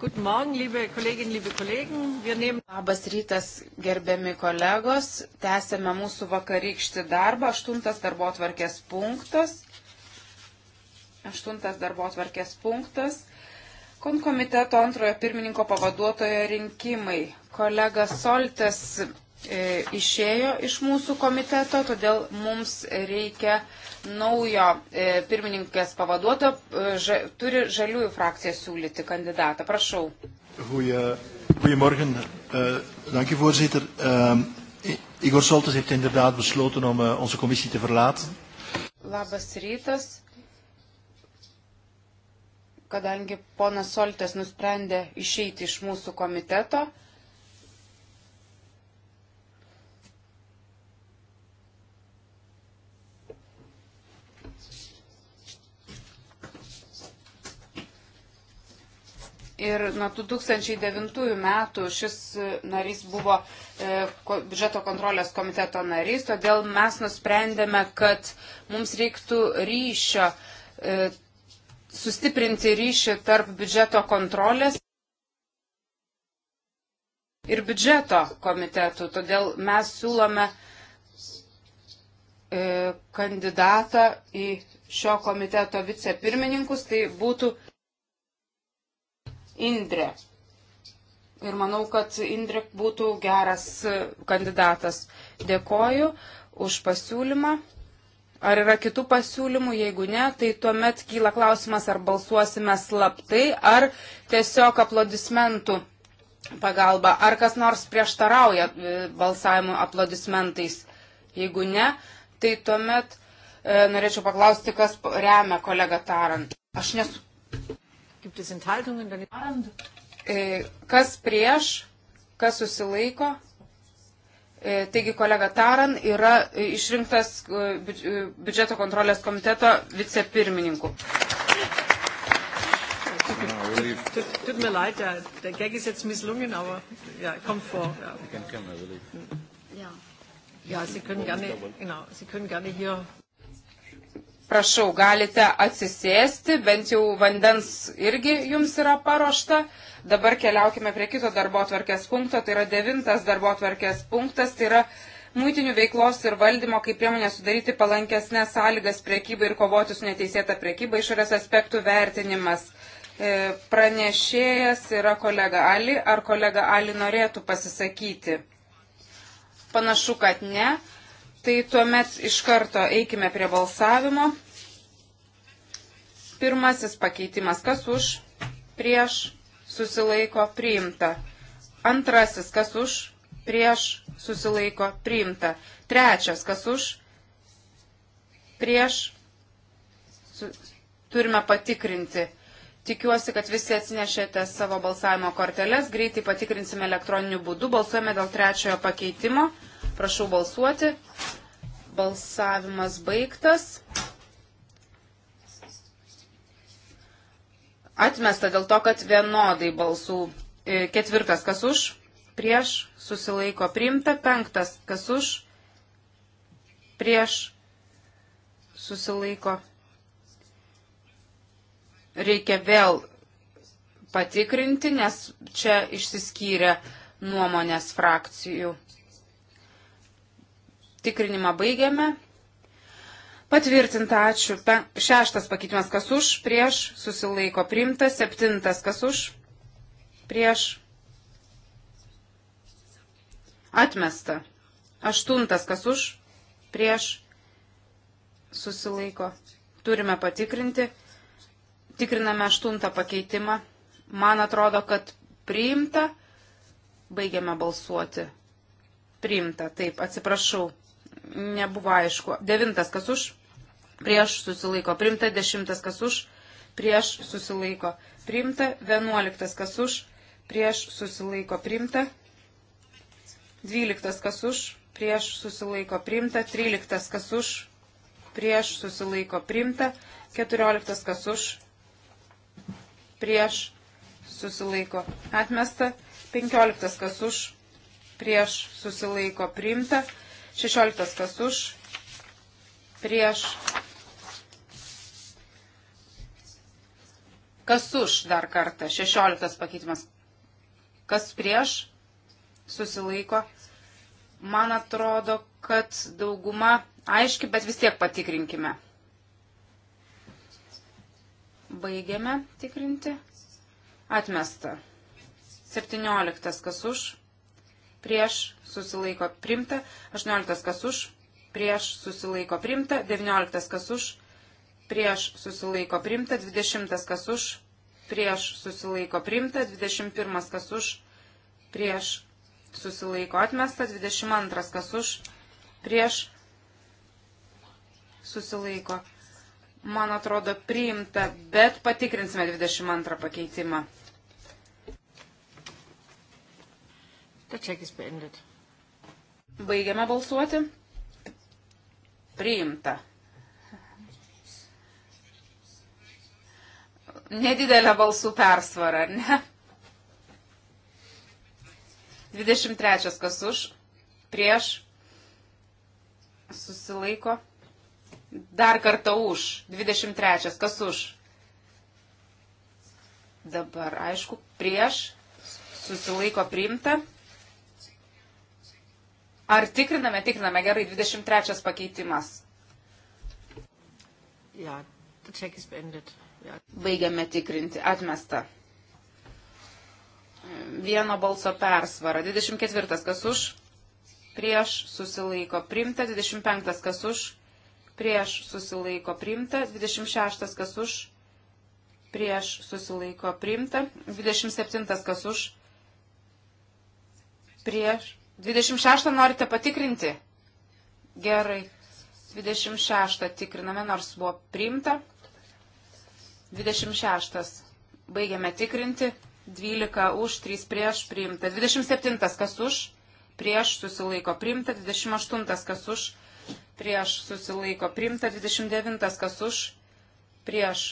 Guten Morgen, liebe Kolleginnen, liebe Kollegen. Wir nehmen. Labas rytas, gerbiami kolegos. Tęsėme mūsų vakarykštį darbą. Aštuntas darbo atvarkės punktas. Aštuntas darbo atvarkės punktas. Konkomiteto antrojo pirmininko pavaduotojo rinkimai. Kolega Soltas E, išėjo iš mūsų komiteto, todėl mums reikia naujo e, pirmininkės pavaduoto, e, ža, turi žaliųjų frakciją siūlyti kandidatą. Prašau. Goedemorgen, uh, eh, dank u voorzitter. Uh, Igor Soltes heeft inderdaad besloten om uh, onze commissie te verlaten. Labas rytas. Kadangi ponas Soltes nusprendė išeiti iš mūsų komiteto, uh, Ir nuo 2009 metų šis narys buvo e, biudžeto kontrolės komiteto narys, todėl mes nusprendėme, kad mums reiktų ryšio, e, sustiprinti ryšį tarp biudžeto kontrolės ir biudžeto komitetų. Todėl mes siūlome e, kandidatą į šio komiteto vicepirmininkus, tai būtų Indrė. Ir manau, kad Indrė būtų geras kandidatas. Dėkoju už pasiūlymą. Ar yra kitų pasiūlymų? Jeigu ne, tai tuomet kyla klausimas, ar balsuosime slaptai, ar tiesiog aplodismentų pagalba. Ar kas nors prieštarauja e, balsavimui aplodismentais? Jeigu ne, tai tuomet e, norėčiau paklausti, kas remia kolegą Tarant. Aš nesu E, kas prieš, kas susilaiko? E, taigi kolega Taran yra e, išrinktas biudžeto kontrolės komiteto vicepirmininku. Tut mir leid, der, der Gag ist jetzt misslungen, aber ja, kommt vor. Ja. Ja. ja, Sie können gerne, genau, Sie können gerne hier Prašau, galite atsisėsti, bent jau vandens irgi jums yra paruošta. Dabar keliaukime prie kito darbo atvarkės punkto, tai yra devintas darbo atvarkės punktas, tai yra mūtinių veiklos ir valdymo kaip priemonė sudaryti palankesnės sąlygas priekybai ir kovoti su neteisėta priekyba išorės aspektų vertinimas. E, pranešėjas yra kolega Ali, ar kolega Ali norėtų pasisakyti? Panašu, kad ne. Tai tuomet iš karto eikime prie balsavimo. Pirmasis pakeitimas, kas už, prieš, susilaiko, priimta. Antrasis, kas už, prieš, susilaiko, priimta. Trečias, kas už, prieš, su, turime patikrinti. Tikiuosi, kad visi atsinešėte savo balsavimo korteles. Greitai patikrinsime elektroniniu būdu. Balsuojame dėl trečiojo pakeitimo. Prašau balsuoti. Balsavimas baigtas. Atmesta dėl to, kad vienodai balsų. E, ketvirtas, kas už, prieš, susilaiko priimta. Penktas, kas už, prieš, susilaiko. Reikia vėl patikrinti, nes čia išsiskyrė nuomonės frakcijų. Tikrinimą baigiame. Patvirtinta, ačiū. Pe, šeštas pakeitimas, kas už, prieš, susilaiko priimta. Septintas, kas už, prieš, atmesta. Aštuntas, kas už, prieš, susilaiko. Turime patikrinti. Tikriname aštuntą pakeitimą. Man atrodo, kad priimta. Baigiame balsuoti. Priimta, taip, atsiprašau nebuvo aišku. Devintas kas už, prieš susilaiko primta, dešimtas kas už, prieš susilaiko primta, vienuoliktas kas už, prieš susilaiko primta, dvyliktas kas už, prieš susilaiko primta, tryliktas kas už, prieš susilaiko primta, keturioliktas kas už, prieš susilaiko atmesta, 15 kas už, prieš susilaiko priimta, 16 kas už, prieš, kas už dar kartą, 16 pakeitimas, kas prieš, susilaiko. Man atrodo, kad dauguma aiški, bet vis tiek patikrinkime. Baigiame tikrinti. Atmesta. 17 kas už prieš susilaiko primta, 18 kas už, prieš susilaiko primta, 19 kas už, prieš susilaiko primta, 20 kas už, prieš susilaiko primta, 21 kas už, prieš susilaiko atmesta, 22 kas už, prieš susilaiko. Man atrodo priimta, bet patikrinsime 22 pakeitimą. Der Check ist beendet. Baigiame balsuoti. Priimta. Nedidelė balsų persvara, ar ne? 23 kas už, prieš, susilaiko. Dar kartą už, 23 kas už. Dabar, aišku, prieš, susilaiko priimta. Ar tikriname, tikriname, gerai, 23 pakeitimas. Ja, ja. Baigiame tikrinti, atmesta. Vieno balso persvara. 24 kas už, prieš susilaiko primta, 25 kas už, prieš susilaiko primta, 26 kas už, prieš susilaiko primta, 27 kas už, prieš 26 norite patikrinti? Gerai. 26 tikriname, nors buvo priimta. 26. Baigiame tikrinti. 12 už, 3 prieš priimta. 27 kas už, prieš susilaiko priimta. 28 kas už, prieš susilaiko priimta. 29 kas už, prieš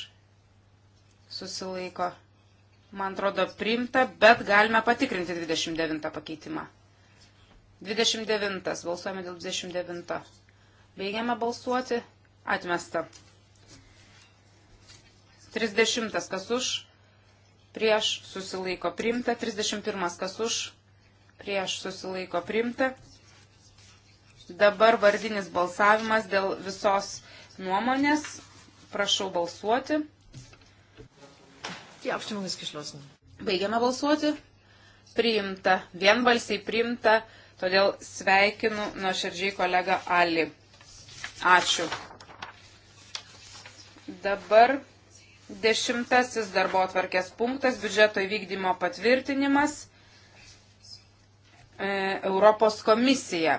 susilaiko. Man atrodo priimta, bet galime patikrinti 29 pakeitimą. 29. Balsuojame dėl 29. Baigiame balsuoti. Atmesta. 30. Kas už? Prieš susilaiko primta. 31. Kas už? Prieš susilaiko primta. Dabar vardinis balsavimas dėl visos nuomonės. Prašau balsuoti. Die Abstimmung ist geschlossen. Baigiame balsuoti. Priimta. Vienbalsiai priimta. Todėl sveikinu nuo širdžiai kolega Ali. Ačiū. Dabar dešimtasis darbo atvarkės punktas - biudžeto įvykdymo patvirtinimas e, Europos komisija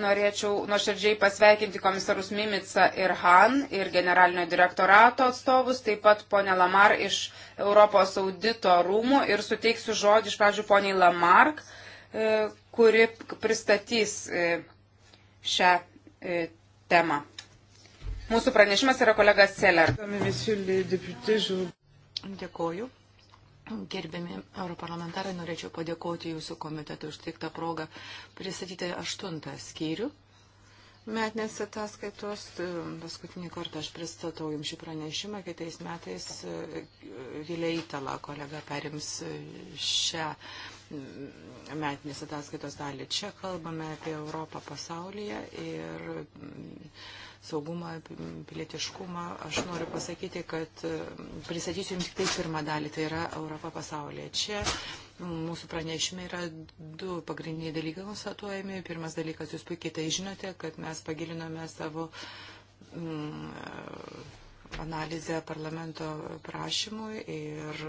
norėčiau nuoširdžiai pasveikinti komisarus Mimica ir Han ir generalinio direktorato atstovus, taip pat ponę Lamar iš Europos audito rūmų ir suteiksiu žodį iš pradžių poniai Lamark, e, kuri pristatys e, šią e, temą. Mūsų pranešimas yra kolega Seller. Dėkoju. Gerbiami europarlamentarai, norėčiau padėkoti jūsų komitetui už tiktą progą pristatyti aštuntą skyrių. Metinės ataskaitos, e, paskutinį kartą aš pristatau jums šį pranešimą, kitais metais Vilė e, Itala kolega perims e, šią metinės ataskaitos dalį. Čia kalbame apie Europą pasaulyje ir mm, saugumą, pilietiškumą. Aš noriu pasakyti, kad mm, pristatysiu jums tik tai pirmą dalį, tai yra Europa pasaulyje. Čia mm, mūsų pranešime yra du pagrindiniai dalykai konstatuojami. Pirmas dalykas, jūs puikiai tai žinote, kad mes pagilinome savo mm, analizę parlamento prašymui ir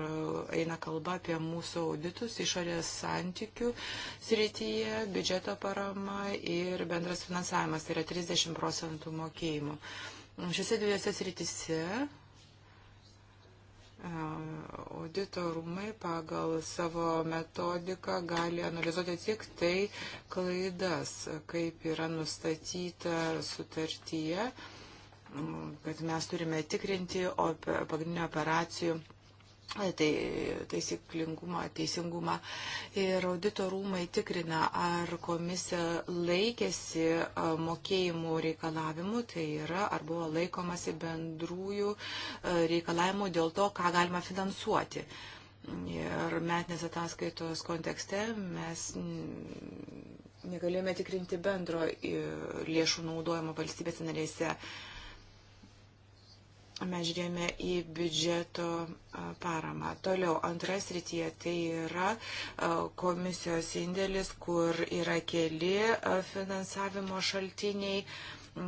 eina kalba apie mūsų auditus išorės santykių srityje, biudžeto parama ir bendras finansavimas, tai yra 30 procentų mokėjimų. Šiuose dviejose srityse e, audito rūmai pagal savo metodiką gali analizuoti tik tai klaidas, kaip yra nustatyta sutartyje kad mes turime tikrinti pagrindinio operacijų e, tai, taisyklingumą, teisingumą. Ir audito rūmai tikrina, ar komisija laikėsi e, mokėjimų reikalavimų, tai yra, ar buvo laikomasi bendrųjų e, reikalavimų dėl to, ką galima finansuoti. Ir metinės ataskaitos kontekste mes negalėjome tikrinti bendro lėšų naudojimo valstybės narėse mes žiūrėjome į biudžeto paramą. Toliau, antras rytyje tai yra komisijos indėlis, kur yra keli finansavimo šaltiniai.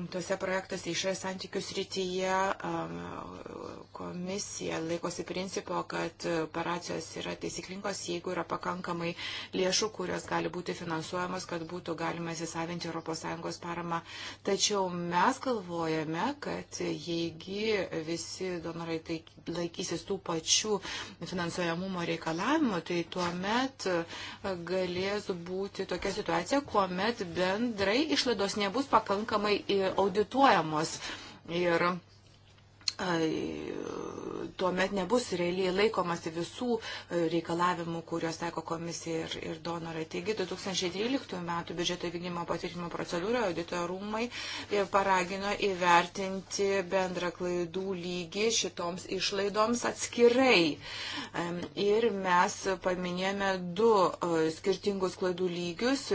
Tuose projektuose išorės santykių srityje komisija laikosi principo, kad operacijos yra teisiklinkos, jeigu yra pakankamai lėšų, kurios gali būti finansuojamos, kad būtų galima įsisavinti ES paramą. Tačiau mes galvojame, kad jeigu visi donorai tai laikysis tų pačių finansuojamumo reikalavimų, tai tuomet galės būti tokia situacija, kuomet bendrai išlaidos nebus pakankamai audituojamos. Ir tuomet nebus realiai laikomasi visų e, reikalavimų, kuriuos teko komisija ir, ir donorai. Taigi 2013 metų biudžeto vykdymo patvirtinimo procedūroje audito rūmai e, paragino įvertinti bendrą klaidų lygį šitoms išlaidoms atskirai. Ir mes paminėjome du e, skirtingus klaidų lygius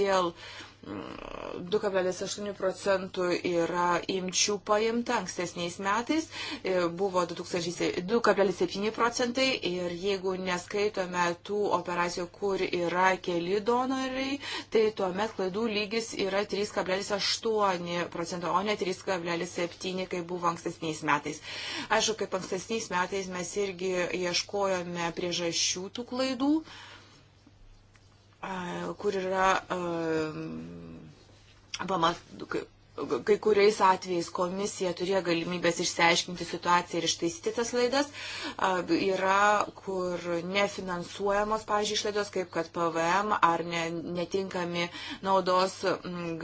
dėl uh, 2,8 procentų yra imčių paimta ankstesniais metais, e, buvo 2,7 procentai ir jeigu neskaitome tų operacijų, kur yra keli donorai, tai tuomet klaidų lygis yra 3,8 procento, o ne 3,7, kai buvo ankstesniais metais. Aišku, kaip ankstesniais metais mes irgi ieškojome priežasčių tų klaidų. Uh, kur yra pamat, kai kuriais atvejais komisija turėjo galimybės išsiaiškinti situaciją ir ištaisyti tas laidas. Yra, kur nefinansuojamos, pavyzdžiui, išlaidos, kaip kad PVM ar ne, netinkami naudos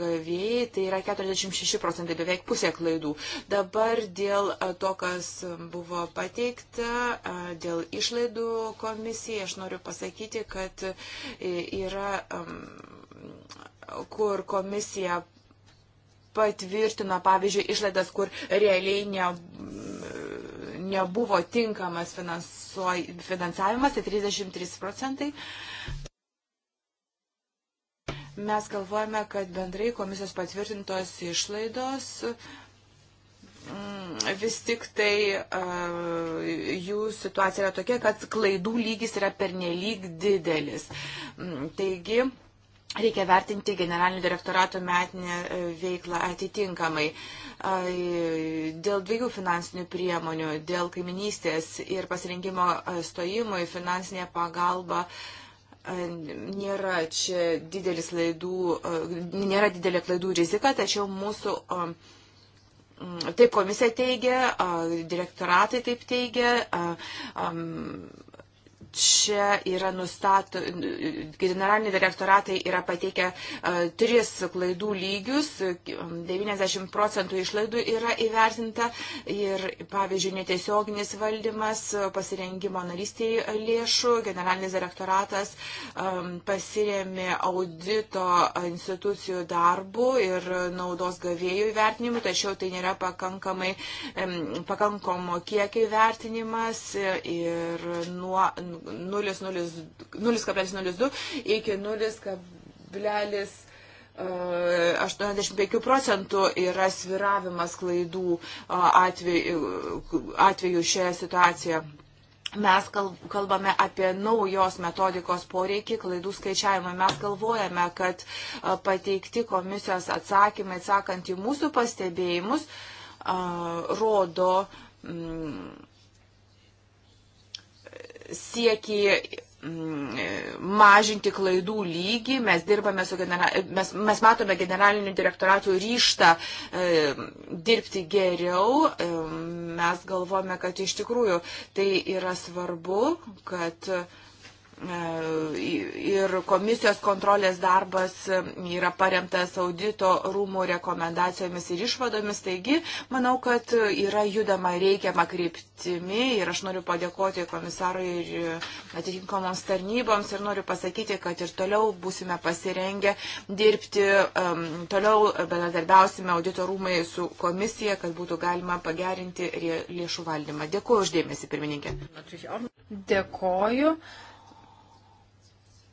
gavėjai, tai yra 46 procentai, beveik pusė klaidų. Dabar dėl to, kas buvo pateikta, dėl išlaidų komisijai, aš noriu pasakyti, kad e, yra kur komisija patvirtino, pavyzdžiui, išlaidas, kur realiai ne, nebuvo tinkamas finansavimas, tai 33 procentai. Mes galvojame, kad bendrai komisijos patvirtintos išlaidos mm, vis tik tai uh, jų situacija yra tokia, kad klaidų lygis yra pernelyg didelis. Mm, taigi, uh, reikia vertinti generalinio direktorato metinę e, veiklą atitinkamai. Dėl dviejų finansinių priemonių, dėl kaiminystės ir pasirinkimo e, stojimui finansinė pagalba e, nėra čia didelis laidų, nėra didelė klaidų rizika, tačiau mūsų Taip komisija teigia, direktoratai taip teigia, čia yra nustato, generaliniai direktoratai yra pateikę e, tris klaidų lygius, 90 procentų išlaidų yra įvertinta ir, pavyzdžiui, netiesioginis valdymas pasirengimo narystiai lėšų, generalinis direktoratas e, pasiremė audito institucijų darbų ir naudos gavėjų įvertinimų, tačiau tai nėra pakankamai, pakankamo kiekio įvertinimas ir nuo 0,02 iki 0,85 e, procentų yra sviravimas klaidų e, atveju, atveju šioje situacijoje. Mes kalbame apie naujos metodikos poreikį klaidų skaičiavimą. Mes galvojame, kad e, pateikti komisijos atsakymai, atsakant į mūsų pastebėjimus, rodo siekį mm, mažinti klaidų lygį, mes dirbame su general... mes, mes matome generalinių direktoratų ryštą e, dirbti geriau, e, mes galvojame, kad iš tikrųjų tai yra svarbu, kad e, ir komisijos kontrolės darbas yra paremtas audito rūmų rekomendacijomis ir išvadomis. Taigi, manau, kad yra judama reikiama kryptimi ir aš noriu padėkoti komisarui ir atitinkamoms tarnyboms ir noriu pasakyti, kad ir toliau būsime pasirengę dirbti, toliau bendradarbiausime audito rūmai su komisija, kad būtų galima pagerinti lėšų valdymą. Dėkuoju uždėmesi, pirmininkė. Dėkuoju.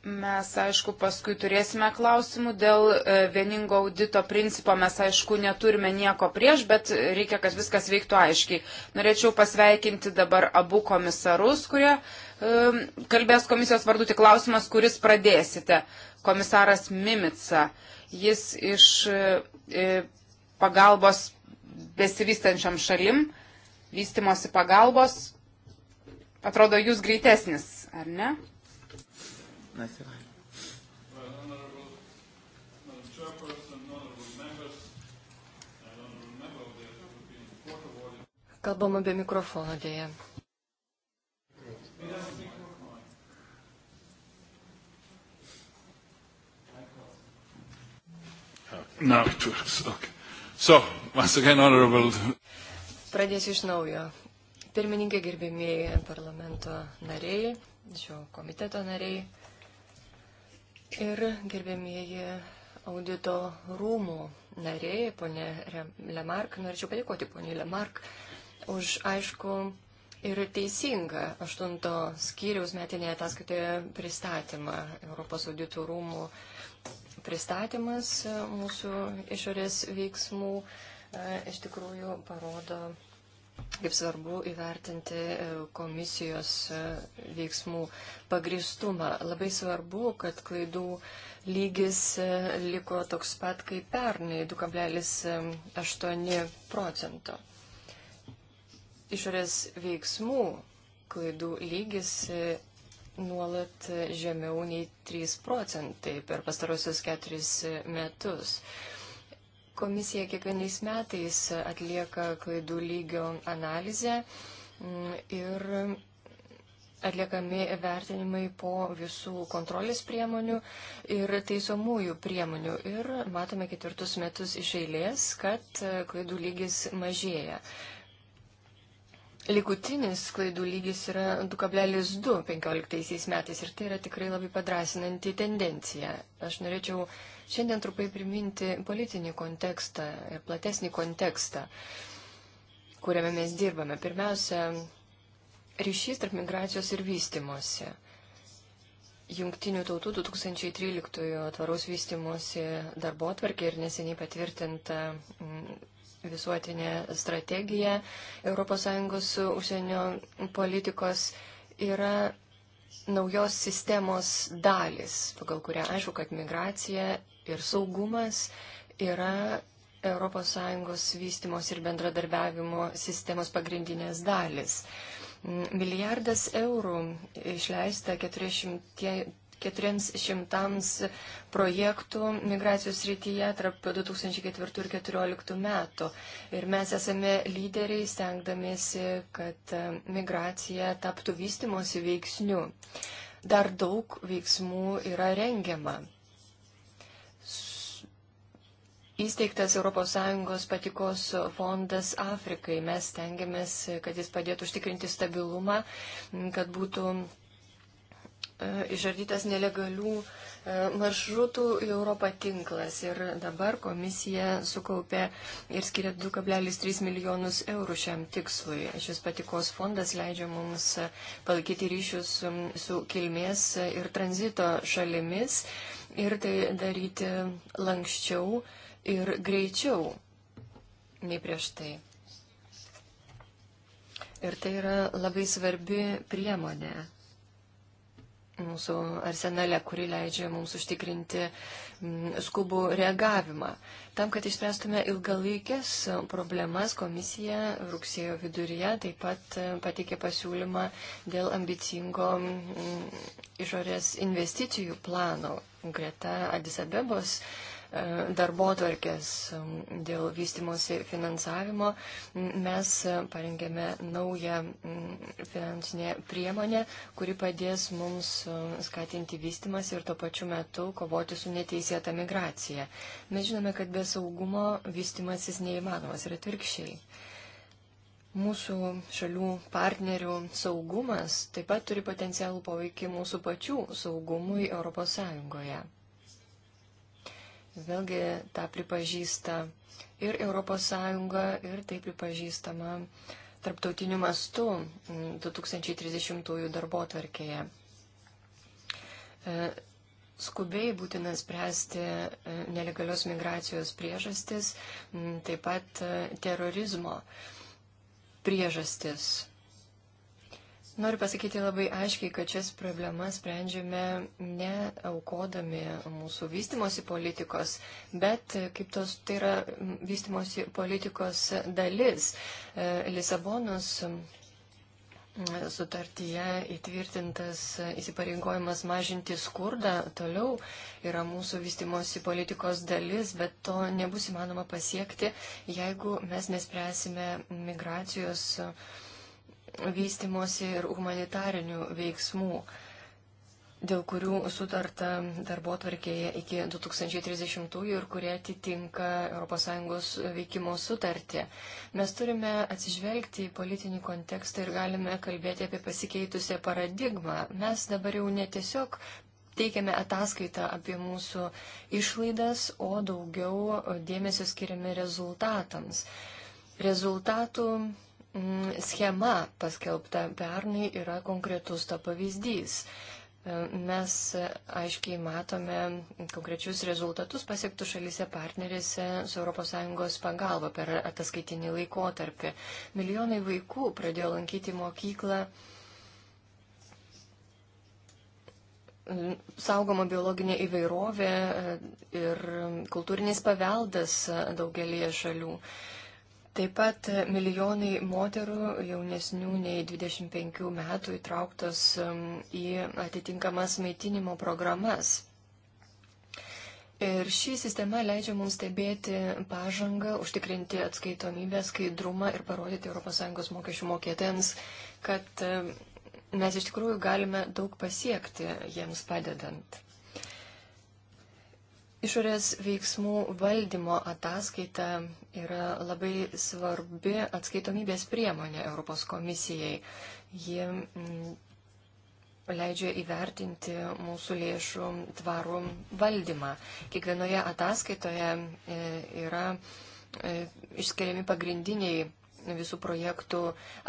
Mes, aišku, paskui turėsime klausimų dėl e, vieningo audito principo. Mes, aišku, neturime nieko prieš, bet reikia, kad viskas veiktų aiškiai. Norėčiau pasveikinti dabar abu komisarus, kurie um, kalbės komisijos vardu. Tik klausimas, kuris pradėsite. Komisaras Mimica. Jis iš uh, pagalbos besivystančiam šalim, vystimosi pagalbos. Atrodo, jūs greitesnis, ar ne? Nice to have you. Well, honorable, Madam Chairperson, honorable members, and honorable member of the European Court of Audit. Kalbama be mikrofono dėja. Now it works. Okay. So, once again, honorable. Pradėsiu iš naujo. Pirmininkė gerbėmėjai parlamento nariai, šio komiteto nariai, Ir gerbėmieji audito rūmų nariai, ponė Lemark, norėčiau padėkoti ponė Lemark už aišku ir teisingą aštunto skyriaus metinėje ataskaitoje pristatymą Europos auditų rūmų pristatymas mūsų išorės veiksmų e, iš tikrųjų parodo kaip svarbu įvertinti e, komisijos e, veiksmų pagristumą. Labai svarbu, kad klaidų lygis e, liko toks pat kaip pernai 2,8 procento. Išorės veiksmų klaidų lygis nuolat žemiau nei 3 procentai per pastarosius keturis metus. Komisija kiekvienais metais atlieka klaidų lygio analizę mm, ir atliekami vertinimai po visų kontrolės priemonių ir teisomųjų priemonių. Ir matome ketvirtus metus iš eilės, kad klaidų lygis mažėja. Likutinis klaidų lygis yra 2,215 metais ir tai yra tikrai labai padrasinanti tendencija. Aš norėčiau šiandien trupai priminti politinį kontekstą ir platesnį kontekstą, kuriame mes dirbame. Pirmiausia, ryšys tarp migracijos ir vystimosi. Jungtinių tautų 2013 tvaraus vystimosi darbo atvarkė ir neseniai patvirtinta mm, visuotinė strategija ES užsienio politikos yra naujos sistemos dalis, pagal kurią aišku, kad migracija ir saugumas yra ES vystimos ir bendradarbiavimo sistemos pagrindinės dalis. Milijardas eurų išleista 400, 400 projektų migracijos rytyje tarp 2004 ir 2014 metų. Ir mes esame lyderiai, stengdamėsi, kad e, migracija taptų vystimosi veiksniu. Dar daug veiksmų yra rengiama. Įsteigtas ES patikos fondas Afrikai. Mes tengiamės, kad jis padėtų užtikrinti stabilumą, kad būtų E, išardytas nelegalių e, maršrutų į Europą tinklas. Ir dabar komisija sukaupė ir skiria 2,3 milijonus eurų šiam tikslui. Šis patikos fondas leidžia mums palaikyti ryšius su kilmės ir tranzito šalimis ir tai daryti lankščiau ir greičiau nei prieš tai. Ir tai yra labai svarbi priemonė mūsų arsenale, kuri leidžia mums užtikrinti mm, skubų reagavimą. Tam, kad išspręstume ilgalaikės problemas, komisija rugsėjo viduryje taip pat e, pateikė pasiūlymą dėl ambicingo mm, išorės investicijų plano greta Adisabebos E, darbo tvarkės dėl vystimosi finansavimo, mes parengėme naują finansinę priemonę, kuri padės mums e, skatinti vystimas ir tuo pačiu metu kovoti su neteisėta migracija. Mes žinome, kad be saugumo vystimasis neįmanomas ir atvirkščiai. Mūsų šalių partnerių saugumas taip pat turi potencialų poveikį mūsų pačių saugumui ES. Vėlgi tą pripažįsta ir ES, ir tai pripažįstama tarptautiniu mastu 2030 mm, darbo tvarkėje. E, skubiai būtina spręsti e, nelegalios migracijos priežastis, mm, taip pat e, terorizmo priežastis. Noriu pasakyti labai aiškiai, kad šias problemas sprendžiame ne aukodami mūsų vystimosi politikos, bet e, kaip tos tai yra vystimosi politikos dalis. E, Lisabonos sutartyje įtvirtintas įsipareigojimas mažinti skurdą toliau yra mūsų vystimosi politikos dalis, bet to nebus įmanoma pasiekti, jeigu mes nespręsime migracijos vystimosi ir humanitarinių veiksmų, dėl kurių sutarta darbo tvarkėje iki 2030-ųjų ir kurie atitinka ES veikimo sutartį. Mes turime atsižvelgti į politinį kontekstą ir galime kalbėti apie pasikeitusią paradigmą. Mes dabar jau netiesiog teikiame ataskaitą apie mūsų išlaidas, o daugiau dėmesio skiriame rezultatams. Rezultatų Mm, schema paskelbta pernai yra konkretus to pavyzdys. E, mes e, aiškiai matome konkrečius rezultatus pasiektų šalyse partnerėse su ES pagalba per ataskaitinį laikotarpį. Milijonai vaikų pradėjo lankyti mokyklą saugoma biologinė įvairovė e, ir kultūrinis paveldas daugelie šalių. Taip pat milijonai moterų jaunesnių nei 25 metų įtrauktos um, į atitinkamas maitinimo programas. Ir ši sistema leidžia mums stebėti pažangą, užtikrinti atskaitomybę, skaidrumą ir parodyti ES mokesčių mokėtėms, kad um, mes iš tikrųjų galime daug pasiekti jiems padedant. Išorės veiksmų valdymo ataskaita yra labai svarbi atskaitomybės priemonė Europos komisijai. Ji mm, leidžia įvertinti mūsų lėšų tvarų valdymą. Kiekvienoje ataskaitoje e, yra e, išskiriami pagrindiniai visų projektų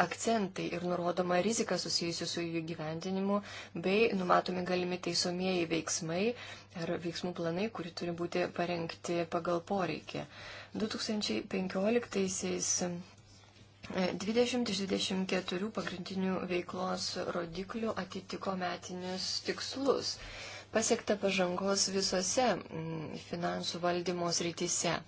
akcentai ir nurodoma rizika susijusi su jų gyventinimu, bei numatomi galimi teisomieji veiksmai ar veiksmų planai, kuri turi būti parengti pagal poreikį. 2015 20 e, iš 24 pagrindinių veiklos rodiklių atitiko metinius tikslus. Pasiekta pažangos visose finansų valdymo srityse.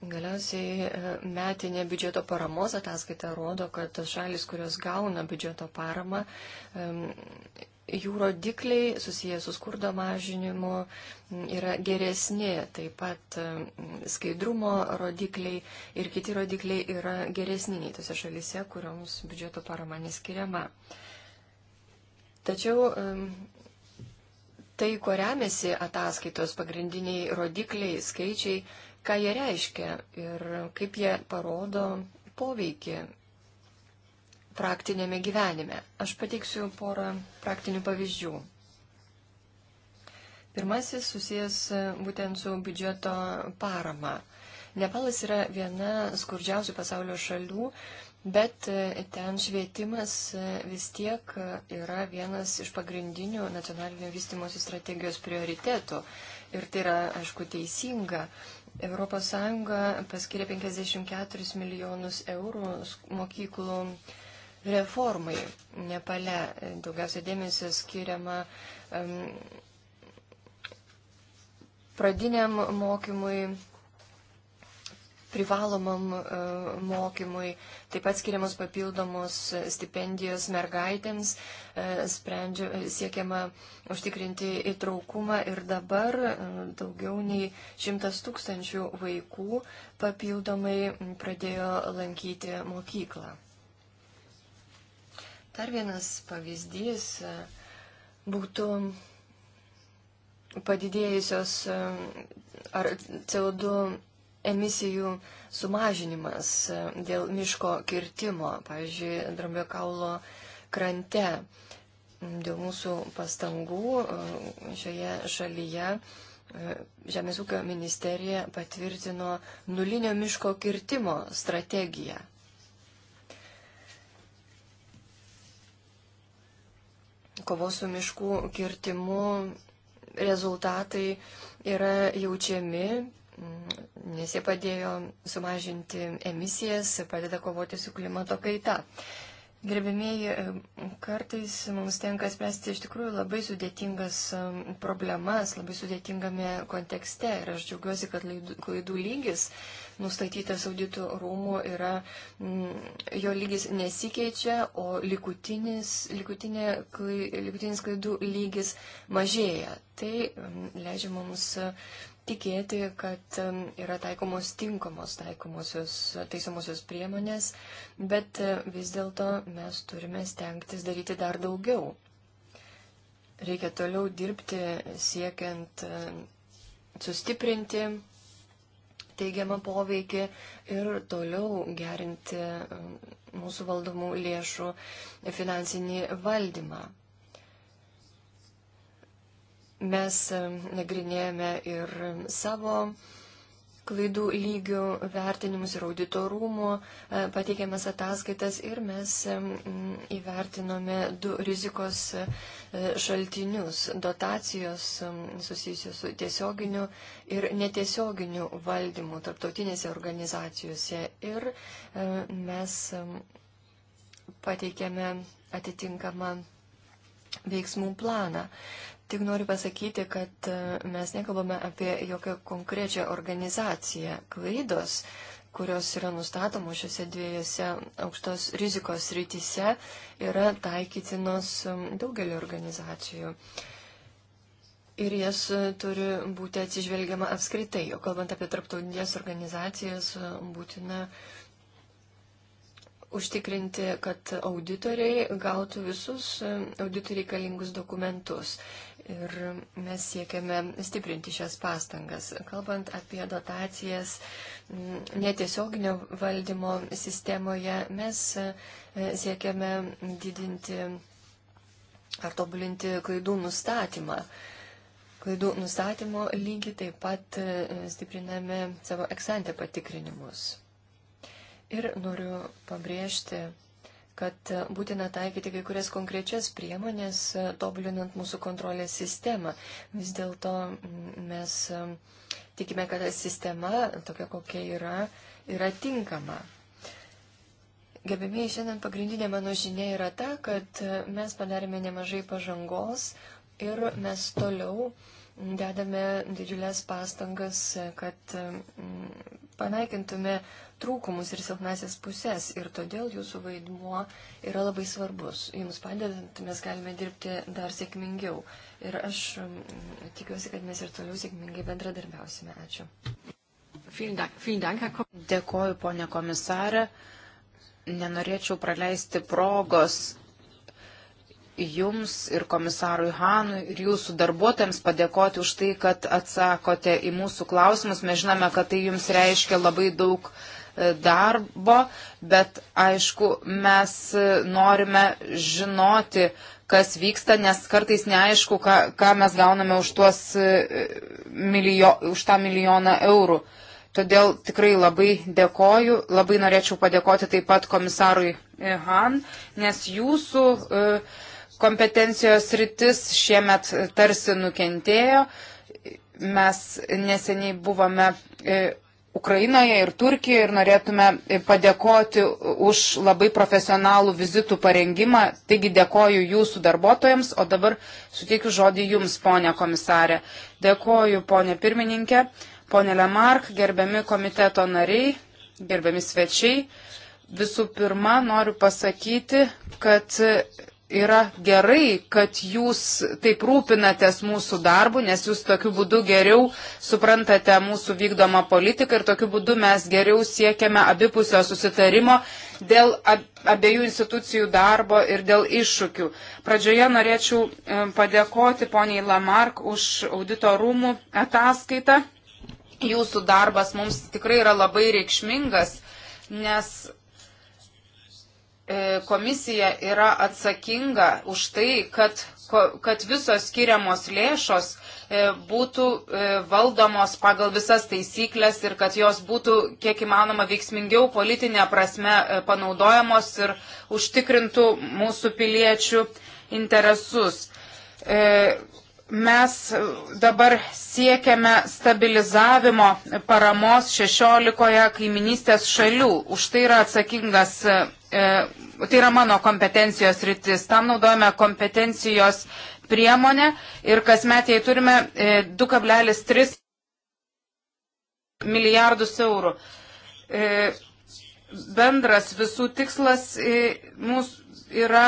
Galiausiai e, metinė biudžeto paramos ataskaita rodo, kad šalis, kurios gauna biudžeto paramą, jų rodikliai susijęs su skurdo mažinimu yra geresni, taip pat skaidrumo rodikliai ir kiti rodikliai yra geresni nei tose šalise, kurioms biudžeto parama neskiriama. Tačiau tai, kuo remiasi ataskaitos pagrindiniai rodikliai, skaičiai, ką jie reiškia ir kaip jie parodo poveikį praktinėme gyvenime. Aš pateiksiu porą praktinių pavyzdžių. Pirmasis susijęs būtent su biudžeto parama. Nepalas yra viena skurdžiausių pasaulio šalių, bet ten švietimas vis tiek yra vienas iš pagrindinių nacionalinio vystimosi strategijos prioritetų. Ir tai yra, aišku, teisinga. ES paskiria 54 milijonus eurų mokyklų reformai. Nepale daugiausia dėmesio skiriama um, pradiniam mokymui, privalomam e, mokymui, taip pat skiriamos papildomos stipendijos mergaitėms, e, sprendžia, siekiama užtikrinti įtraukumą ir dabar e, daugiau nei šimtas tūkstančių vaikų papildomai pradėjo lankyti mokyklą. Dar vienas pavyzdys būtų padidėjusios ar CO2 emisijų sumažinimas e, dėl miško kirtimo, pavyzdžiui, Drambio kaulo krante. Dėl mūsų pastangų e, šioje šalyje e, Žemės ūkio ministerija patvirtino nulinio miško kirtimo strategiją. Kovos su miškų kirtimu rezultatai yra jaučiami nes jie padėjo sumažinti emisijas, padeda kovoti su klimato kaita. Gerbėmieji, e, kartais mums tenka spręsti iš tikrųjų labai sudėtingas e, problemas, labai sudėtingame kontekste. Ir aš džiaugiuosi, kad klaidų lygis nustatytas auditų rūmų yra, jo lygis nesikeičia, o likutinis, likutinė, klaidų, likutinis klaidų lygis mažėja. Tai leidžia mums tikėti, kad yra taikomos tinkamos taikomosios taisomosios priemonės, bet e, vis dėlto mes turime stengtis daryti dar daugiau. Reikia toliau dirbti siekiant e, sustiprinti teigiamą poveikį ir toliau gerinti mūsų valdomų lėšų finansinį valdymą. Mes e, nagrinėjame ir savo klaidų lygių vertinimus ir auditorumų, e, pateikėmės ataskaitas ir mes e, įvertinome du rizikos šaltinius - dotacijos susijusios su tiesioginiu ir netiesioginiu valdymu tarptautinėse organizacijose. Ir mes pateikėme atitinkamą veiksmų planą. Tik noriu pasakyti, kad e, mes nekalbame apie jokią konkrečią organizaciją. Klaidos, kurios yra nustatomos šiuose dviejose aukštos rizikos rytise, yra taikytinos e, daugelio organizacijų. Ir jas e, turi būti atsižvelgiama apskritai. O kalbant apie tarptautinės organizacijas, būtina užtikrinti, kad auditoriai gautų visus e, auditų reikalingus dokumentus. Ir mes siekiame stiprinti šias pastangas. Kalbant apie dotacijas netiesioginio valdymo sistemoje, mes e, siekiame didinti ar tobulinti klaidų nustatymą. Klaidų nustatymo lygį taip pat e, stipriname savo eksantę patikrinimus. Ir noriu pabrėžti, kad būtina taikyti kai kurias konkrečias priemonės, e, tobulinant mūsų kontrolės sistemą. Vis dėlto mes e, tikime, kad ta sistema, tokia kokia yra, yra tinkama. Gebėmiai, šiandien pagrindinė mano žinia yra ta, kad e, mes padarėme nemažai pažangos ir mes toliau dedame didžiulės pastangas, kad panaikintume trūkumus ir silpnasias pusės ir todėl jūsų vaidmuo yra labai svarbus. Jums padedant mes galime dirbti dar sėkmingiau ir aš tikiuosi, kad mes ir toliau sėkmingai bendradarbiausime. Ačiū. Dėkoju, ponė komisarė. Nenorėčiau praleisti progos jums ir komisarui Hanui ir jūsų darbuotojams padėkoti už tai, kad atsakote į mūsų klausimus. Mes žinome, kad tai jums reiškia labai daug E, darbo, bet aišku, mes e, norime žinoti, kas vyksta, nes kartais neaišku, ką, ką mes gauname už, tuos, e, milijo, už tą milijoną eurų. Todėl tikrai labai dėkoju, labai norėčiau padėkoti taip pat komisarui Han, nes jūsų kompetencijos rytis šiemet tarsi nukentėjo. Mes neseniai buvome Ukrainoje ir Turkijoje ir norėtume e, padėkoti už labai profesionalų vizitų parengimą. Taigi dėkoju jūsų darbuotojams, o dabar suteikiu žodį jums, ponė komisarė. Dėkoju, ponė pirmininkė, ponė Lemark, gerbiami komiteto nariai, gerbiami svečiai. Visų pirma, noriu pasakyti, kad yra gerai, kad jūs taip rūpinatės mūsų darbu, nes jūs tokiu būdu geriau suprantate mūsų vykdomą politiką ir tokiu būdu mes geriau siekiame abipusio susitarimo dėl abiejų institucijų darbo ir dėl iššūkių. Pradžioje norėčiau e, padėkoti poniai Lamark už audito rūmų ataskaitą. Jūsų darbas mums tikrai yra labai reikšmingas, nes E, komisija yra atsakinga už tai, kad, kad visos skiriamos lėšos e, būtų e, valdomos pagal visas taisyklės ir kad jos būtų kiek įmanoma veiksmingiau politinė prasme panaudojamos ir užtikrintų mūsų piliečių interesus. Mes dabar siekiame stabilizavimo paramos 16 kaiminystės šalių. Už tai yra atsakingas E, tai yra mano kompetencijos rytis. Tam naudojame kompetencijos priemonę ir kasmet jai turime 2,3 e, milijardus eurų. E, bendras visų tikslas mūsų yra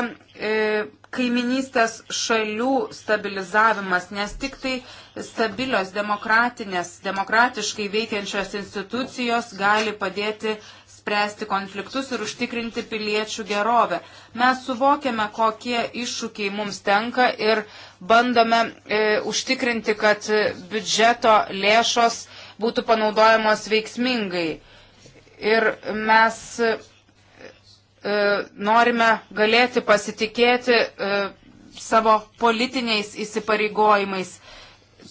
kaiminystės šalių stabilizavimas, nes tik tai stabilios demokratinės, demokratiškai veikiančios institucijos gali padėti spręsti konfliktus ir užtikrinti piliečių gerovę. Mes suvokiame, kokie iššūkiai mums tenka ir bandome e, užtikrinti, kad biudžeto lėšos būtų panaudojamos veiksmingai. Ir mes e, norime galėti pasitikėti e, savo politiniais įsipareigojimais.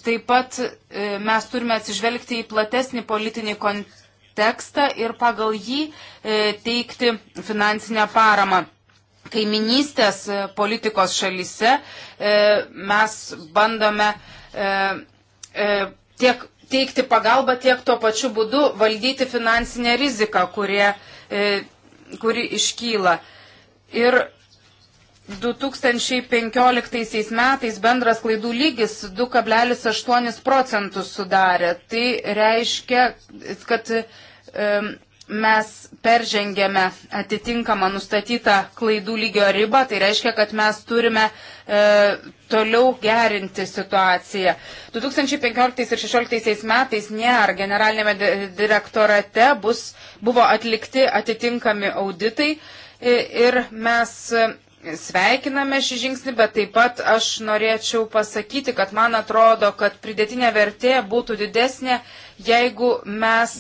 Taip pat e, mes turime atsižvelgti į platesnį politinį kontekstą tekstą ir pagal jį e, teikti finansinę paramą. Kaiminystės e, politikos šalyse e, mes bandome tiek teikti pagalbą, tiek tuo pačiu būdu valdyti finansinę riziką, kurie, kuri iškyla. Ir 2015 metais bendras klaidų lygis 2,8 procentus sudarė. Tai reiškia, kad mes peržengėme atitinkamą nustatytą klaidų lygio ribą, tai reiškia, kad mes turime e, toliau gerinti situaciją. 2015 ir 2016 metais NEAR generalinėme direktorate bus, buvo atlikti atitinkami auditai ir mes e, sveikiname šį žingsnį, bet taip pat aš norėčiau pasakyti, kad man atrodo, kad pridėtinė vertė būtų didesnė, jeigu mes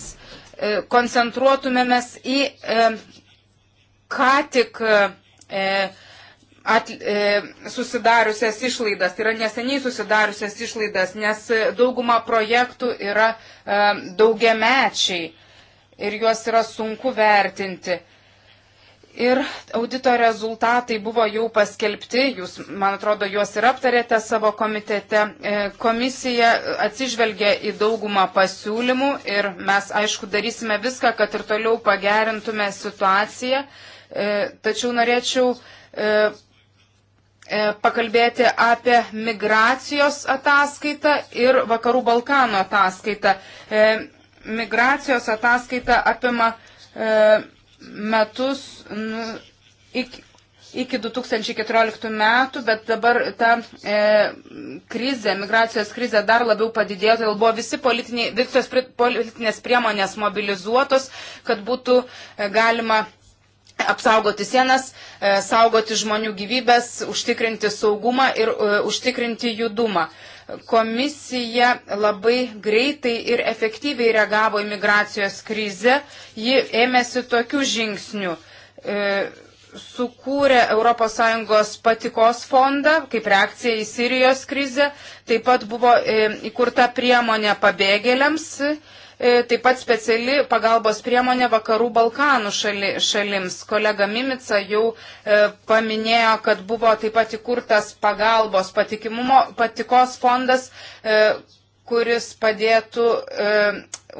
E, koncentruotumėmės į e, ką tik e, at, e, susidariusias išlaidas, tai yra neseniai susidariusias išlaidas, nes dauguma projektų yra e, daugiamečiai ir juos yra sunku vertinti. Ir audito rezultatai buvo jau paskelbti, jūs, man atrodo, juos ir aptarėte savo komitete. E, komisija atsižvelgia į daugumą pasiūlymų ir mes, aišku, darysime viską, kad ir toliau pagerintume situaciją. E, tačiau norėčiau e, pakalbėti apie migracijos ataskaitą ir Vakarų Balkano ataskaitą. Migracijos ataskaita apima metus nu, iki, iki 2014 metų, bet dabar ta e, krizė, migracijos krizė dar labiau padidėjo, todėl buvo visi politiniai, visos pri, politinės priemonės mobilizuotos, kad būtų e, galima apsaugoti sienas, e, saugoti žmonių gyvybės, užtikrinti saugumą ir e, užtikrinti judumą. E, Komisija labai greitai ir efektyviai reagavo į migracijos krizę. Ji ėmėsi tokių žingsnių. E, sukūrė ES patikos fondą kaip reakcija į Sirijos krizę. Taip pat buvo e, įkurta priemonė pabėgėliams. E, E, taip pat speciali pagalbos priemonė vakarų Balkanų šali, šalims. Kolega Mimica jau e, paminėjo, kad buvo taip pat įkurtas pagalbos patikimumo patikos fondas, e, kuris padėtų e,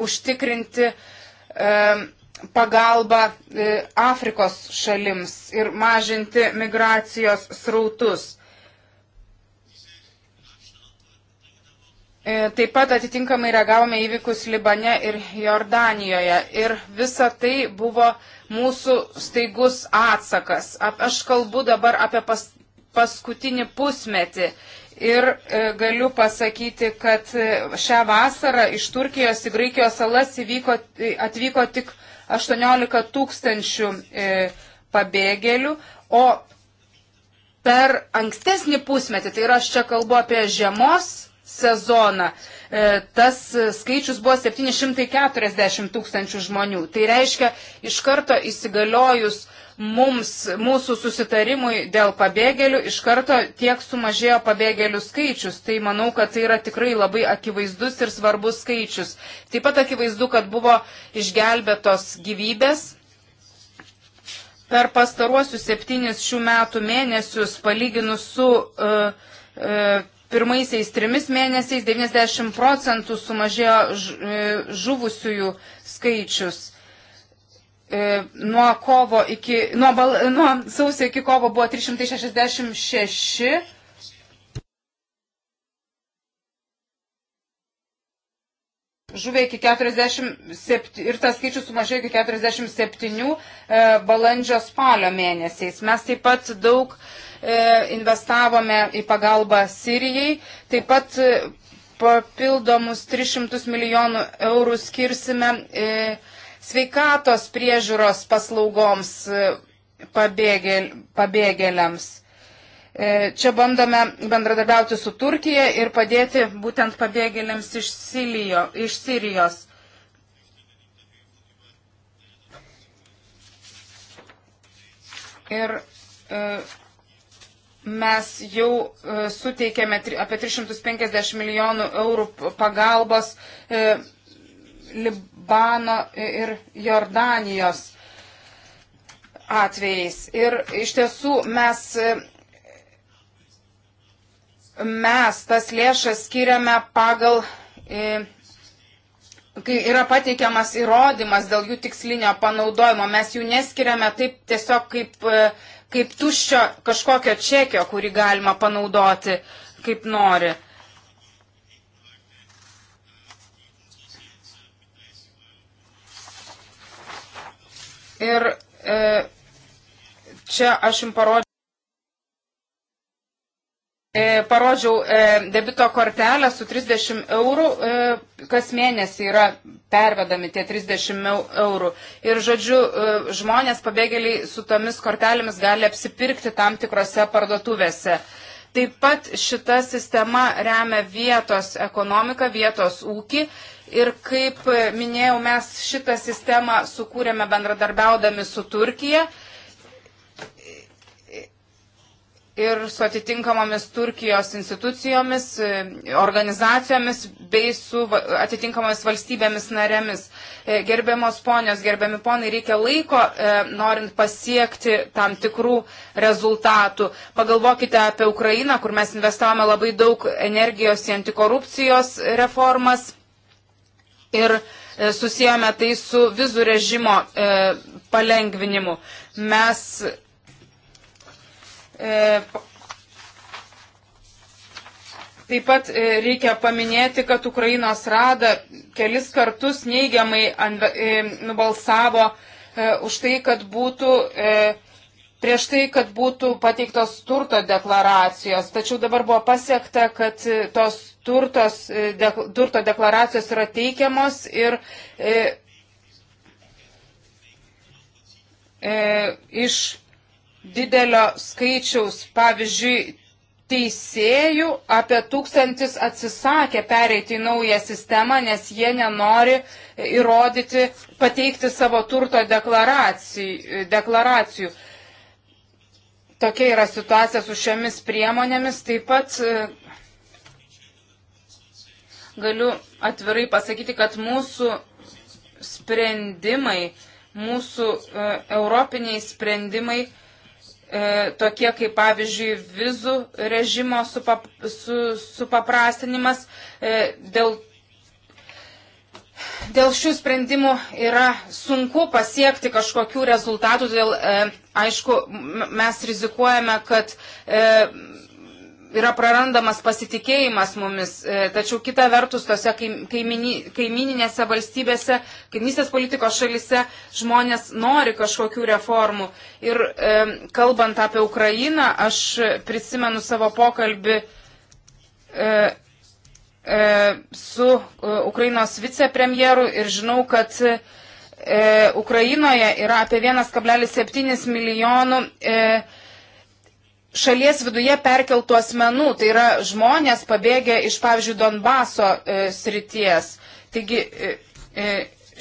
užtikrinti e, pagalbą e, Afrikos šalims ir mažinti migracijos srautus. E, taip pat atitinkamai reagavome įvykius Libane ir Jordanijoje. Ir visa tai buvo mūsų staigus atsakas. Aš kalbu dabar apie pas, paskutinį pusmetį. Ir e, galiu pasakyti, kad e, šią vasarą iš Turkijos į Graikijos salas įvyko, atvyko tik 18 tūkstančių pabėgėlių, o per ankstesnį pusmetį, tai yra aš čia kalbu apie žiemos sezoną. E, tas skaičius buvo 740 tūkstančių žmonių. Tai reiškia, iš karto įsigaliojus mums, mūsų susitarimui dėl pabėgėlių, iš karto tiek sumažėjo pabėgėlių skaičius. Tai manau, kad tai yra tikrai labai akivaizdus ir svarbus skaičius. Taip pat akivaizdu, kad buvo išgelbėtos gyvybės. Per pastaruosius septynis šių metų mėnesius, palyginus su uh, uh, pirmaisiais trimis mėnesiais 90 procentų sumažėjo e, žuvusiųjų skaičius. E, nuo, kovo iki, nuo, bal, nuo sausio iki kovo buvo 366. žuvė iki 47 ir tas skaičius sumažėjo iki 47 e, balandžio spalio mėnesiais. Mes taip pat daug E, investavome į pagalbą Sirijai. Taip pat e, papildomus 300 milijonų eurų skirsime e, sveikatos priežiūros paslaugoms pabėgėliams. Čia bandome bendradarbiauti su Turkija ir padėti būtent pabėgėliams iš, Silijo, iš Sirijos. Ir e, mes jau e, suteikėme apie 350 milijonų eurų pagalbos e, Libano ir Jordanijos atvejais. Ir iš tiesų mes, e, mes tas lėšas skiriame pagal, kai yra pateikiamas įrodymas dėl jų tikslinio panaudojimo, mes jų neskiriame taip tiesiog kaip kaip tuščio kažkokio čekio, kurį galima panaudoti kaip nori. Ir e, čia aš jums parodžiau e, parodžiau e, debito kortelę su 30 eurų, e, kas mėnesį yra pervedami tie 30 eurų. Ir žodžiu, e, žmonės pabėgėliai su tomis kortelėmis gali apsipirkti tam tikrose parduotuvėse. Taip pat šita sistema remia vietos ekonomiką, vietos ūkį. Ir kaip minėjau, mes šitą sistemą sukūrėme bendradarbiaudami su Turkija. E, ir su atitinkamomis Turkijos institucijomis, e, organizacijomis bei su atitinkamomis valstybėmis narėmis. E, gerbiamos ponios, gerbiami ponai, reikia laiko, e, norint pasiekti tam tikrų rezultatų. Pagalvokite apie Ukrainą, kur mes investavome labai daug energijos į antikorupcijos reformas ir susijome tai su vizų režimo palengvinimu. Mes E, Taip pat e, reikia paminėti, kad Ukrainos rada kelis kartus neigiamai e, nubalsavo už tai, kad būtų prieš tai, kad būtų pateiktos turto deklaracijos. Tačiau dabar buvo pasiekta, kad tos turtos, dek, turto deklaracijos yra teikiamos ir e, e, iš didelio skaičiaus, pavyzdžiui, teisėjų apie tūkstantis atsisakė pereiti į naują sistemą, nes jie nenori įrodyti, pateikti savo turto deklaracijų. deklaracijų. Tokia yra situacija su šiomis priemonėmis. Taip pat e, galiu atvirai pasakyti, kad mūsų sprendimai, mūsų e, europiniai sprendimai, E, tokie kaip pavyzdžiui vizų režimo supap, su, supaprastinimas. E, dėl, dėl šių sprendimų yra sunku pasiekti kažkokių rezultatų, todėl, e, aišku, mes rizikuojame, kad yra prarandamas pasitikėjimas mumis. E, tačiau kita vertus, tose kaimininėse valstybėse, kaimynystės politikos šalise žmonės nori kažkokių reformų. Ir e, kalbant apie Ukrainą, aš prisimenu savo pokalbį e, e, su e, Ukrainos vicepremjeru ir žinau, kad e, Ukrainoje yra apie 1,7 milijonų. E, šalies viduje perkeltų asmenų, tai yra žmonės pabėgę iš, pavyzdžiui, Donbaso e, srities. Taigi e, e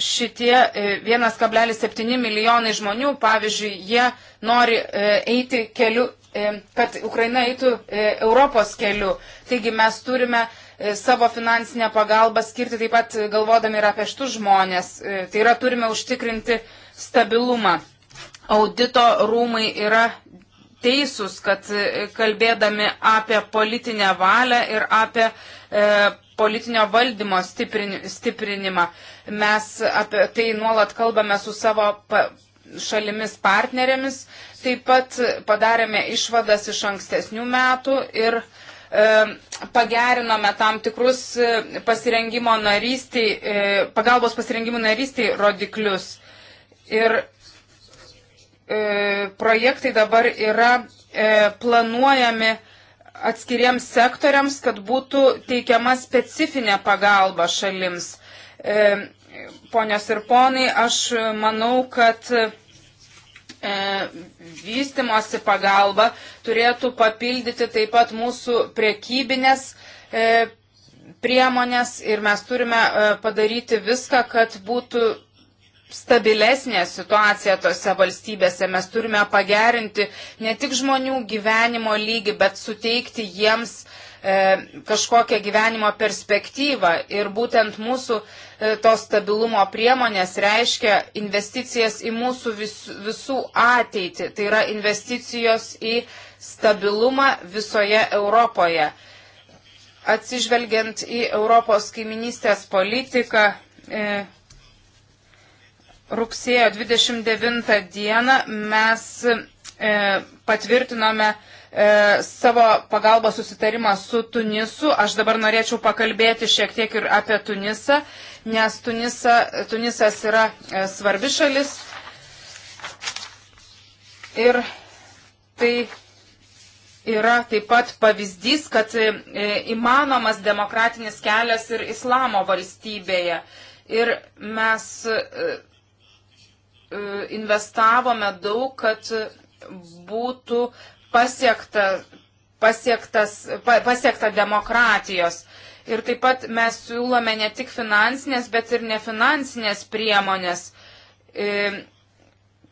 šitie e, 1,7 milijonai žmonių, pavyzdžiui, jie nori e, eiti keliu, e, kad Ukraina eitų e, Europos keliu. Taigi mes turime e, savo finansinę pagalbą skirti taip pat galvodami ir apie šitus žmonės. E, tai yra turime užtikrinti stabilumą audito rūmai yra teisūs, kad e, kalbėdami apie politinę valią ir apie e, politinio valdymo stiprin, stiprinimą, mes apie tai nuolat kalbame su savo pa, šalimis partnerėmis. Taip pat padarėme išvadas iš ankstesnių metų ir e, pagerinome tam tikrus e, pasirengimo narystiai, e, pagalbos pasirengimo narystiai rodiklius. Ir E, projektai dabar yra e, planuojami atskiriems sektoriams, kad būtų teikiama specifinė pagalba šalims. E, ponios ir ponai, aš manau, kad vystimosi pagalba turėtų papildyti taip pat mūsų priekybinės priemonės ir mes turime padaryti viską, kad būtų stabilesnė situacija tose valstybėse. Mes turime pagerinti ne tik žmonių gyvenimo lygį, bet suteikti jiems e, kažkokią gyvenimo perspektyvą. Ir būtent mūsų e, tos stabilumo priemonės reiškia investicijas į mūsų vis, visų ateitį. Tai yra investicijos į stabilumą visoje Europoje. Atsižvelgiant į Europos kaiminystės politiką, e, rugsėjo 29 dieną mes e, patvirtinome e, savo pagalbos susitarimą su Tunisu. Aš dabar norėčiau pakalbėti šiek tiek ir apie Tunisą, nes Tunisa, Tunisas yra e, svarbi šalis. Ir tai yra taip pat pavyzdys, kad įmanomas demokratinis kelias ir islamo valstybėje. Ir mes E, investavome daug, kad būtų pasiekta, pasiektas, pasiekta demokratijos. Ir taip pat mes siūlome ne tik finansinės, bet ir nefinansinės priemonės, e,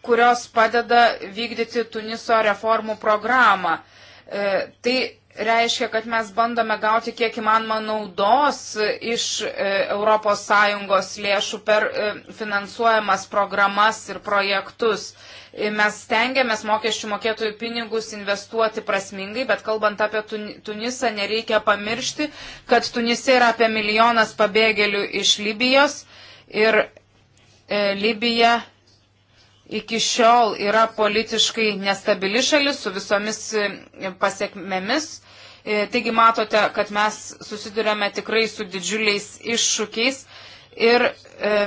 kurios padeda vykdyti Tuniso reformų programą. E, tai reiškia, kad mes bandome gauti kiek įmanoma naudos iš ES lėšų per e, finansuojamas programas ir projektus. E, mes stengiamės mokesčių mokėtojų pinigus investuoti prasmingai, bet kalbant apie Tunisą, nereikia pamiršti, kad Tunise yra apie milijonas pabėgėlių iš Libijos ir e, Libija iki šiol yra politiškai nestabili šalis su visomis pasiekmėmis. E, taigi matote, kad mes susidurėme tikrai su didžiuliais iššūkiais ir e,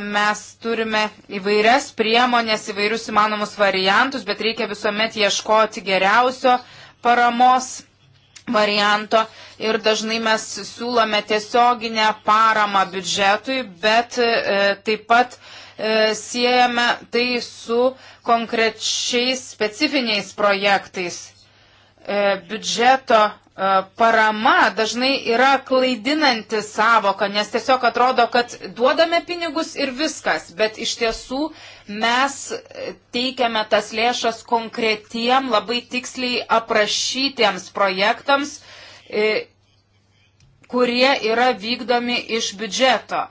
mes turime įvairias priemonės, įvairius įmanomus variantus, bet reikia visuomet ieškoti geriausio paramos varianto ir dažnai mes siūlome tiesioginę paramą biudžetui, bet e, taip pat e, siejame tai su konkrečiais specifiniais projektais. E, biudžeto E, parama dažnai yra klaidinanti savoka, nes tiesiog atrodo, kad duodame pinigus ir viskas, bet iš tiesų mes teikiame tas lėšas konkretiem, labai tiksliai aprašytiems projektams, e, kurie yra vykdomi iš biudžeto.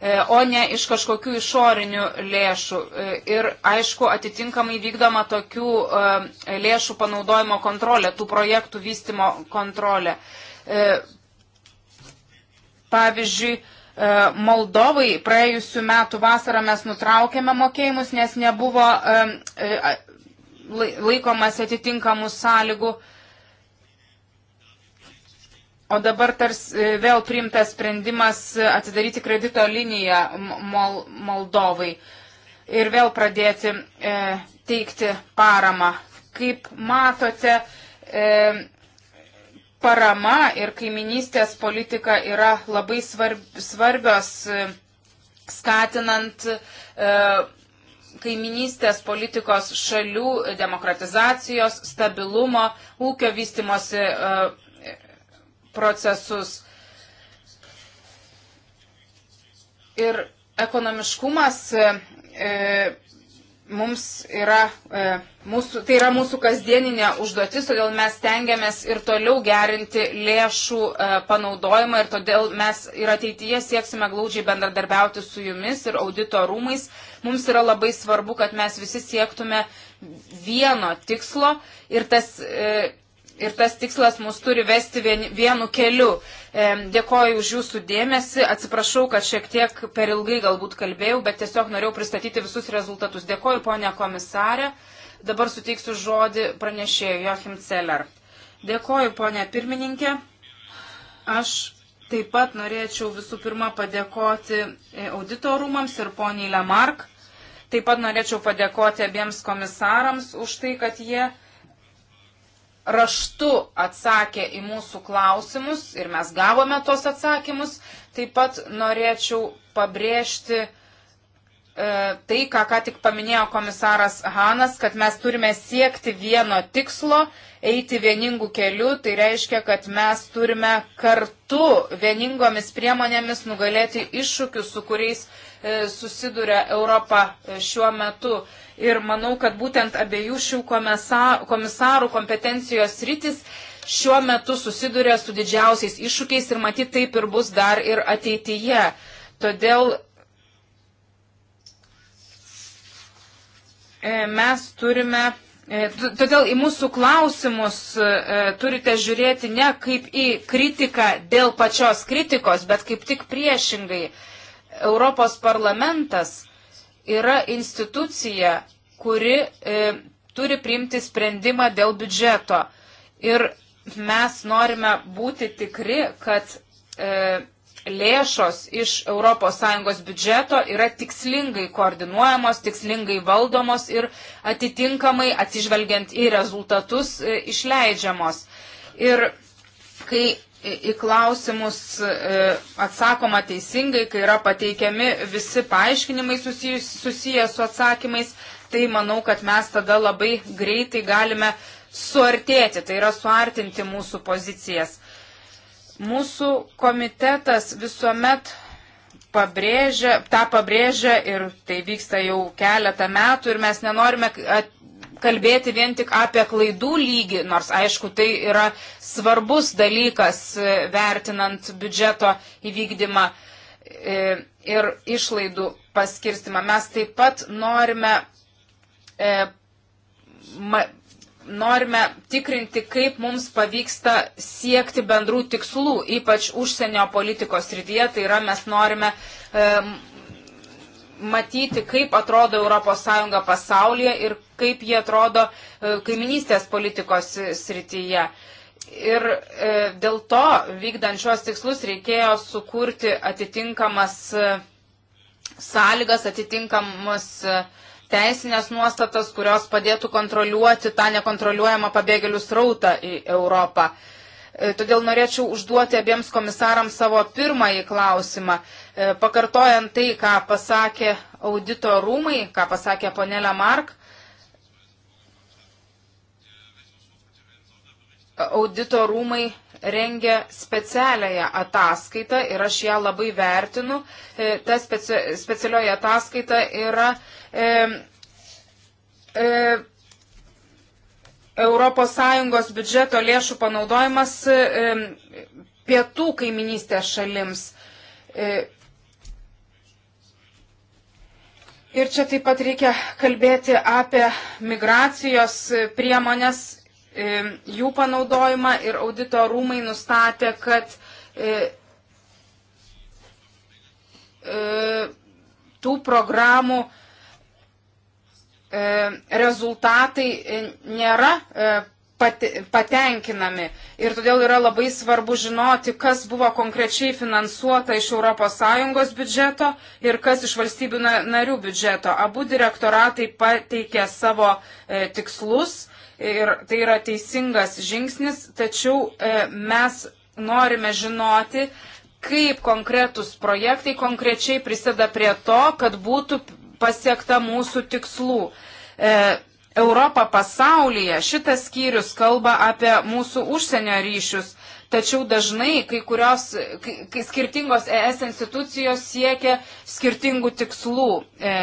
E, o ne iš kažkokių išorinių lėšų. E, ir aišku, atitinkamai vykdoma tokių e, lėšų panaudojimo kontrolė, tų projektų vystimo kontrolė. Pavyzdžiui, Moldovai praėjusiu metu vasarą mes nutraukėme mokėjimus, nes nebuvo laikomas atitinkamų sąlygų. O dabar tarsi e, vėl priimtas sprendimas e, atidaryti kredito liniją Mol Moldovai ir vėl pradėti e, teikti paramą. Kaip matote, e, parama ir kaiminystės politika yra labai svarb, svarbios e, skatinant e, kaiminystės politikos šalių demokratizacijos, stabilumo, ūkio vystimosi. E, procesus. Ir ekonomiškumas e, e, mums yra, e, mūsų, tai yra mūsų kasdieninė užduotis, todėl mes tengiamės ir toliau gerinti lėšų e, panaudojimą ir todėl mes ir ateityje sieksime glaudžiai bendradarbiauti su jumis ir audito rūmais. Mums yra labai svarbu, kad mes visi siektume vieno tikslo ir tas e, ir tas tikslas mus turi vesti vienu keliu. Dėkoju už jūsų dėmesį, atsiprašau, kad šiek tiek per ilgai galbūt kalbėjau, bet tiesiog norėjau pristatyti visus rezultatus. Dėkoju, ponė komisarė. Dabar suteiksiu žodį pranešėjui Joachim Celler. Dėkoju, ponė pirmininkė. Aš taip pat norėčiau visų pirma padėkoti e, auditorumams ir poniai Lemark. Taip pat norėčiau padėkoti abiems komisarams už tai, kad jie raštu atsakė į mūsų klausimus ir mes gavome tos atsakymus. Taip pat norėčiau pabrėžti e, tai, ką ką tik paminėjo komisaras Hanas, kad mes turime siekti vieno tikslo, eiti vieningų kelių. Tai reiškia, kad mes turime kartu vieningomis priemonėmis nugalėti iššūkius, su kuriais e, susiduria Europa e, šiuo metu. E, Ir manau, kad būtent abiejų šių komisarų kompetencijos rytis šiuo metu susiduria su didžiausiais iššūkiais ir matyt taip ir bus dar ir ateityje. Todėl e, mes turime e, Todėl į mūsų klausimus e, turite žiūrėti ne kaip į kritiką dėl pačios kritikos, bet kaip tik priešingai. Europos parlamentas yra institucija, kuri e, turi priimti sprendimą dėl biudžeto. Ir mes norime būti tikri, kad e, lėšos iš ES biudžeto yra tikslingai koordinuojamos, tikslingai valdomos ir atitinkamai atsižvelgiant į rezultatus e, išleidžiamos. Ir kai į klausimus e, atsakoma teisingai, kai yra pateikiami visi paaiškinimai susiję su atsakymais, tai manau, kad mes tada labai greitai galime suartėti, tai yra suartinti mūsų pozicijas. Mūsų komitetas visuomet pabrėžia, tą pabrėžia ir tai vyksta jau keletą metų ir mes nenorime, at, kalbėti vien tik apie klaidų lygį, nors aišku, tai yra svarbus dalykas e, vertinant biudžeto įvykdymą e, ir išlaidų paskirstimą. Mes taip pat norime, e, norime tikrinti, kaip mums pavyksta siekti bendrų tikslų, ypač užsienio politikos rytyje. Tai yra, mes norime matyti, kaip atrodo ES pasaulyje ir kaip jie atrodo e, kaiminystės politikos srityje. Ir e, dėl to vykdant šios tikslus reikėjo sukurti atitinkamas e, sąlygas, atitinkamas e, teisinės nuostatas, kurios padėtų kontroliuoti tą nekontroliuojamą pabėgėlių srautą į Europą. Todėl norėčiau užduoti abiems komisarams savo pirmąjį klausimą. E, pakartojant tai, ką pasakė audito rūmai, ką pasakė ponelė Mark, audito rūmai rengia specialiąją ataskaitą ir aš ją labai vertinu. E, ta speci specialioji ataskaita yra e, e, ES biudžeto lėšų panaudojimas e, pietų kaiminystės šalims. E, Ir čia taip pat reikia kalbėti apie migracijos priemonės, e, jų panaudojimą ir audito rūmai nustatė, kad e, e, tų programų rezultatai nėra patenkinami. Ir todėl yra labai svarbu žinoti, kas buvo konkrečiai finansuota iš ES biudžeto ir kas iš valstybių narių biudžeto. Abu direktoratai pateikė savo e, tikslus ir tai yra teisingas žingsnis, tačiau e, mes norime žinoti, kaip konkretus projektai konkrečiai prisida prie to, kad būtų pasiekta mūsų tikslų. E, Europą pasaulyje, šitas skyrius kalba apie mūsų užsienio ryšius, tačiau dažnai kai kurios, kai, kai skirtingos ES institucijos siekia skirtingų tikslų. E,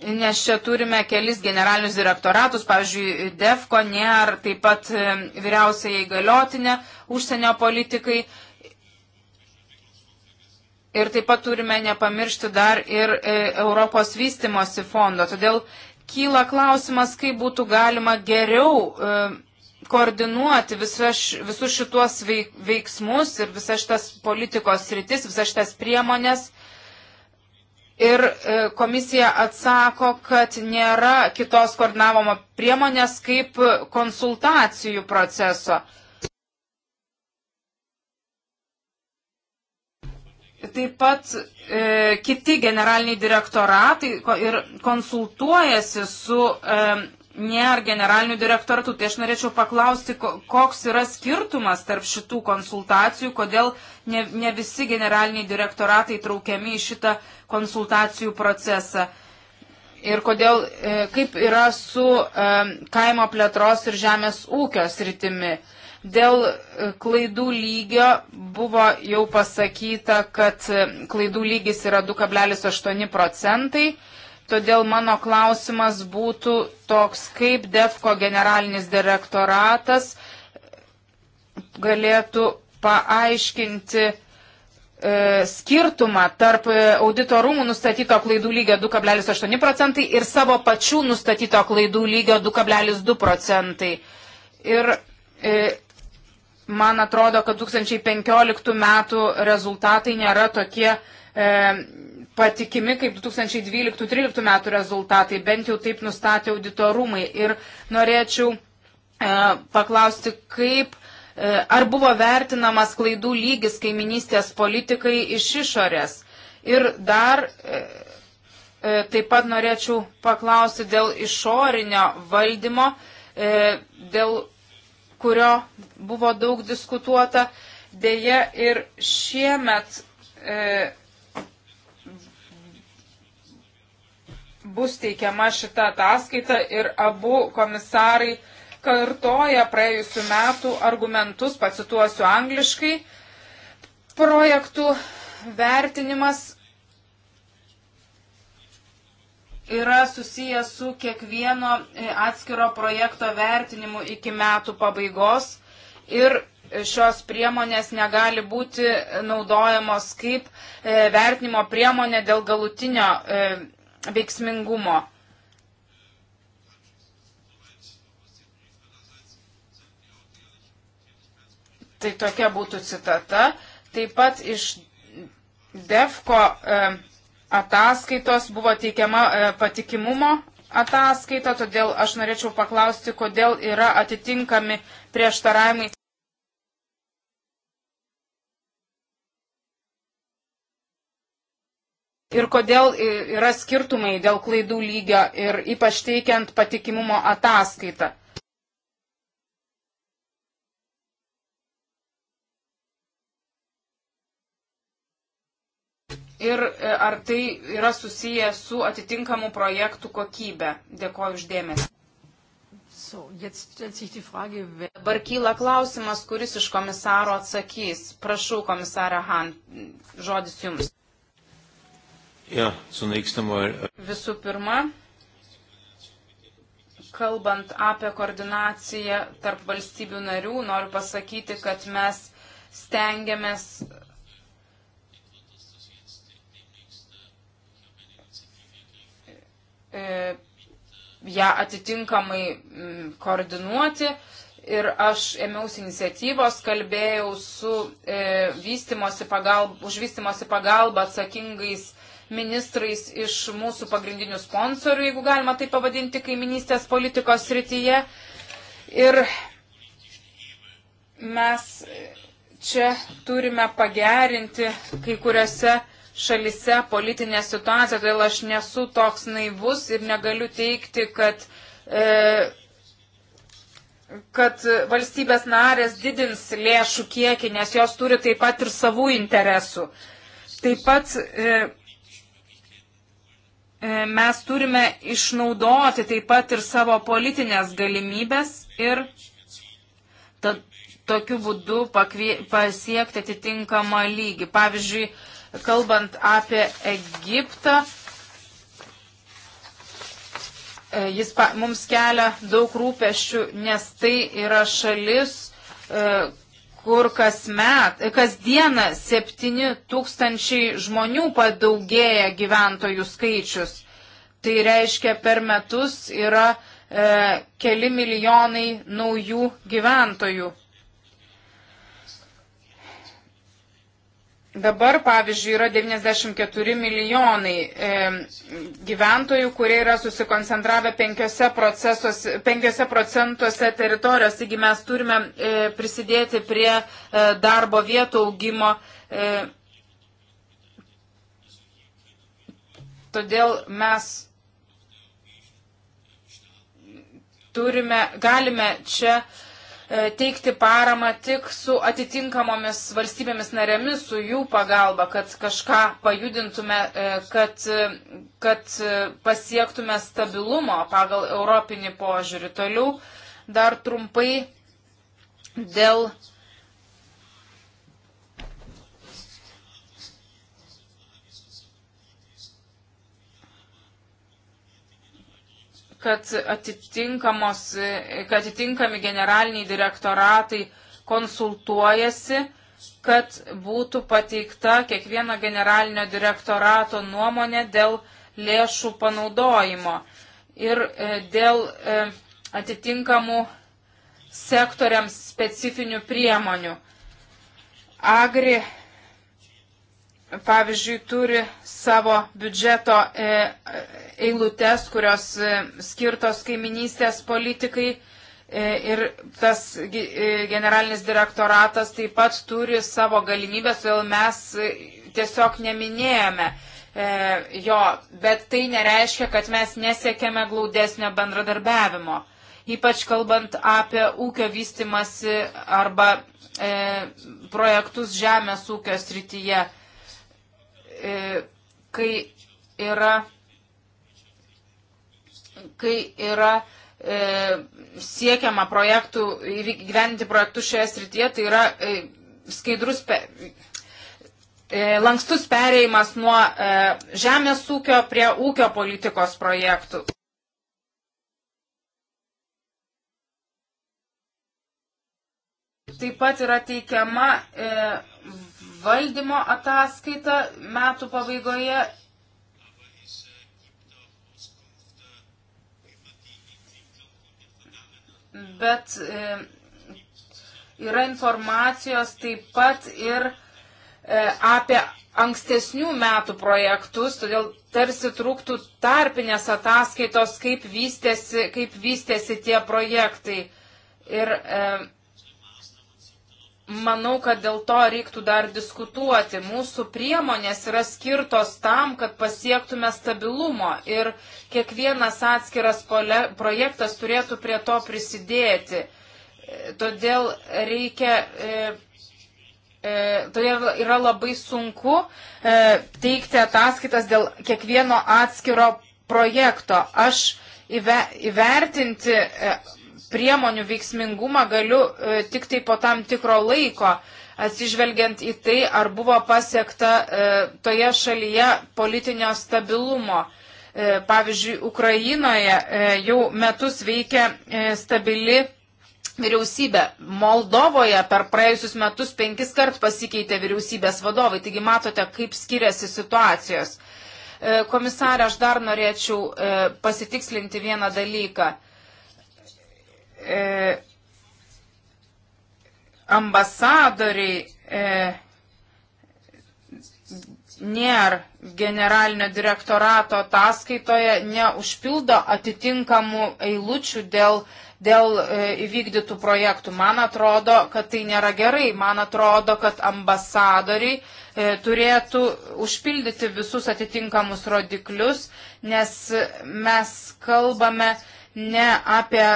Nes čia turime kelis generalinius direktoratus, pavyzdžiui, DEFCO, NER, taip pat e, vyriausiai įgaliotinę užsienio politikai. E, Ir taip pat turime nepamiršti dar ir e, Europos vystimosi fondo. Todėl kyla klausimas, kaip būtų galima geriau e, koordinuoti visas, visus šituos veik, veiksmus ir visas šitas politikos sritis, visas šitas priemonės. Ir e, komisija atsako, kad nėra kitos koordinavimo priemonės kaip konsultacijų proceso. E, taip pat e, kiti generaliniai direktoratai ir konsultuojasi su e, NER generaliniu direktoratu. Tai aš norėčiau paklausti, koks yra skirtumas tarp šitų konsultacijų, kodėl ne, ne visi generaliniai direktoratai traukiami į šitą konsultacijų procesą. Ir kodėl, e, kaip yra su e, kaimo plėtros ir žemės ūkio sritimi. E, Dėl e, klaidų lygio buvo jau pasakyta, kad e, klaidų lygis yra 2,8 procentai. Todėl mano klausimas būtų toks, kaip DEFCO generalinis direktoratas galėtų paaiškinti e, skirtumą tarp e, audito rūmų nustatyto klaidų lygio 2,8 procentai ir savo pačių nustatyto klaidų lygio 2,2 procentai. Ir e, man atrodo, kad 2015 metų rezultatai nėra tokie e, patikimi kaip 2012-2013 metų rezultatai, bent jau taip nustatė auditorumai. Ir norėčiau e, paklausti, kaip, e, ar buvo vertinamas klaidų lygis kaiminystės politikai iš išorės. Ir dar. E, e Taip pat norėčiau paklausti dėl išorinio valdymo, e, dėl kurio buvo daug diskutuota. Deja ir šiemet e, bus teikiama šita ataskaita ir abu komisarai kartoja praėjusiu metu argumentus, pacituosiu angliškai, projektų vertinimas yra susijęs su kiekvieno e, atskiro projekto vertinimu iki metų pabaigos ir e, šios priemonės negali būti e, naudojamos kaip vertinimo priemonė dėl galutinio veiksmingumo. Tai tokia būtų citata. Taip pat iš DEFCO e, ataskaitos buvo teikiama e, patikimumo ataskaita, todėl aš norėčiau paklausti, kodėl yra atitinkami prieštaravimai. Ir kodėl yra skirtumai dėl klaidų lygio ir ypač teikiant patikimumo ataskaitą. ir e, ar tai yra susiję su atitinkamų projektų kokybė. Dėkoju uždėmesi. So, jetzt stellt sich die Frage, wer... Dabar kyla klausimas, kuris iš komisaro atsakys. Prašau, komisarė Han, žodis jums. Ja, zunächst einmal. Äh, Visų pirma, kalbant apie koordinaciją tarp valstybių narių, noriu pasakyti, kad mes stengiamės E, ją atitinkamai mm, koordinuoti. Ir aš ėmiausi iniciatyvos, kalbėjau su e, vystimosi pagalba, už vystimosi pagalbą atsakingais ministrais iš mūsų pagrindinių sponsorių, jeigu galima tai pavadinti, kaiminystės politikos srityje. Ir mes čia turime pagerinti kai kuriuose šalise politinė situacija, todėl aš nesu toks naivus ir negaliu teikti, kad, e, kad valstybės narės didins lėšų kiekį, nes jos turi taip pat ir savų interesų. Taip pat e, e, mes turime išnaudoti taip pat ir savo politinės galimybės ir ta, tokiu būdu pakvie, pasiekti atitinkamą lygį. Pavyzdžiui, kalbant apie Egiptą, e, jis pa, mums kelia daug rūpeščių, nes tai yra šalis, e, kur kasmet, e, kasdieną 7 tūkstančiai žmonių padaugėja gyventojų skaičius. Tai reiškia, per metus yra e, keli milijonai naujų gyventojų. Dabar, pavyzdžiui, yra 94 milijonai e, gyventojų, kurie yra susikoncentravę 5 procentuose teritorijos, taigi mes turime e, prisidėti prie e, darbo vietų augimo. E, todėl mes turime, galime čia e, E, teikti paramą tik su atitinkamomis valstybėmis narėmis, su jų pagalba, kad kažką pajudintume, e, kad, kad e, pasiektume stabilumo pagal europinį požiūrį. Toliau dar trumpai dėl kad, kad atitinkami generaliniai direktoratai konsultuojasi, kad būtų pateikta kiekvieno generalinio direktorato nuomonė dėl lėšų panaudojimo ir e, dėl e, atitinkamų sektoriams specifinių priemonių. Agri pavyzdžiui, turi savo biudžeto e, eilutes, kurios e, skirtos kaiminystės politikai. E, ir tas generalinis direktoratas taip pat turi savo galimybės, todėl mes tiesiog neminėjome jo, bet tai nereiškia, kad mes nesiekėme glaudesnio bendradarbiavimo, ypač kalbant apie ūkio vystimasi arba projektus žemės ūkio srityje E, kai yra, kai yra e, siekiama projektų, įgyvendinti projektus šioje srityje, tai yra e, skaidrus, pe, e, lankstus pereimas nuo e, žemės ūkio prie ūkio politikos projektų. Taip pat yra teikiama e, valdymo ataskaitą metų pabaigoje. Bet e, yra informacijos taip pat ir e, apie ankstesnių metų projektus, todėl tarsi trūktų tarpinės ataskaitos, kaip vystėsi, kaip vystėsi tie projektai. Ir e, Manau, kad dėl to reiktų dar diskutuoti. Mūsų priemonės yra skirtos tam, kad pasiektume stabilumo ir kiekvienas atskiras projektas turėtų prie to prisidėti. Todėl reikia. E, e, todėl yra labai sunku e, teikti ataskaitas dėl kiekvieno atskiro projekto. Aš įve, įvertinti e, priemonių veiksmingumą galiu e, tik tai po tam tikro laiko, atsižvelgiant į tai, ar buvo pasiekta e, toje šalyje politinio stabilumo. E, pavyzdžiui, Ukrainoje e, jau metus veikia e, stabili vyriausybė. Moldovoje per praėjusius metus penkis kart pasikeitė vyriausybės vadovai, taigi matote, kaip skiriasi situacijos. E, komisarė, aš dar norėčiau e, pasitikslinti vieną dalyką e, ambasadoriai e, nėr generalinio direktorato ataskaitoje neužpildo atitinkamų eilučių dėl, dėl e, įvykdytų projektų. Man atrodo, kad tai nėra gerai. Man atrodo, kad ambasadoriai e, turėtų užpildyti visus atitinkamus rodiklius, nes mes kalbame ne apie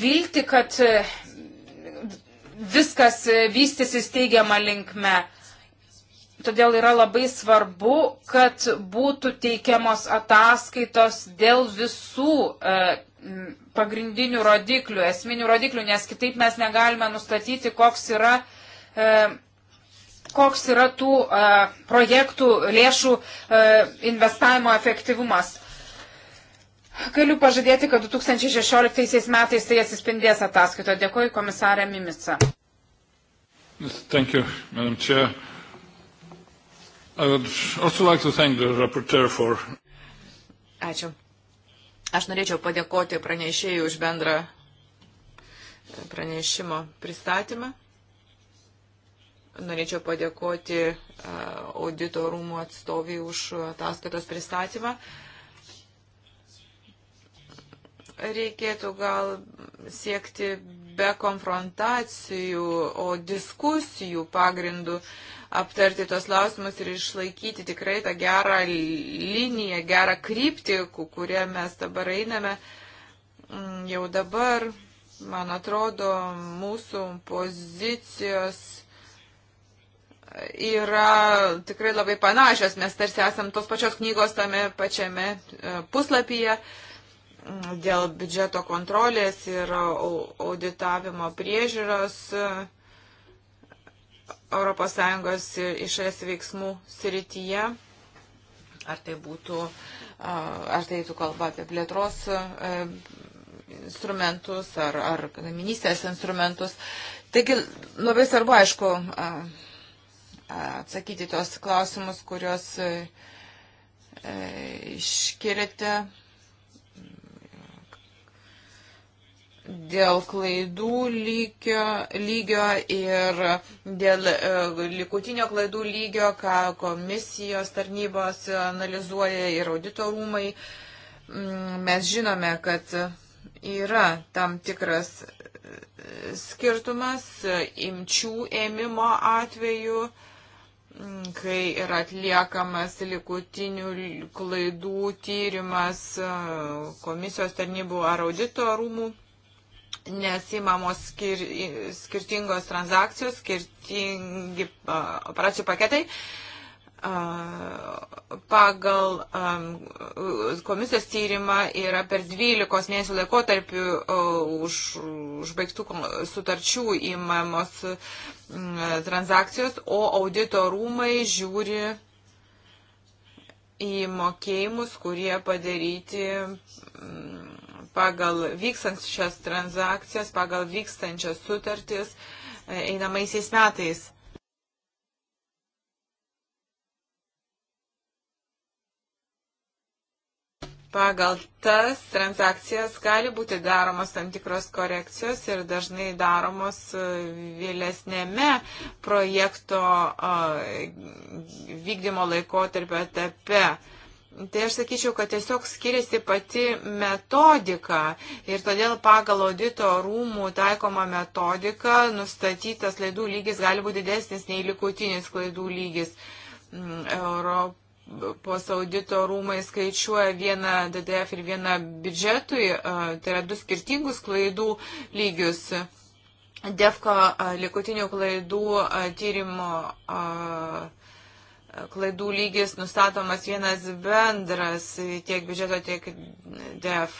vilti, kad e, viskas e, vystysis teigiamą linkme. Todėl yra labai svarbu, kad būtų teikiamos ataskaitos dėl visų e, pagrindinių rodiklių, esminių rodiklių, nes kitaip mes negalime nustatyti, koks yra, koks yra tų projektų lėšų investavimo efektyvumas. Galiu pažadėti, kad 2016 metais tai atsispindės ataskaito. Dėkuoju komisarė Mimica. Thank you, Madam Chair. I would also like to thank the rapporteur for. Ačiū. Aš norėčiau padėkoti pranešėjai už bendrą e, pranešimo pristatymą. Norėčiau padėkoti e, audito rūmų atstoviai už ataskaitos pristatymą. Uh, reikėtų gal siekti be konfrontacijų, o diskusijų pagrindų aptarti tos lausimus ir išlaikyti tikrai tą gerą liniją, gerą kryptį, kurią mes dabar einame. Mm, jau dabar, man atrodo, mūsų pozicijos yra tikrai labai panašios. Mes tarsi esam tos pačios knygos tame pačiame e, puslapyje. Uh, dėl biudžeto kontrolės ir auditavimo priežiūros ES išės veiksmų srityje. Ar tai būtų, e, ar tai būtų kalba apie plėtros e, instrumentus ar, ar kaiminystės instrumentus. Taigi labai svarbu, aišku, e, atsakyti tos klausimus, kuriuos iškirite. E, dėl klaidų lygio, lygio ir dėl e, likutinio klaidų lygio, ką komisijos tarnybos analizuoja ir auditorumai. Mm, mes žinome, kad yra tam tikras e, skirtumas imčių ėmimo atveju mm, kai yra atliekamas likutinių klaidų tyrimas e, komisijos tarnybų ar audito rūmų nes įmamos skir, skirtingos transakcijos, skirtingi operacijų paketai. Pagal komisijos tyrimą yra per 12 mėnesių laikotarpių už, užbaigtų sutarčių įmamos transakcijos, o audito rūmai žiūri į mokėjimus, kurie padaryti pagal vykstančias transakcijas, pagal vykstančias sutartis e, einamaisiais metais. Pagal tas transakcijas gali būti daromos tam tikros korekcijos ir dažnai daromos e, vėlesnėme projekto e, vykdymo laikotarpio etape. Tai aš sakyčiau, kad tiesiog skiriasi pati metodika ir todėl pagal audito rūmų taikoma metodika nustatytas klaidų lygis gali būti didesnis nei likutinis klaidų lygis. Mm, Europos audito rūmai skaičiuoja vieną DDF ir vieną biudžetui, tai yra du skirtingus klaidų lygius. DEFCO likutinių klaidų tyrimo. A, klaidų lygis nustatomas vienas bendras tiek biudžeto, tiek DEF.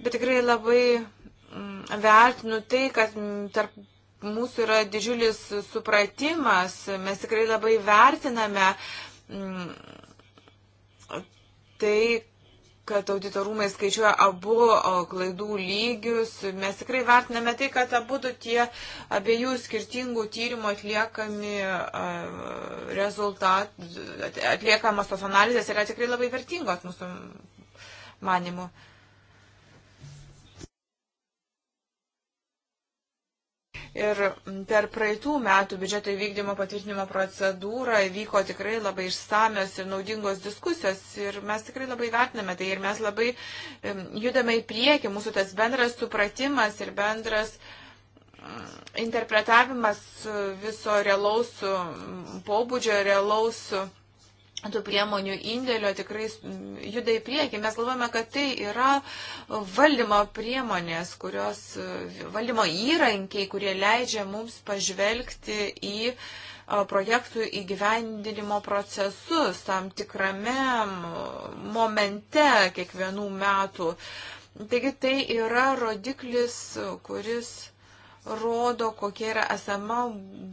Bet tikrai labai mm, vertinu tai, kad tarp mūsų yra didžiulis supratimas, mes tikrai labai vertiname mm, tai, kad auditorumai skaičiuoja abu klaidų lygius. Mes tikrai vertiname tai, kad abu tie abiejų skirtingų tyrimų atliekami rezultat, atliekamos tos analizės yra tikrai labai vertingos mūsų manimu. Ir per praeitų metų biudžeto įvykdymo patvirtinimo procedūrą vyko tikrai labai išsamios ir naudingos diskusijos ir mes tikrai labai vertiname tai ir mes labai judame į priekį, mūsų tas bendras supratimas ir bendras mm, interpretavimas viso realaus mm, pobūdžio, realaus tų priemonių indėlio tikrai juda į priekį. Mes galvojame, kad tai yra valdymo priemonės, kurios valdymo įrankiai, kurie leidžia mums pažvelgti į projektų įgyvendinimo procesus tam tikrame momente kiekvienų metų. Taigi tai yra rodiklis, kuris rodo, kokia yra esama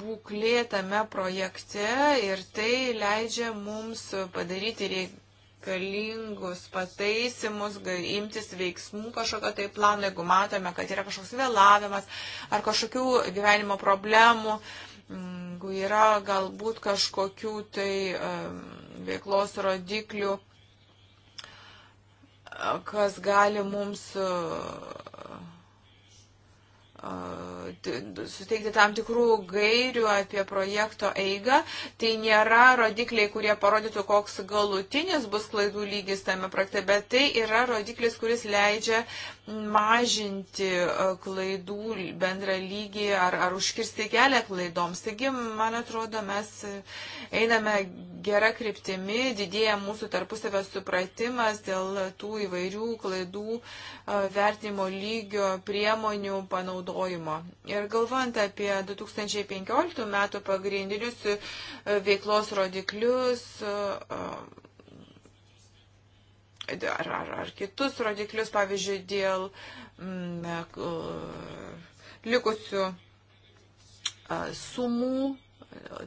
būklė tame projekte ir tai leidžia mums padaryti reikalingus pataisimus, imtis veiksmų kažkokio tai plano, jeigu matome, kad yra kažkoks vėlavimas ar kažkokių gyvenimo problemų, mm, jeigu yra galbūt kažkokių tai veiklos rodiklių kas gali mums suteikti tam tikrų gairių apie projekto eigą. Tai nėra rodikliai, kurie parodytų, koks galutinis bus klaidų lygis tame projekte, bet tai yra rodiklis, kuris leidžia mažinti e, klaidų bendrą lygį ar, ar užkirsti kelią klaidoms. Taigi, man atrodo, mes einame gerą kryptimį, didėja mūsų tarpusavio supratimas dėl tų įvairių klaidų e, vertimo lygio priemonių panaudojimo. Ir galvojant apie 2015 metų pagrindinius e, veiklos rodiklius, ar, ar, ar kitus rodiklius, pavyzdžiui, dėl mm, e, e, likusių e, sumų,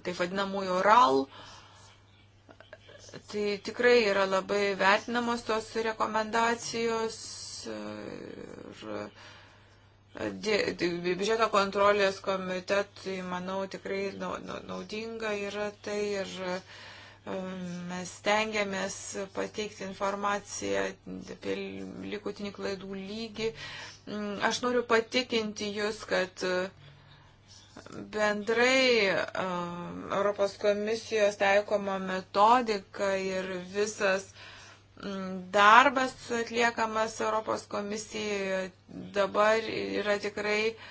taip vadinamųjų RAL. Tai tikrai yra labai vertinamos tos rekomendacijos ir biudžeto kontrolės komitetui, manau, tikrai naudinga yra tai ir Mes tengiamės pateikti informaciją apie likutinį klaidų lygį. Mm, aš noriu patikinti Jūs, kad uh, bendrai uh, Europos komisijos taikoma metodika ir visas mm, darbas atliekamas Europos komisijoje dabar yra tikrai uh,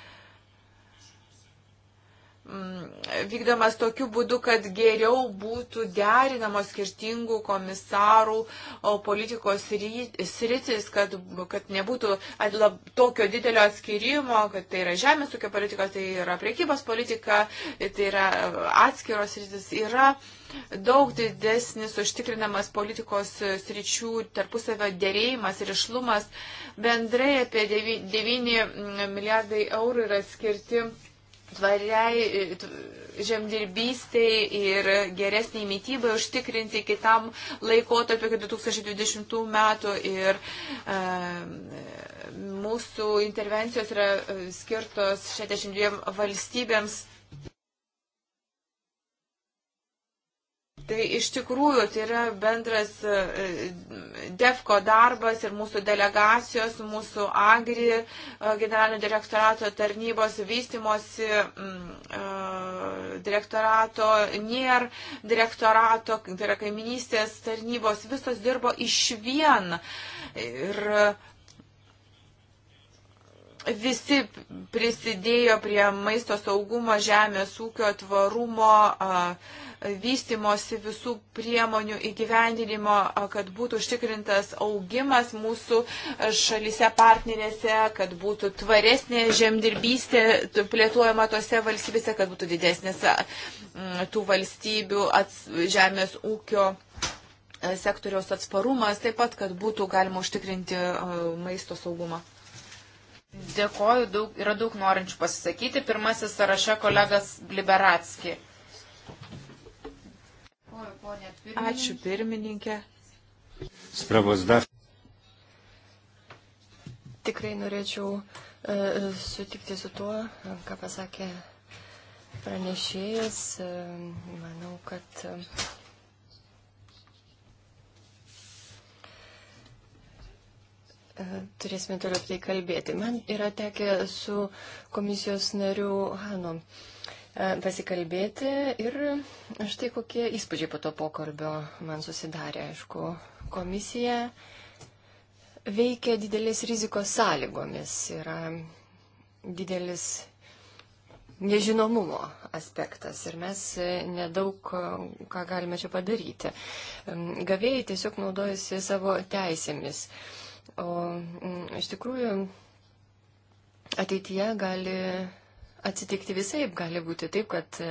Mm, vykdomas tokiu būdu, kad geriau būtų derinamos skirtingų komisarų politikos sritis, kad, kad nebūtų atlab, tokio didelio atskirimo, kad tai yra žemės ūkio politika, tai yra priekybos politika, tai yra atskiros sritis. Yra daug didesnis užtikrinamas politikos sričių tarpusavio dėrėjimas ir išlumas. Bendrai apie 9 milijardai eurų yra skirti tvariai žemdirbystei ir geresniai mytybai užtikrinti kitam laikotarpiu iki 2020 metų. Ir e, mūsų intervencijos yra e, skirtos 62 valstybėms Tai iš tikrųjų tai yra bendras e, DEFCO darbas ir mūsų delegacijos, mūsų AGRI e, generalinio direktorato tarnybos vystimosi e, direktorato, NIR direktorato, tai yra kaiminystės tarnybos, visos dirbo iš vien. Ir visi prisidėjo prie maisto saugumo, žemės ūkio tvarumo, vystimosi visų priemonių įgyvendinimo, kad būtų užtikrintas augimas mūsų šalyse partnerėse, kad būtų tvaresnė žemdirbystė plėtojama tose valstybėse, kad būtų didesnės tų valstybių ats, žemės ūkio sektoriaus atsparumas, taip pat, kad būtų galima užtikrinti maisto saugumą. Dėkoju, daug, yra daug norinčių pasisakyti. Pirmasis sąraše kolegas Liberatski. Ačiū pirmininkė. Spravosdav. Tikrai norėčiau e, sutikti su tuo, ką pasakė pranešėjas. E, manau, kad. E, E, turėsime toliau tai kalbėti. Man yra tekę su komisijos nariu Hanu e, pasikalbėti ir štai kokie įspūdžiai po to pokalbio man susidarė. Aišku, komisija veikia didelės rizikos sąlygomis, yra didelis nežinomumo aspektas ir mes nedaug ką galime čia padaryti. Gavėjai tiesiog naudojasi savo teisėmis. Uh, O mm, iš tikrųjų ateityje gali atsitikti visai, gali būti taip, kad e,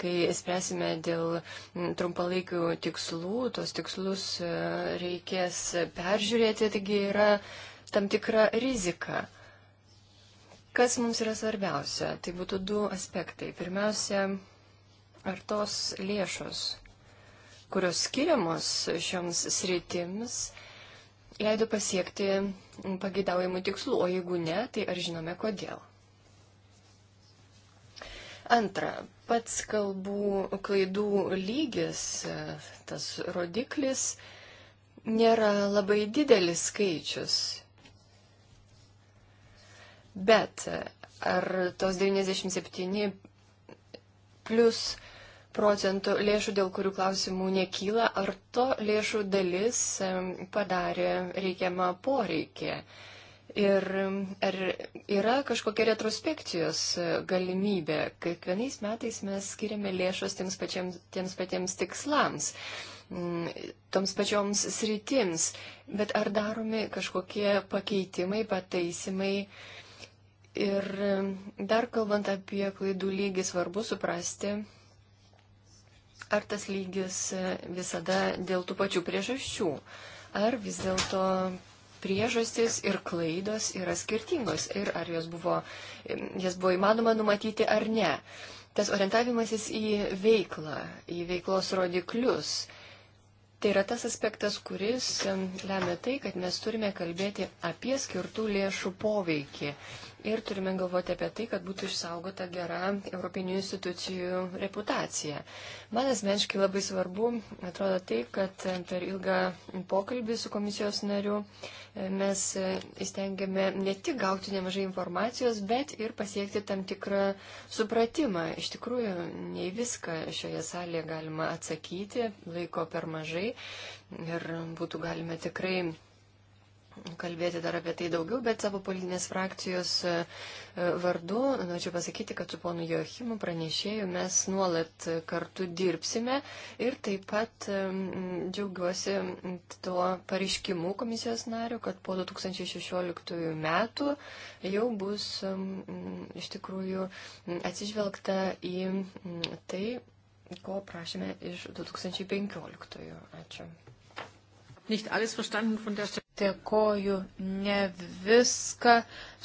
kai spręsime dėl mm, trumpalaikių tikslų, tos tikslus e, reikės peržiūrėti, taigi yra tam tikra rizika. Kas mums yra svarbiausia? Tai būtų du aspektai. Pirmiausia, ar tos lėšos, kurios skiriamos šioms sritims, leido pasiekti pageidaujamų tikslų, o jeigu ne, tai ar žinome kodėl. Antra, pats kalbų klaidų lygis, tas rodiklis, nėra labai didelis skaičius. Bet ar tos 97 plus procentų lėšų, dėl kurių klausimų nekyla, ar to lėšų dalis padarė reikiamą poreikį. Ir ar yra kažkokia retrospekcijos e, galimybė, kiekvienais metais mes skiriame lėšos tiems, pačiems, tiems patiems tikslams, toms pačioms sritims, bet ar daromi kažkokie pakeitimai, pataisimai, Ir dar kalbant apie klaidų lygį, svarbu suprasti, Ar tas lygis visada dėl tų pačių priežasčių? Ar vis dėlto priežastis ir klaidos yra skirtingos ir ar jos buvo, jas buvo įmanoma numatyti ar ne? Tas orientavimasis į veiklą, į veiklos rodiklius, Tai yra tas aspektas, kuris lemia tai, kad mes turime kalbėti apie skirtų lėšų poveikį. Ir turime galvoti apie tai, kad būtų išsaugota gera Europinių institucijų reputacija. Man asmeniškai labai svarbu, atrodo tai, kad per ilgą pokalbį su komisijos nariu e, mes e, įstengėme ne tik gauti nemažai informacijos, bet ir pasiekti tam tikrą supratimą. Iš tikrųjų, ne į viską šioje salėje galima atsakyti, laiko per mažai ir būtų galime tikrai kalbėti dar apie tai daugiau, bet savo politinės frakcijos e, e, vardu norėčiau pasakyti, kad su ponu Joachimu pranešėju mes nuolat kartu dirbsime ir taip pat e, džiaugiuosi tuo pareiškimu komisijos nariu, kad po 2016 metų jau bus iš tikrųjų atsižvelgta į tai, ko prašėme iš 2015. Ačiū. Dėkoju, ne viską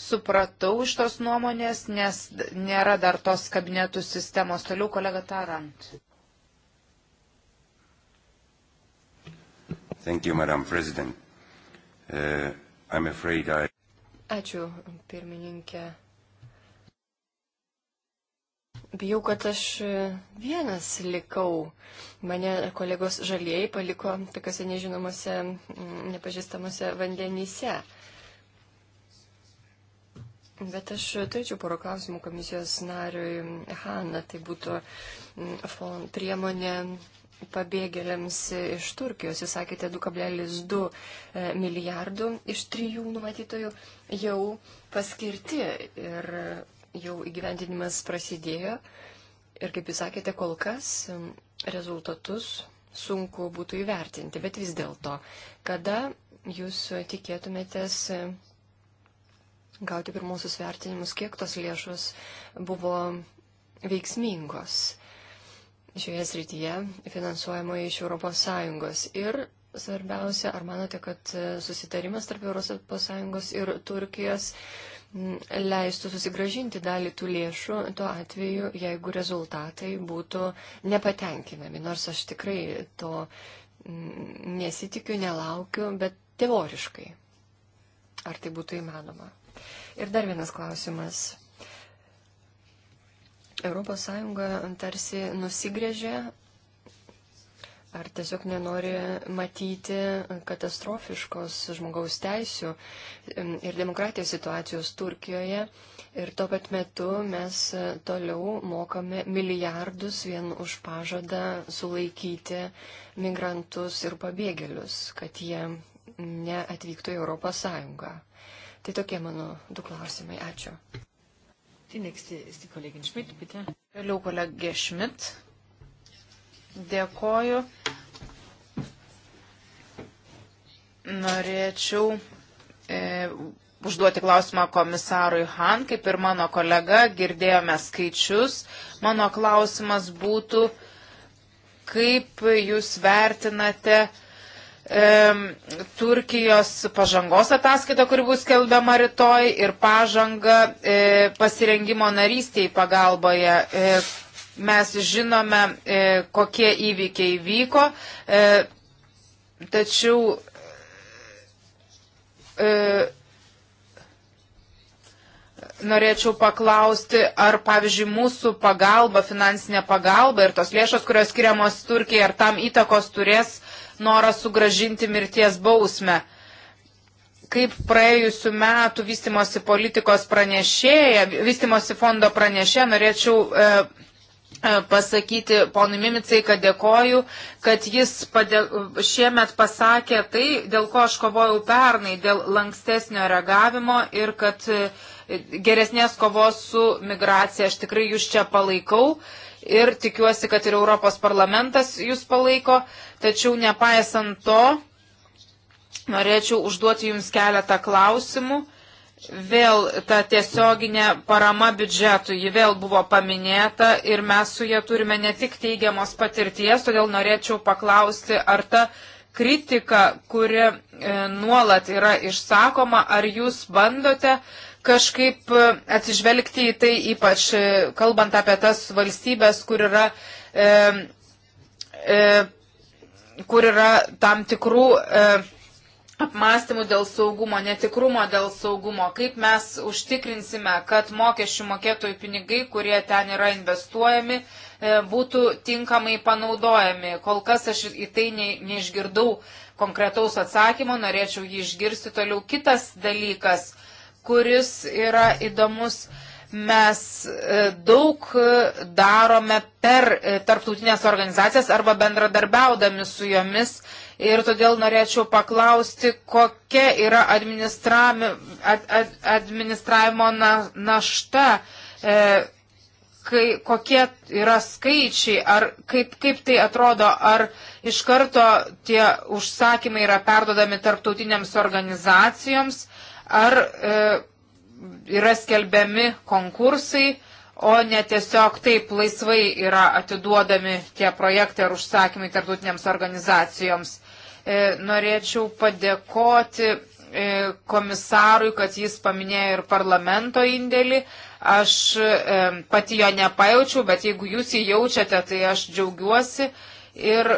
supratau iš tos nuomonės, nes nėra dar tos kabinetų sistemos. Toliau kolega Tarant. Thank you, Madam President. Uh, I'm afraid I... Ačiū, pirmininkė. Bijau, kad aš e, vienas likau. Mane kolegos žalieji paliko tokiuose nežinomose, mm, nepažįstamuose vandenyse. Bet aš turėčiau porą klausimų komisijos nariui Hanna. Tai būtų mm, fond, priemonė pabėgėliams iš Turkijos. Jūs sakėte 2,2 e, milijardų iš trijų numatytojų jau paskirti. Ir jau įgyvendinimas prasidėjo ir, kaip jūs sakėte, kol kas um, rezultatus sunku būtų įvertinti, bet vis dėlto, kada jūs tikėtumėtės um, gauti pirmosius vertinimus, kiek tos lėšos buvo veiksmingos šioje srityje finansuojamoje iš ES. Ir svarbiausia, ar manote, kad uh, susitarimas tarp ES ir Turkijos leistų susigražinti dalį tų lėšų tuo atveju, jeigu rezultatai būtų nepatenkinami. Nors aš tikrai to mm, nesitikiu, nelaukiu, bet teoriškai. Ar tai būtų įmanoma? Ir dar vienas klausimas. ES tarsi nusigrėžė ar tiesiog nenori matyti katastrofiškos žmogaus teisų ir demokratijos situacijos Turkijoje. Ir tuo pat metu mes e, toliau mokame milijardus vien už pažadą sulaikyti migrantus ir pabėgėlius, kad jie neatvyktų į Europos Sąjungą. Tai tokie mano du klausimai. Ačiū. Die nächste ist die Kollegin Schmidt, bitte. Hallo, Kollege Schmidt. Dėkoju. Norėčiau e, užduoti klausimą komisarui Han, kaip ir mano kolega, girdėjome skaičius. Mano klausimas būtų, kaip jūs vertinate e, Turkijos pažangos ataskaitą, kuri bus kelbiama rytoj, ir pažanga e, pasirengimo narystiai pagalboje. E, Mes žinome, e, kokie įvykiai vyko, e, tačiau e, norėčiau paklausti, ar, pavyzdžiui, mūsų pagalba, finansinė pagalba ir tos lėšos, kurios skiriamos Turkijai, ar tam įtakos turės norą sugražinti mirties bausmę. Kaip praėjusiu metu vystimosi politikos pranešėja, vystimosi fondo pranešėja, norėčiau e, E, pasakyti ponui Mimicai, kad dėkoju, kad jis padė, šiemet pasakė tai, dėl ko aš kovojau pernai, dėl lankstesnio reagavimo ir kad e, geresnės kovos su migracija. Aš tikrai jūs čia palaikau ir tikiuosi, kad ir Europos parlamentas jūs palaiko, tačiau nepaisant to, norėčiau užduoti jums keletą klausimų vėl ta tiesioginė parama biudžetui, ji vėl buvo paminėta ir mes su ja turime ne tik teigiamos patirties, todėl norėčiau paklausti, ar ta kritika, kuri e, nuolat yra išsakoma, ar jūs bandote kažkaip e, atsižvelgti į tai, ypač e, kalbant apie tas valstybės, kur yra. E, e, kur yra tam tikrų e, apmąstymų dėl saugumo, netikrumo dėl saugumo, kaip mes užtikrinsime, kad mokesčių mokėtojų pinigai, kurie ten yra investuojami, e, būtų tinkamai panaudojami. Kol kas aš į tai ne, neišgirdau konkretaus atsakymo, norėčiau jį išgirsti toliau. Kitas dalykas, kuris yra įdomus mes e, daug darome per e, tarptautinės organizacijas arba bendradarbiaudami su jomis ir todėl norėčiau paklausti, kokia yra ad, ad, administravimo na, našta, e, kai, kokie yra skaičiai, ar kaip, kaip tai atrodo, ar iš karto tie užsakymai yra perdodami tarptautiniams organizacijoms, ar e, yra skelbiami konkursai o ne tiesiog taip laisvai yra atiduodami tie projektai ar užsakymai tarptautinėms organizacijoms. E, norėčiau padėkoti e, komisarui, kad jis paminėjo ir parlamento indėlį. Aš e, pati jo nepajaučiau, bet jeigu jūs jį jaučiate, tai aš džiaugiuosi ir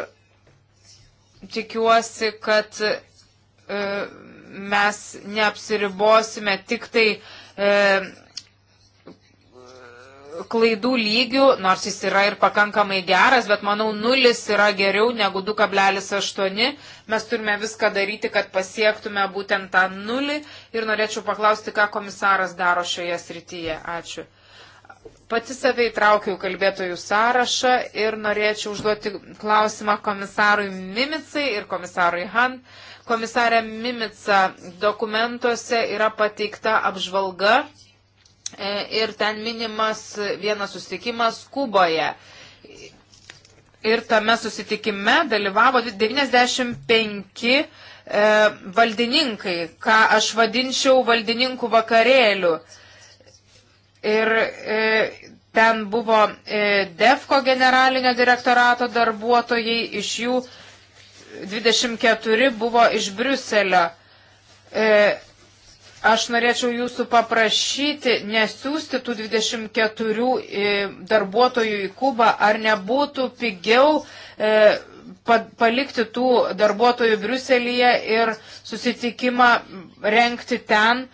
tikiuosi, kad mes neapsiribosime tik tai klaidų lygių, nors jis yra ir pakankamai geras, bet manau, nulis yra geriau negu 2,8. Mes turime viską daryti, kad pasiektume būtent tą nulį ir norėčiau paklausti, ką komisaras daro šioje srityje. Ačiū. Pati save įtraukiau kalbėtojų sąrašą ir norėčiau užduoti klausimą komisarui Mimicai ir komisarui Han. Komisarė Mimica dokumentuose yra pateikta apžvalga E, ir ten minimas vienas susitikimas Kuboje. Ir tame susitikime dalyvavo 95 e, valdininkai, ką aš vadinčiau valdininkų vakarėlių. Ir e, ten buvo e, DEFCO generalinio direktorato darbuotojai, iš jų 24 buvo iš Briuselio. E, Aš norėčiau jūsų paprašyti nesiųsti tų 24 e, darbuotojų į Kubą, ar nebūtų pigiau e, palikti tų darbuotojų Briuselyje ir susitikimą renkti ten,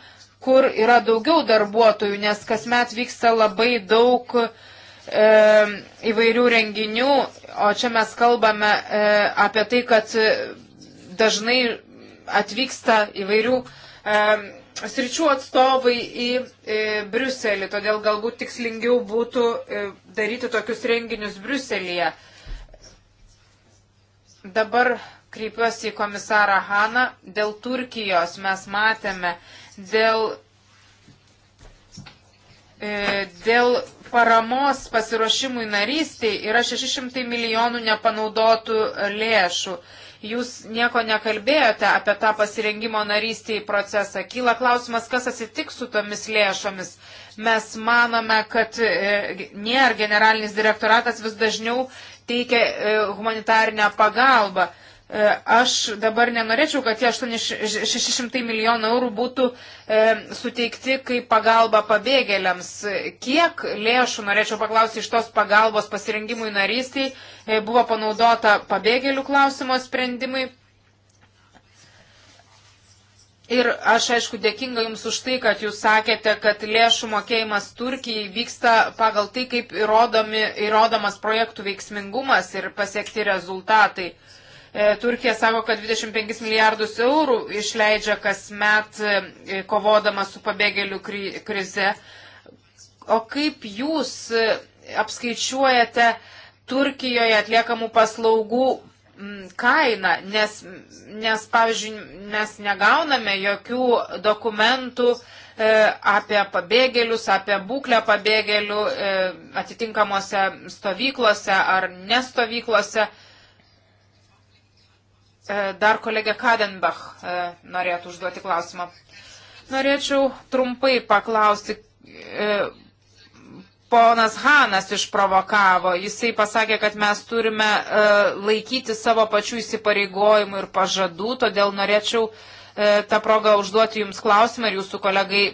kur yra daugiau darbuotojų, nes kasmet vyksta labai daug e, įvairių renginių, o čia mes kalbame e, apie tai, kad dažnai atvyksta įvairių e, sričių atstovai į e, Briuselį, todėl galbūt tikslingiau būtų e, daryti tokius renginius Briuselėje. Dabar kreipiuosi į komisarą Haną. Dėl Turkijos mes matėme, dėl, e, dėl paramos pasiruošimui narystiai yra 600 milijonų nepanaudotų lėšų. E, Jūs nieko nekalbėjote apie tą pasirengimo narystį į procesą. Kyla klausimas, kas atsitiks su tomis lėšomis. Mes manome, kad e, NER generalinis direktoratas vis dažniau teikia e, humanitarinę pagalbą. E, aš dabar nenorėčiau, kad tie 600 milijonų eurų būtų e, suteikti kaip pagalba pabėgėliams. Kiek lėšų, norėčiau paklausyti, iš tos pagalbos pasirengimui narystiai e, buvo panaudota pabėgėlių klausimo sprendimui? Ir aš, aišku, dėkinga Jums už tai, kad Jūs sakėte, kad lėšų mokėjimas Turkijai vyksta pagal tai, kaip įrodomi, įrodomas projektų veiksmingumas ir pasiekti rezultatai. E, E, Turkija sako, kad 25 milijardus eurų išleidžia kasmet e, kovodama su pabėgėlių krize. O kaip jūs e, apskaičiuojate Turkijoje atliekamų paslaugų kainą, nes, nes pavyzdžiui, mes negauname jokių dokumentų e, apie pabėgėlius, apie būklę pabėgėlių e, atitinkamuose stovyklose ar nestovyklose. E, E, dar kolegė Kadenbach e, norėtų užduoti klausimą. Norėčiau trumpai paklausti. E, ponas Hanas išprovokavo. Jisai pasakė, kad mes turime laikyti savo pačių įsipareigojimų ir pažadų, todėl norėčiau tą progą užduoti Jums klausimą ir Jūsų kolegai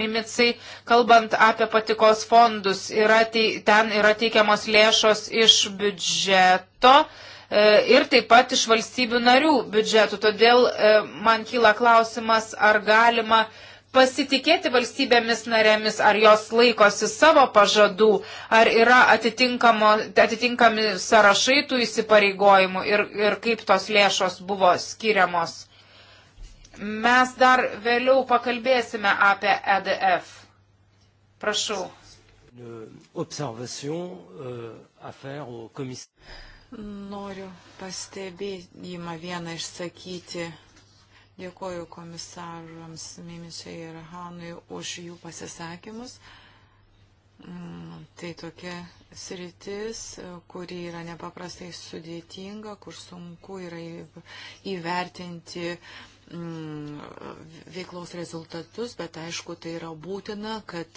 Mimicai, kalbant apie patikos fondus, yra tei, ten yra teikiamos lėšos iš biudžeto. Uh, E, ir taip pat iš valstybių narių biudžetų. Todėl e, man kyla klausimas, ar galima pasitikėti valstybėmis narėmis, ar jos laikosi savo pažadų, ar yra atitinkami sąrašai tų įsipareigojimų ir, ir kaip tos lėšos buvo skiriamos. Mes dar vėliau pakalbėsime apie EDF. Prašau. Une observation euh, à faire au commissaire. Noriu pastebėjimą vieną išsakyti. Dėkoju komisarams Mimičiai ir Hanui už jų pasisakymus. Mm, tai tokia sritis, kuri yra nepaprastai sudėtinga, kur sunku yra įvertinti uh, Mm, veiklos rezultatus, bet aišku, tai yra būtina, kad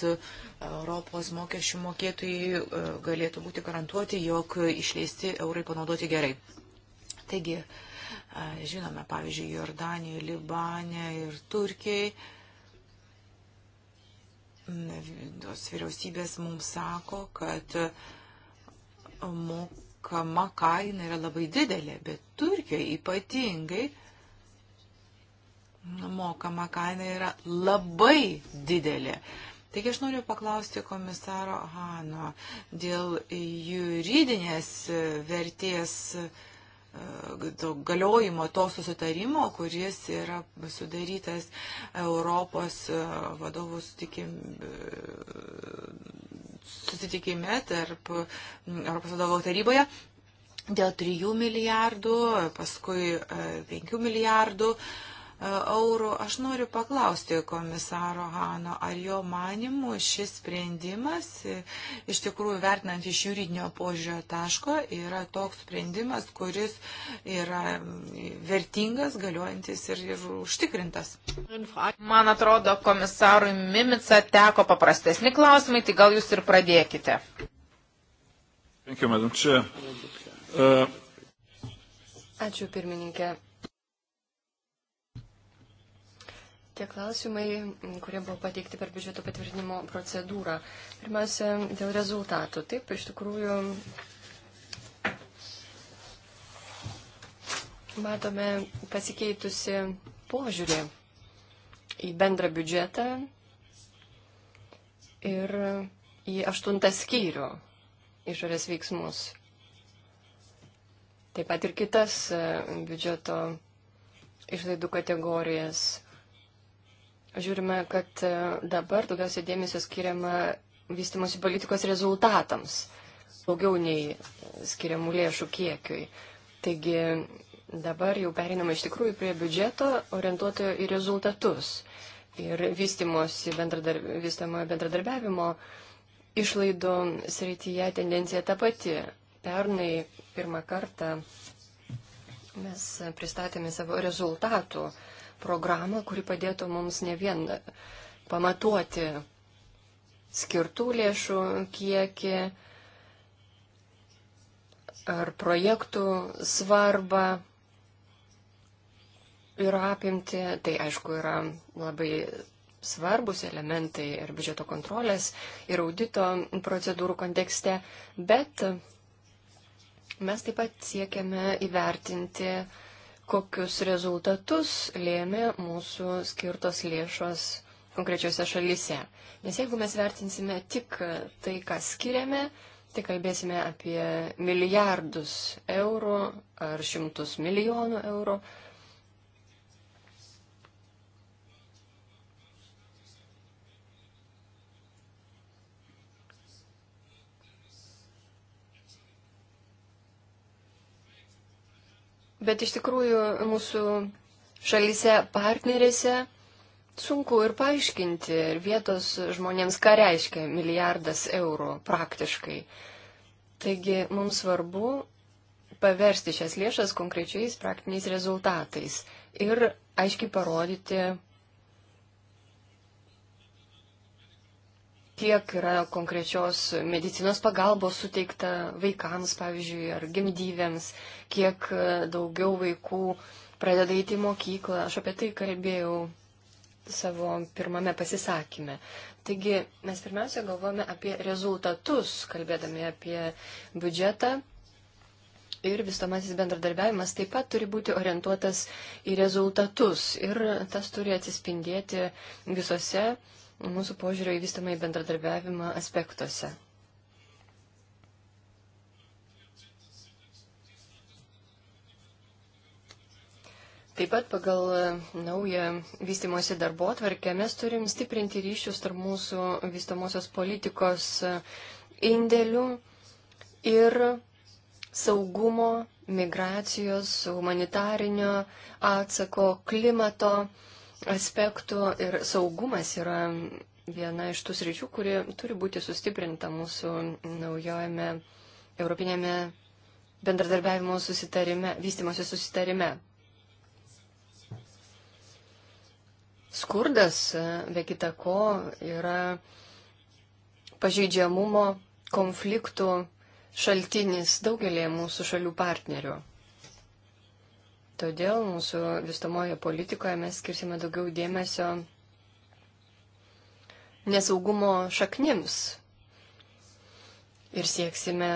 Europos mokesčių mokėtojai e, galėtų būti garantuoti, jog išleisti eurai panaudoti gerai. Taigi, e, žinome, pavyzdžiui, Jordanijoje, Libane ir Turkijai. Tos vyriausybės mums sako, kad mokama kaina yra labai didelė, bet Turkijoje ypatingai mokama kaina yra labai didelė. Taigi aš noriu paklausti komisaro Hano dėl juridinės vertės e, galiojimo to susitarimo, kuris yra sudarytas Europos e, vadovų e, susitikime tarp Europos vadovų taryboje dėl 3 milijardų, paskui 5 milijardų. Uh, E, eurų. Aš noriu paklausti komisaro Hano, ar jo manimų šis sprendimas, e, iš tikrųjų vertinant iš juridinio požiūrio taško, yra toks sprendimas, kuris yra e, vertingas, galiojantis ir, ir užtikrintas. Man atrodo, komisarui Mimica teko paprastesni klausimai, tai gal jūs ir pradėkite. Thank you, Madam Chair. Uh... Ačiū pirmininkė. Tie klausimai, kurie buvo pateikti per biudžeto patvirtinimo procedūrą. Pirmiausia, dėl rezultatų. Taip, iš tikrųjų, matome pasikeitusi požiūrį į bendrą biudžetą ir į aštuntą skyrių išorės veiksmus. Taip pat ir kitas e, biudžeto išlaidų kategorijas žiūrime, kad e, dabar daugiausia dėmesio skiriama vystimosi politikos rezultatams, daugiau nei skiriamų lėšų kiekiui. Taigi dabar jau perinama iš tikrųjų prie biudžeto orientuoto į rezultatus ir vystimosi bendradarb... bendradarbiavimo išlaidų srityje tendencija ta pati. Pernai pirmą kartą mes pristatėme savo rezultatų uh, programą, kuri padėtų mums ne vien pamatuoti skirtų lėšų kiekį ar projektų svarbą ir apimti. Tai aišku yra labai svarbus elementai ir biudžeto kontrolės ir audito procedūrų kontekste, bet mes taip pat siekiame įvertinti kokius rezultatus lėmė mūsų skirtos lėšos konkrečiose šalyse. Nes jeigu mes vertinsime tik tai, ką skiriame, tai kalbėsime apie milijardus eurų ar šimtus milijonų eurų, Bet iš tikrųjų mūsų šalyse partnerėse sunku ir paaiškinti ir vietos žmonėms, ką reiškia milijardas eurų praktiškai. Taigi mums svarbu paversti šias lėšas konkrečiais praktiniais rezultatais ir aiškiai parodyti kiek yra konkrečios medicinos pagalbos suteikta vaikams, pavyzdžiui, ar gimdyvėms, kiek e, daugiau vaikų pradeda įti mokyklą. Aš apie tai kalbėjau savo pirmame pasisakymė. Taigi mes pirmiausia galvojame apie rezultatus, kalbėdami apie biudžetą. Ir visuomasis bendradarbiavimas taip pat turi būti orientuotas į rezultatus. Ir tas turi atsispindėti visose mūsų požiūrio į vystamą į bendradarbiavimą aspektuose. Taip pat pagal e, naują vystimosi darbo atvarkę mes turim stiprinti ryšius tarp mūsų vystomosios politikos e, indėlių ir saugumo, migracijos, humanitarinio atsako, klimato aspektų ir saugumas yra viena iš tų sričių, kuri turi būti sustiprinta mūsų naujojame Europinėme bendradarbiavimo susitarime, vystimosi susitarime. Skurdas, be kita ko, yra pažeidžiamumo konfliktų šaltinis daugelį mūsų šalių partnerių. Todėl mūsų vystamojo politikoje mes skirsime daugiau dėmesio nesaugumo šaknims ir sieksime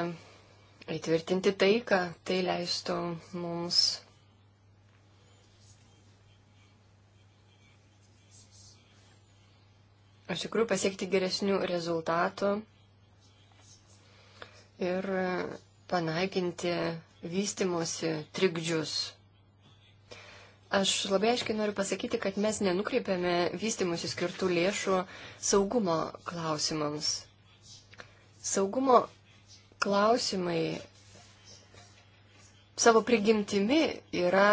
įtvirtinti taiką, tai leistų mums iš tikrųjų pasiekti geresnių rezultatų ir panaikinti vystimosi trikdžius Aš labai aiškiai noriu pasakyti, kad mes nenukreipiame vystimusi skirtų lėšų saugumo klausimams. Saugumo klausimai savo prigimtimi yra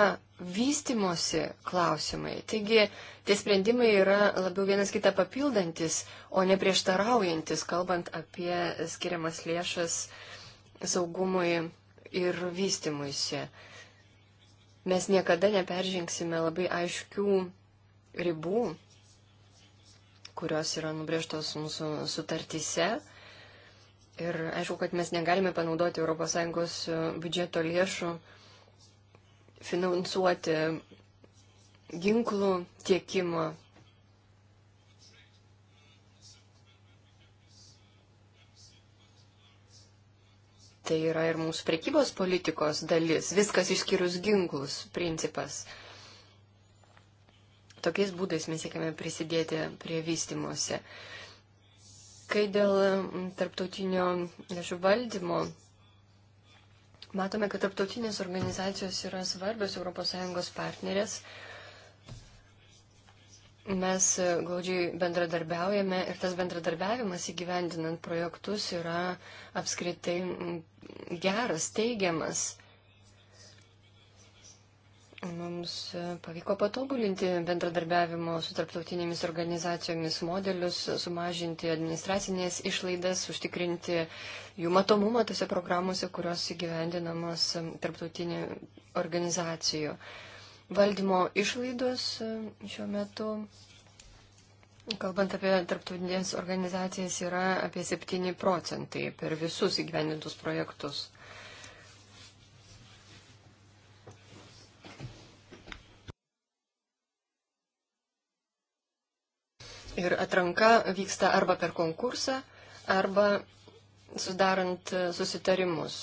vystimosi klausimai. Taigi tie sprendimai yra labiau vienas kitą papildantis, o ne prieštaraujantis, kalbant apie skiriamas lėšas saugumui ir vystimuisi mes niekada neperžengsime labai aiškių ribų, kurios yra nubrėžtos mūsų sutartyse. Ir aišku, kad mes negalime panaudoti ES biudžeto lėšų finansuoti ginklų tiekimą Tai yra ir mūsų prekybos politikos dalis, viskas išskyrus ginklus principas. Tokiais būdais mes siekime prisidėti prie vystimuose. Kai dėl mm, tarptautinio lėšų valdymo, matome, kad tarptautinės organizacijos yra svarbios ES partnerės. Mes e, glaudžiai bendradarbiaujame ir tas bendradarbiavimas įgyvendinant projektus yra apskritai geras, teigiamas. Mums e, pavyko patobulinti bendradarbiavimo su tarptautinėmis organizacijomis modelius, sumažinti administracinės išlaidas, užtikrinti jų matomumą tose programuose, kurios įgyvendinamos tarptautinių organizacijų. Uh, valdymo išlaidos e, šiuo metu, kalbant apie tarptautinės organizacijas, yra apie 7 procentai per visus įgyvendintus projektus. Ir atranka vyksta arba per konkursą, arba sudarant susitarimus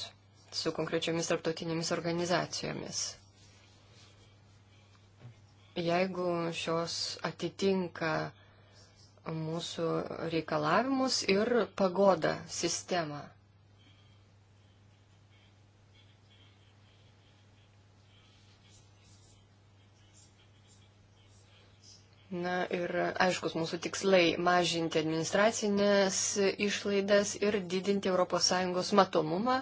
su konkrečiomis tarptautinėmis organizacijomis jeigu šios atitinka mūsų reikalavimus ir pagoda sistemą. Na ir aiškus mūsų tikslai - mažinti administracinės išlaidas ir didinti ES matomumą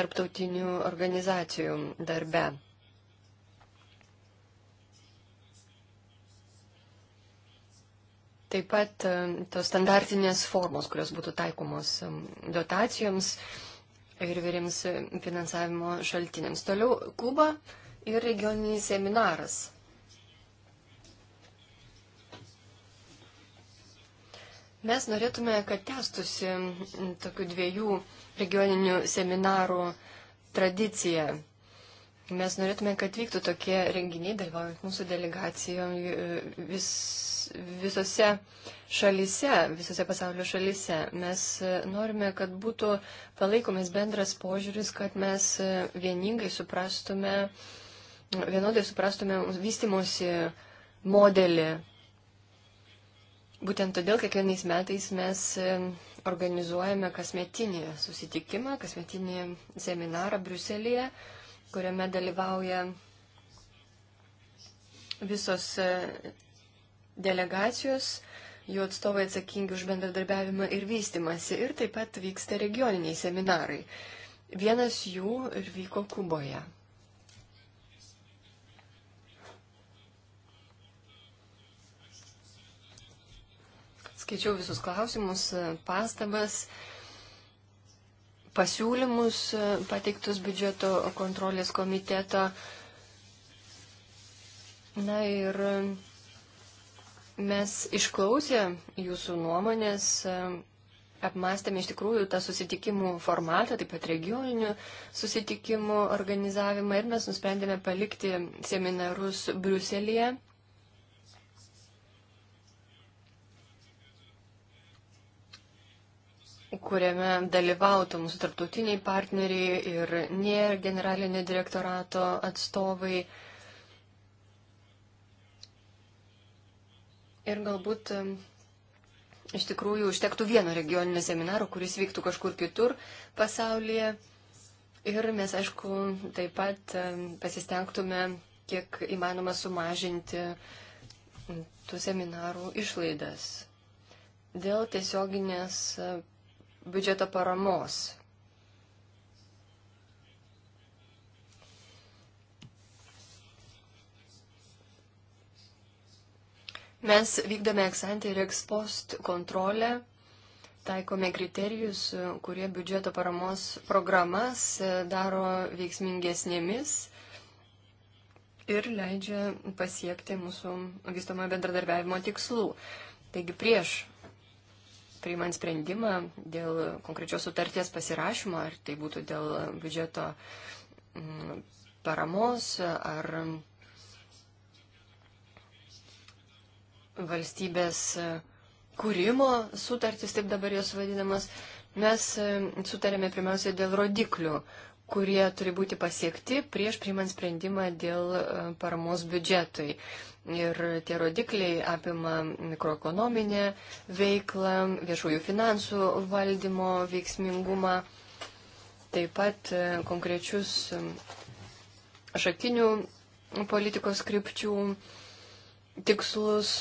tarptautinių organizacijų darbe. Taip pat tos standartinės formos, kurios būtų taikomos dotacijoms ir vyriems finansavimo šaltiniams. Toliau Kuba ir regioninis seminaras. Mes norėtume, kad testusi tokių dviejų regioninių seminarų tradicija. Mes norėtume, kad vyktų tokie renginiai, dalyvaujant mūsų delegacijoje e, vis visose šalise, visose pasaulio šalise. Mes e, norime, kad būtų palaikomas bendras požiūris, kad mes e, vieningai suprastume, vienodai suprastume vystimosi modelį. Būtent todėl kiekvienais metais mes e, organizuojame kasmetinį susitikimą, kasmetinį seminarą Briuselėje, kuriame dalyvauja visos delegacijos, jų atstovai atsakingi už bendradarbiavimą ir vystimasi, ir taip pat vyksta regioniniai seminarai. Vienas jų ir vyko Kuboje. Skaičiau visus klausimus, pastabas, pasiūlymus e, pateiktus biudžeto kontrolės komiteto. Na ir Mes išklausę jūsų nuomonės, e, apmastėme iš tikrųjų tą susitikimų formatą, taip pat regioninių susitikimų organizavimą ir mes nusprendėme palikti seminarus Bruselėje. kuriame dalyvautų mūsų tarptautiniai partneriai ir NER generalinio direktorato atstovai. Uh, Ir galbūt iš tikrųjų užtektų vieno regioninio seminaro, kuris vyktų kažkur kitur pasaulyje. Ir mes, aišku, taip pat pasistengtume, kiek įmanoma, sumažinti tų seminarų išlaidas dėl tiesioginės e, biudžeto paramos Mes vykdome eksantį ir ekspost kontrolę, taikome kriterijus, kurie biudžeto paramos programas daro veiksmingesnėmis ir leidžia pasiekti mūsų vystomo bendradarbiavimo tikslų. Taigi prieš priimant sprendimą dėl konkrečios sutarties pasirašymo, ar tai būtų dėl biudžeto mm, paramos, ar valstybės e, kūrimo sutartis, taip dabar jos vadinamas, mes e, sutarėme pirmiausia dėl rodiklių, kurie turi būti pasiekti prieš priimant sprendimą dėl e, paramos biudžetui. Ir tie rodikliai apima mikroekonominę veiklą, viešųjų finansų valdymo veiksmingumą, taip pat konkrečius šakinių politikos krypčių tikslus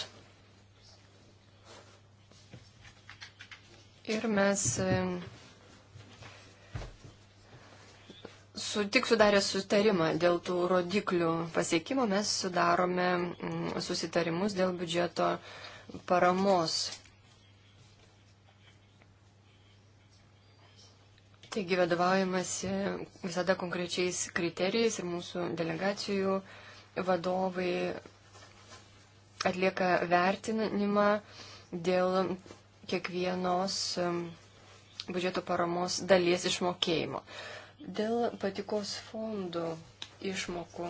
Ir mes e, su, tik sudarę sutarimą dėl tų rodiklių pasiekimo mes sudarome mm, susitarimus dėl biudžeto paramos. Taigi vadovaujamasi visada konkrečiais kriterijais ir mūsų delegacijų vadovai atlieka vertinimą dėl kiekvienos biudžeto paramos dalies išmokėjimo. Dėl patikos fondų išmokų.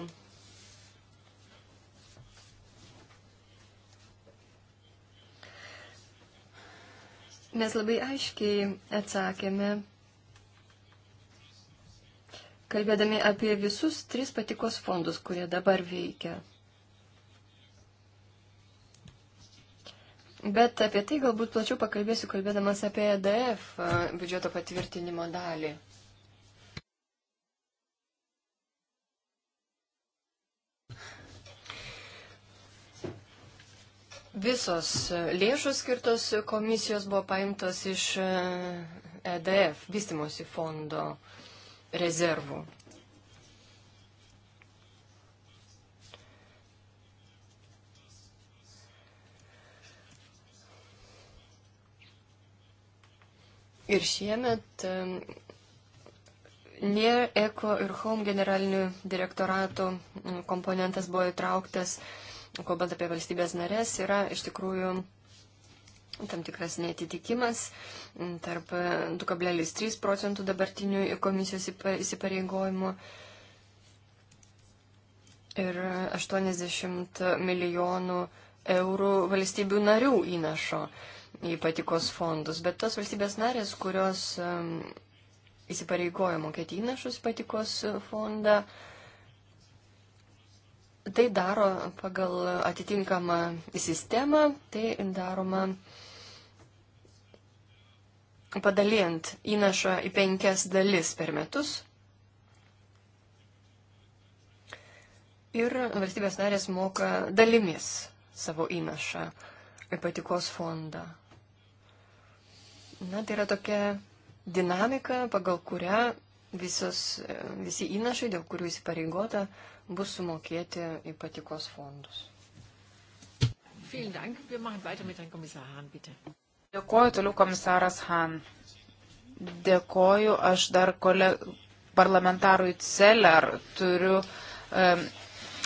Mes labai aiškiai atsakėme, kalbėdami apie visus tris patikos fondus, kurie dabar veikia. Bet apie tai galbūt plačiau pakalbėsiu, kalbėdamas apie EDF biudžeto patvirtinimo dalį. Visos lėšos skirtos komisijos buvo paimtos iš EDF e vystimosi fondo rezervų. Ir šiemet NIR, e, ECO ir HOME generalinių direktoratų komponentas buvo įtrauktas, kalbant apie valstybės narės, yra iš tikrųjų tam tikras netitikimas tarp 2,3 e, procentų dabartinių komisijos įsipareigojimų ir 80 milijonų eurų valstybių narių įnašo į patikos fondus, bet tos valstybės narės, kurios įsipareigojo mokėti įnašus patikos fondą, tai daro pagal atitinkamą sistemą, tai daroma padalijant įnašą į penkias dalis per metus. Ir valstybės narės moka dalimis savo įnašą į patikos fondą. Na, tai yra tokia dinamika, pagal kurią visos, e, visi įnašai, dėl kurių įsipareigota, bus sumokėti į patikos fondus. Dėkuoju toliau komisaras Han. Dėkuoju, aš dar kole... parlamentarui Celler turiu um,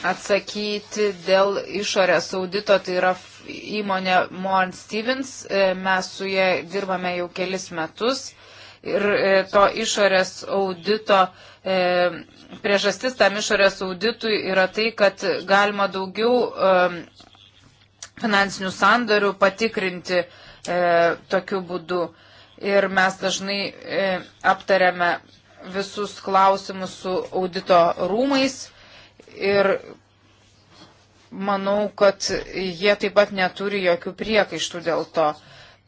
atsakyti dėl išorės audito, tai yra įmonė Moan Stevens, e, mes su jie dirbame jau kelis metus ir e, to išorės audito e, priežastis tam išorės auditui yra tai, kad galima daugiau finansinių sandorių patikrinti tokiu būdu. Ir mes dažnai aptariame visus klausimus su audito rūmais, ir manau, kad jie taip pat neturi jokių priekaištų dėl to.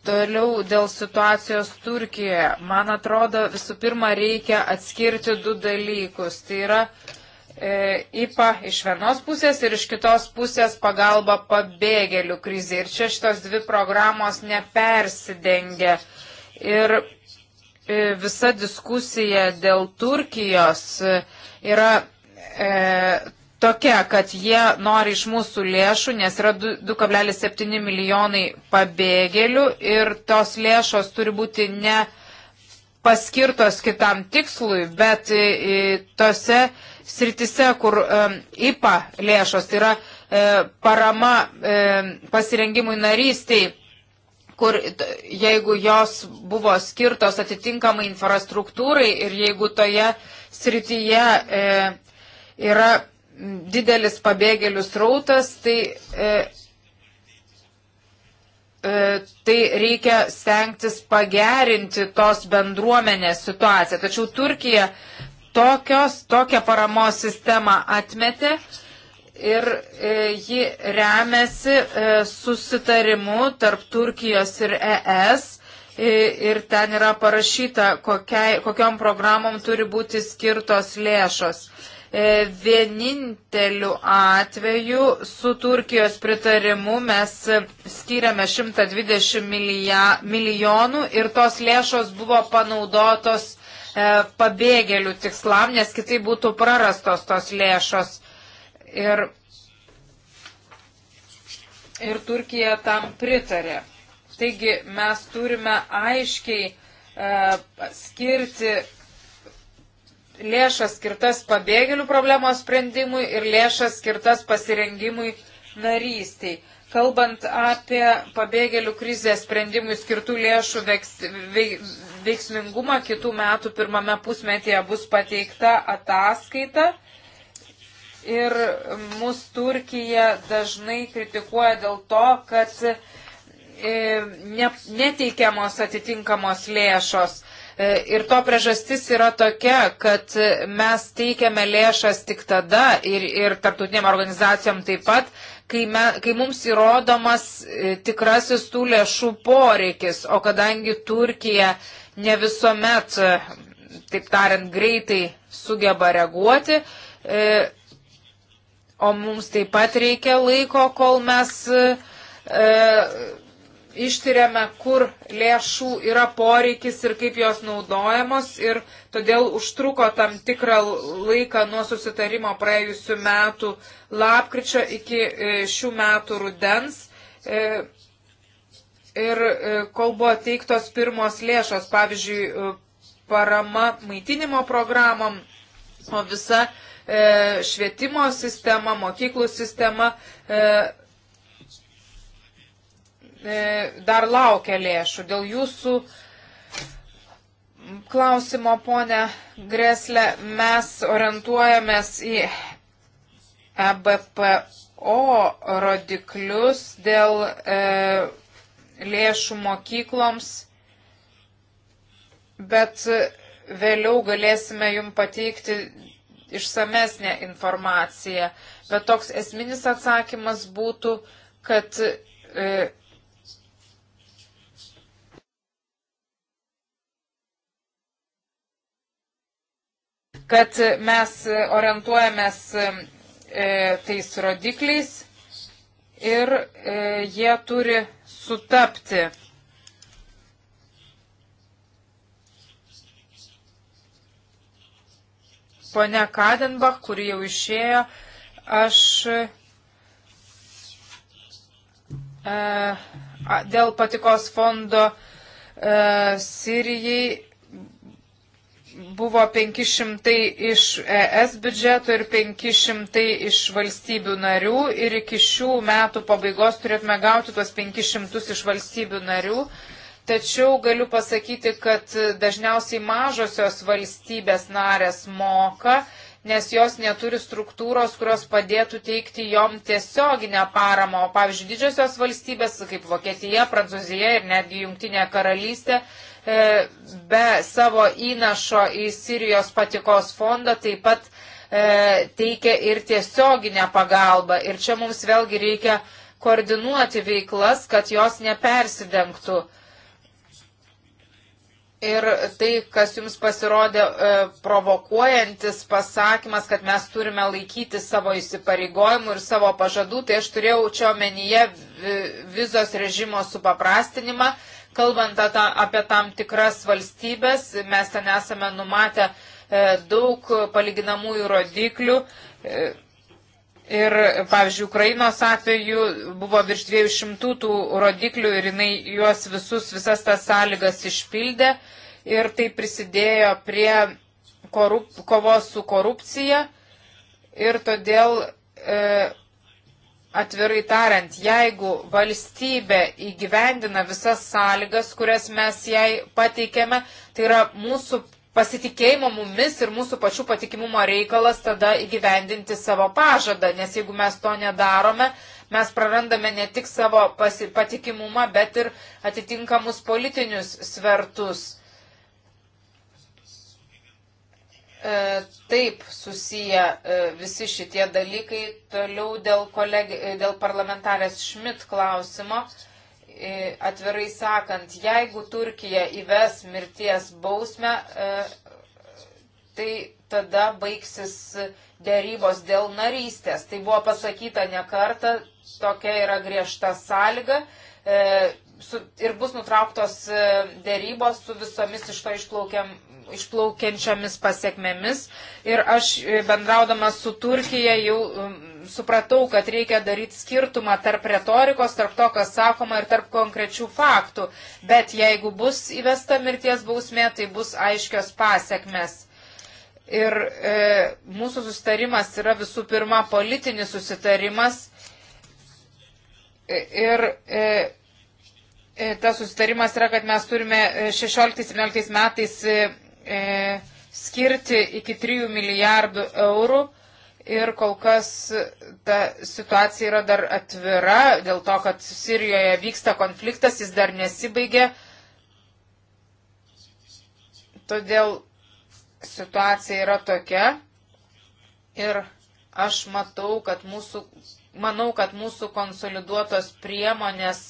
Toliau dėl situacijos Turkijoje. Man atrodo, visų pirma, reikia atskirti du dalykus. Tai yra e, IPA iš vienos pusės ir iš kitos pusės pagalba pabėgėlių krizė. Ir čia šitos dvi programos nepersidengia. Ir e, visa diskusija dėl Turkijos e, yra e, tokia, kad jie nori iš mūsų lėšų, nes yra 2,7 milijonai pabėgėlių ir tos lėšos turi būti ne paskirtos kitam tikslui, bet tose sritise, kur e, IPA lėšos tai yra e, parama e, pasirengimui narystiai, kur jeigu jos buvo skirtos atitinkamai infrastruktūrai ir jeigu toje srityje yra didelis pabėgėlių srautas, tai, e, e, tai reikia stengtis pagerinti tos bendruomenės situaciją. Tačiau Turkija tokios, tokią paramos sistemą atmetė ir e, ji remiasi e, susitarimu tarp Turkijos ir ES. E, ir ten yra parašyta, kokiai, kokiom programom turi būti skirtos lėšos. E, E, vieninteliu atveju su Turkijos pritarimu mes skiriame 120 milijonų ir tos lėšos buvo panaudotos e, pabėgėlių tikslam, nes kitai būtų prarastos tos lėšos. Ir, ir Turkija tam pritarė. Taigi mes turime aiškiai e, skirti lėšas skirtas pabėgėlių problemos sprendimui ir lėšas skirtas pasirengimui narystiai. Kalbant apie pabėgėlių krizės sprendimui skirtų lėšų veiksmingumą, kitų metų pirmame pusmetyje bus pateikta ataskaita. Ir mus Turkija dažnai kritikuoja dėl to, kad e, neteikiamos atitinkamos lėšos. E, ir to priežastis yra tokia, kad mes teikiame lėšas tik tada ir, ir tarptautiniam organizacijom taip pat, kai, me, kai mums įrodomas e, tikrasis tų lėšų poreikis, o kadangi Turkija ne visuomet, e, taip tariant, greitai sugeba reaguoti, o mums taip pat reikia laiko, kol mes ištiriame, kur lėšų yra poreikis ir kaip jos naudojamos ir todėl užtruko tam tikrą laiką nuo susitarimo praėjusių metų lapkričio iki e, šių metų rudens. E, ir e, kol buvo teiktos pirmos lėšos, pavyzdžiui, parama maitinimo programom, o visa švietimo sistema, mokyklų sistema E, dar laukia lėšų. Dėl jūsų klausimo, ponė Greslė, mes orientuojamės į EBPO rodiklius dėl e, lėšų mokykloms, bet vėliau galėsime jum pateikti išsamesnę informaciją. Bet toks esminis atsakymas būtų, kad e, kad mes orientuojamės e, tais rodikliais ir e, jie turi sutapti. Pone Kadenbach, kuri jau išėjo, aš e, dėl patikos fondo Sirijai buvo 500 iš ES biudžeto ir 500 iš valstybių narių ir iki šių metų pabaigos turėtume gauti tuos 500 iš valstybių narių. Tačiau galiu pasakyti, kad dažniausiai mažosios valstybės narės moka, nes jos neturi struktūros, kurios padėtų teikti jom tiesioginę paramą. O pavyzdžiui, didžiosios valstybės, kaip Vokietija, Prancūzija ir netgi Junktinė karalystė, E, be savo įnašo į Sirijos patikos fondą taip pat e, teikia ir tiesioginę pagalbą. Ir čia mums vėlgi reikia koordinuoti veiklas, kad jos nepersidengtų. Ir tai, kas jums pasirodė e, provokuojantis pasakymas, kad mes turime laikyti savo įsipareigojimų ir savo pažadų, tai aš turėjau čia omenyje vizos režimo supaprastinimą, Kalbant apie tam tikras valstybės, mes ten esame numatę e, daug palyginamųjų rodiklių. E, ir, pavyzdžiui, Ukrainos atveju buvo virš 200 tų rodiklių ir jinai juos visus, visas tas sąlygas išpildė ir tai prisidėjo prie korup, kovos su korupcija ir todėl e, Atvirai tariant, jeigu valstybė įgyvendina visas sąlygas, kurias mes jai pateikėme, tai yra mūsų pasitikėjimo mumis ir mūsų pačių patikimumo reikalas tada įgyvendinti savo pažadą, nes jeigu mes to nedarome, mes prarandame ne tik savo patikimumą, bet ir atitinkamus politinius svertus. E, taip susiję e, visi šitie dalykai. Toliau dėl, kolegi, e, dėl parlamentarės Šmit klausimo. Atvirai sakant, jeigu Turkija įves mirties bausmę, tai tada baigsis dėrybos dėl narystės. Tai buvo pasakyta ne kartą, tokia yra griežta sąlyga su, ir bus nutrauktos dėrybos su visomis iš to išplaukiam, išplaukiančiomis pasiekmėmis. Ir aš e, bendraudamas su Turkija jau supratau, kad reikia daryti skirtumą tarp retorikos, tarp to, kas sakoma ir tarp konkrečių faktų. Bet jeigu bus įvesta mirties bausmė, tai bus aiškios pasiekmes. Ir e, mūsų susitarimas yra visų pirma politinis susitarimas. Ir e, e tas susitarimas yra, kad mes turime 16-17 e, metais e, skirti iki 3 milijardų eurų ir kol kas ta situacija yra dar atvira dėl to, kad Sirijoje vyksta konfliktas, jis dar nesibaigė. Todėl situacija yra tokia ir aš matau, kad mūsų, manau, kad mūsų konsoliduotos priemonės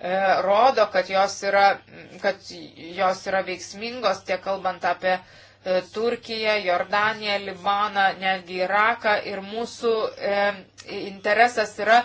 E, rodo, kad jos yra, kad jos yra veiksmingos, tiek kalbant apie e, Turkiją, Jordaniją, Libaną, netgi Iraką. Ir mūsų e, interesas yra,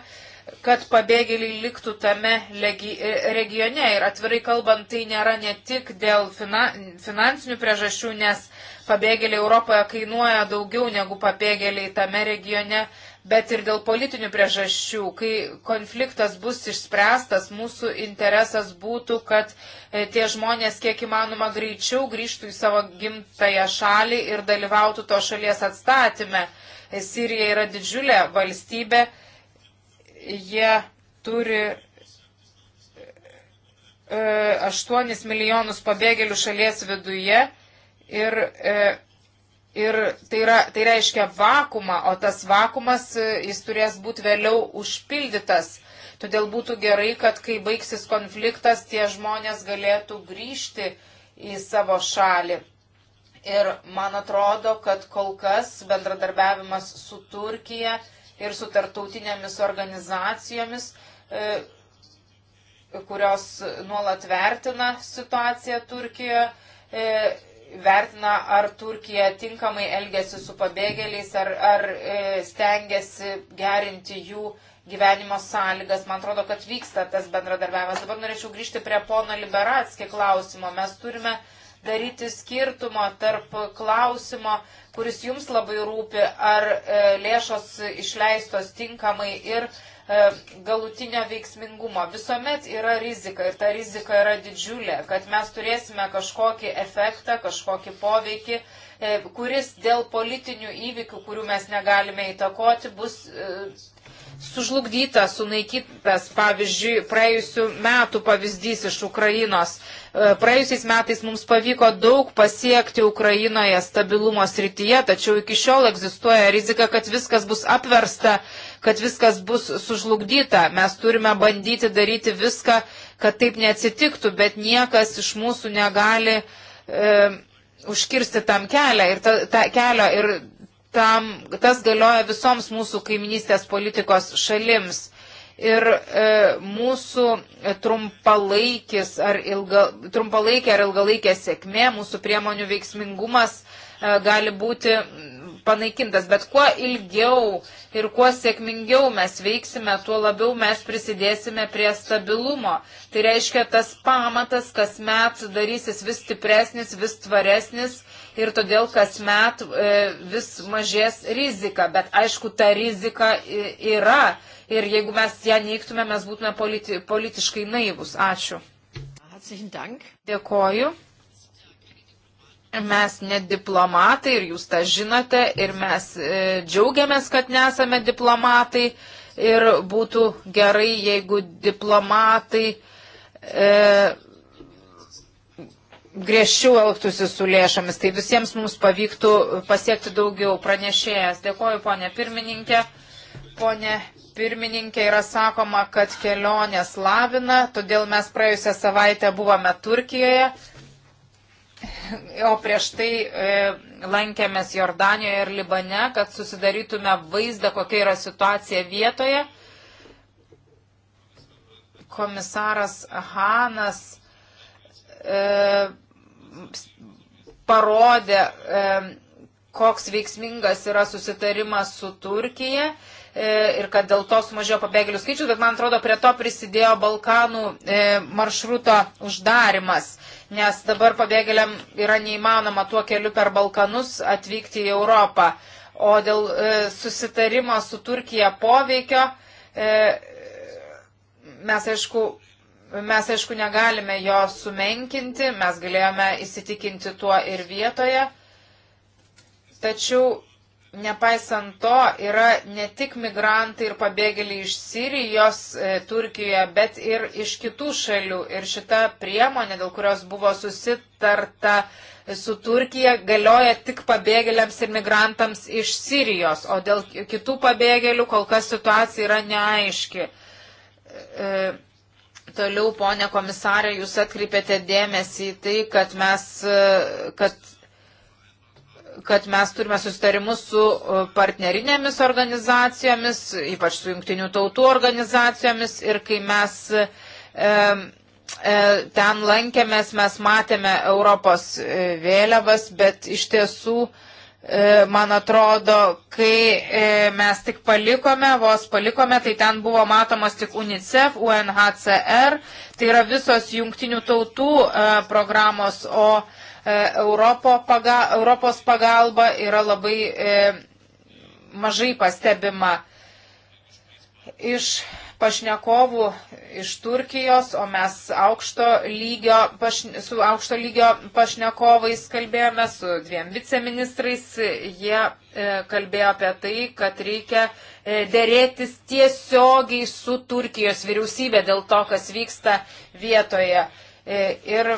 kad pabėgėliai liktų tame regione. Ir atvirai kalbant, tai nėra ne tik dėl finansinių priežasčių, nes pabėgėliai Europoje kainuoja daugiau negu pabėgėliai tame regione, bet ir dėl politinių priežasčių. Kai konfliktas bus išspręstas, mūsų interesas būtų, kad e, tie žmonės kiek įmanoma greičiau grįžtų į savo gimtają šalį ir dalyvautų to šalies atstatyme. Sirija yra didžiulė valstybė, jie turi 8 e, milijonus pabėgėlių šalies viduje ir e, Ir tai, yra, tai reiškia vakumą, o tas vakumas e, jis turės būti vėliau užpildytas. Todėl būtų gerai, kad kai baigsis konfliktas, tie žmonės galėtų grįžti į savo šalį. Ir man atrodo, kad kol kas bendradarbiavimas su Turkija ir su tartautinėmis organizacijomis, e, kurios nuolat vertina situaciją Turkijoje, e, vertina, ar Turkija tinkamai elgesi su pabėgėliais, ar, ar e, stengiasi gerinti jų gyvenimo sąlygas. Man atrodo, kad vyksta tas bendradarbiavimas. Dabar norėčiau grįžti prie pono Liberatskį klausimo. Mes turime daryti skirtumą tarp klausimo, kuris jums labai rūpi, ar e, lėšos išleistos tinkamai ir E, galutinio veiksmingumo. Visuomet yra rizika ir ta rizika yra didžiulė, kad mes turėsime kažkokį efektą, kažkokį poveikį, e, kuris dėl politinių įvykių, kurių mes negalime įtakoti, bus e, sužlugdytas, sunaikytas, pavyzdžiui, praėjusių metų pavyzdys iš Ukrainos. Praėjusiais metais mums pavyko daug pasiekti Ukrainoje stabilumo srityje, tačiau iki šiol egzistuoja rizika, kad viskas bus apversta kad viskas bus sužlugdyta. Mes turime bandyti daryti viską, kad taip neatsitiktų, bet niekas iš mūsų negali e, užkirsti tam kelią ir, ta, ta, kelio, ir tam, tas galioja visoms mūsų kaiminystės politikos šalims. Ir e, mūsų trumpalaikis ar ilga, trumpalaikė ar ilgalaikė sėkmė, mūsų priemonių veiksmingumas e, gali būti panaikintas, bet kuo ilgiau ir kuo sėkmingiau mes veiksime, tuo labiau mes prisidėsime prie stabilumo. Tai reiškia, tas pamatas kasmet darysis vis stipresnis, vis tvaresnis ir todėl kasmet e, vis mažės rizika. Bet aišku, ta rizika yra ir jeigu mes ją neiktume, mes būtume politi politiškai naivus. Ačiū. Dėkoju. Mes nediplomatai ir jūs tą žinote ir mes e, džiaugiamės, kad nesame diplomatai ir būtų gerai, jeigu diplomatai e, griežčiau elgtųsi su lėšomis, tai visiems mums pavyktų pasiekti daugiau pranešėjas. Dėkoju, ponė pirmininkė. Pone pirmininkė yra sakoma, kad kelionės lavina, todėl mes praėjusią savaitę buvome Turkijoje O prieš tai e, lankėmės Jordanijoje ir Libane, kad susidarytume vaizdą, kokia yra situacija vietoje. Komisaras Hanas e, parodė, e, koks veiksmingas yra susitarimas su Turkija e, ir kad dėl to sumažėjo pabėgėlių skaičius, bet man atrodo, prie to prisidėjo Balkanų e, maršruto uždarimas nes dabar pabėgėliam yra neįmanoma tuo keliu per Balkanus atvykti į Europą. O dėl e, susitarimo su Turkija poveikio e, mes, aišku, mes, aišku, negalime jo sumenkinti, mes galėjome įsitikinti tuo ir vietoje. Tačiau nepaisant to, yra ne tik migrantai ir pabėgėliai iš Sirijos, e, Turkijoje, bet ir iš kitų šalių. Ir šita priemonė, dėl kurios buvo susitarta su Turkija, galioja tik pabėgėliams ir migrantams iš Sirijos, o dėl kitų pabėgėlių kol kas situacija yra neaiški. E, e Toliau, ponė komisarė, jūs atkreipėte dėmesį į tai, kad mes, e, kad kad mes turime susitarimus su e, partnerinėmis organizacijomis, ypač su jungtinių tautų organizacijomis ir kai mes e, e, ten lankėmės, mes matėme Europos e, vėliavas, bet iš tiesų, e, man atrodo, kai e, mes tik palikome, vos palikome, tai ten buvo matomas tik UNICEF, UNHCR, tai yra visos jungtinių tautų programos, o E, Europo paga, Europos pagalba yra labai e, mažai pastebima iš pašnekovų iš Turkijos, o mes aukšto lygio, pašne, su aukšto lygio pašnekovais kalbėjome, su dviem viceministrais, jie e, kalbėjo apie tai, kad reikia e, dėrėtis tiesiogiai su Turkijos vyriausybė dėl to, kas vyksta vietoje. E, ir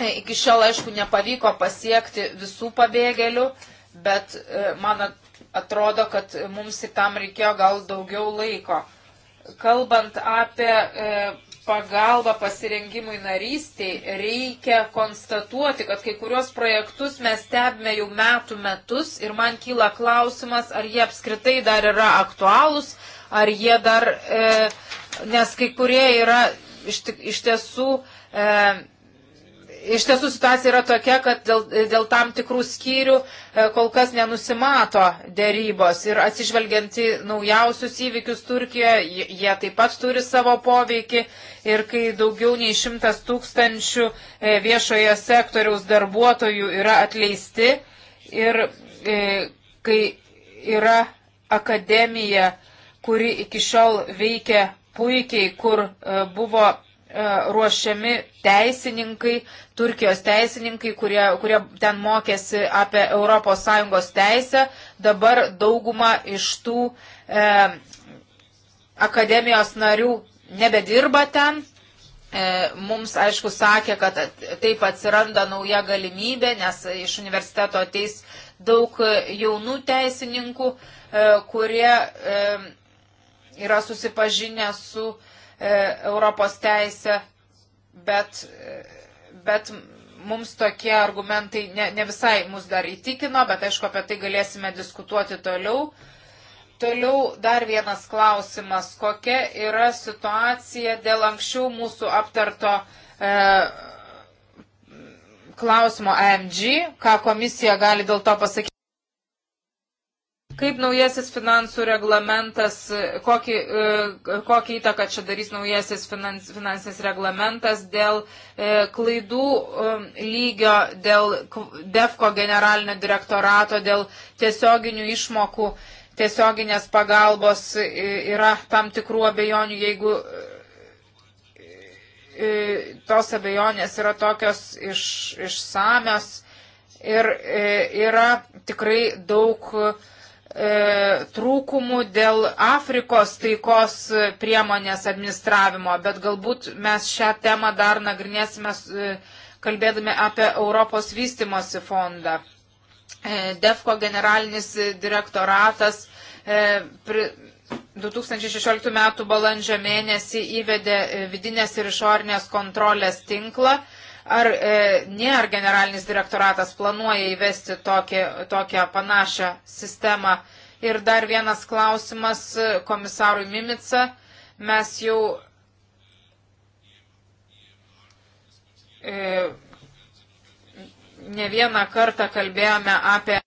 Iki šiol, aišku, nepavyko pasiekti visų pabėgėlių, bet e, man atrodo, kad mums į tam reikėjo gal daugiau laiko. Kalbant apie e, pagalbą pasirengimui narystiai, reikia konstatuoti, kad kai kurios projektus mes stebime jau metų metus ir man kyla klausimas, ar jie apskritai dar yra aktualūs, ar jie dar, e, nes kai kurie yra iš, iš tiesų e, iš tiesų situacija yra tokia, kad dėl, dėl tam tikrų skyrių e, kol kas nenusimato dėrybos ir atsižvelgiant į naujausius įvykius Turkijoje, jie taip pat turi savo poveikį ir kai daugiau nei šimtas tūkstančių e, viešojo sektoriaus darbuotojų yra atleisti ir e, kai yra akademija, kuri iki šiol veikia puikiai, kur buvo E, ruošiami teisininkai, Turkijos teisininkai, kurie, kurie ten mokėsi apie ES teisę. Dabar dauguma iš tų e, akademijos narių nebedirba ten. E, mums, aišku, sakė, kad taip atsiranda nauja galimybė, nes iš universiteto ateis daug jaunų teisininkų, e, kurie e, yra susipažinę su e, E, Europos teisę, bet, e, bet mums tokie argumentai ne, ne visai mus dar įtikino, bet aišku, apie tai galėsime diskutuoti toliau. Toliau dar vienas klausimas, kokia yra situacija dėl anksčiau mūsų aptarto e, klausimo AMG, ką komisija gali dėl to pasakyti. Kaip naujasis finansų reglamentas, kokį, e, kokį įtaką čia darys naujasis finans, finansinis reglamentas dėl e, klaidų e, lygio, dėl DEFCO generalinio direktorato, dėl tiesioginių išmokų, tiesioginės pagalbos yra tam tikrų abejonių, jeigu tos abejonės yra tokios iš, išsamios ir yra tikrai daug E, trūkumų dėl Afrikos taikos priemonės administravimo, bet galbūt mes šią temą dar nagrinėsime e, kalbėdami apie Europos vystimosi fondą. E, DEFCO generalinis direktoratas 2016 m. balandžio mėnesį įvedė vidinės ir išornės kontrolės tinklą Ar e, nėra generalinis direktoratas planuoja įvesti tokį, tokią panašią sistemą? Ir dar vienas klausimas e, komisarui Mimica. Mes jau e, ne vieną kartą kalbėjome apie.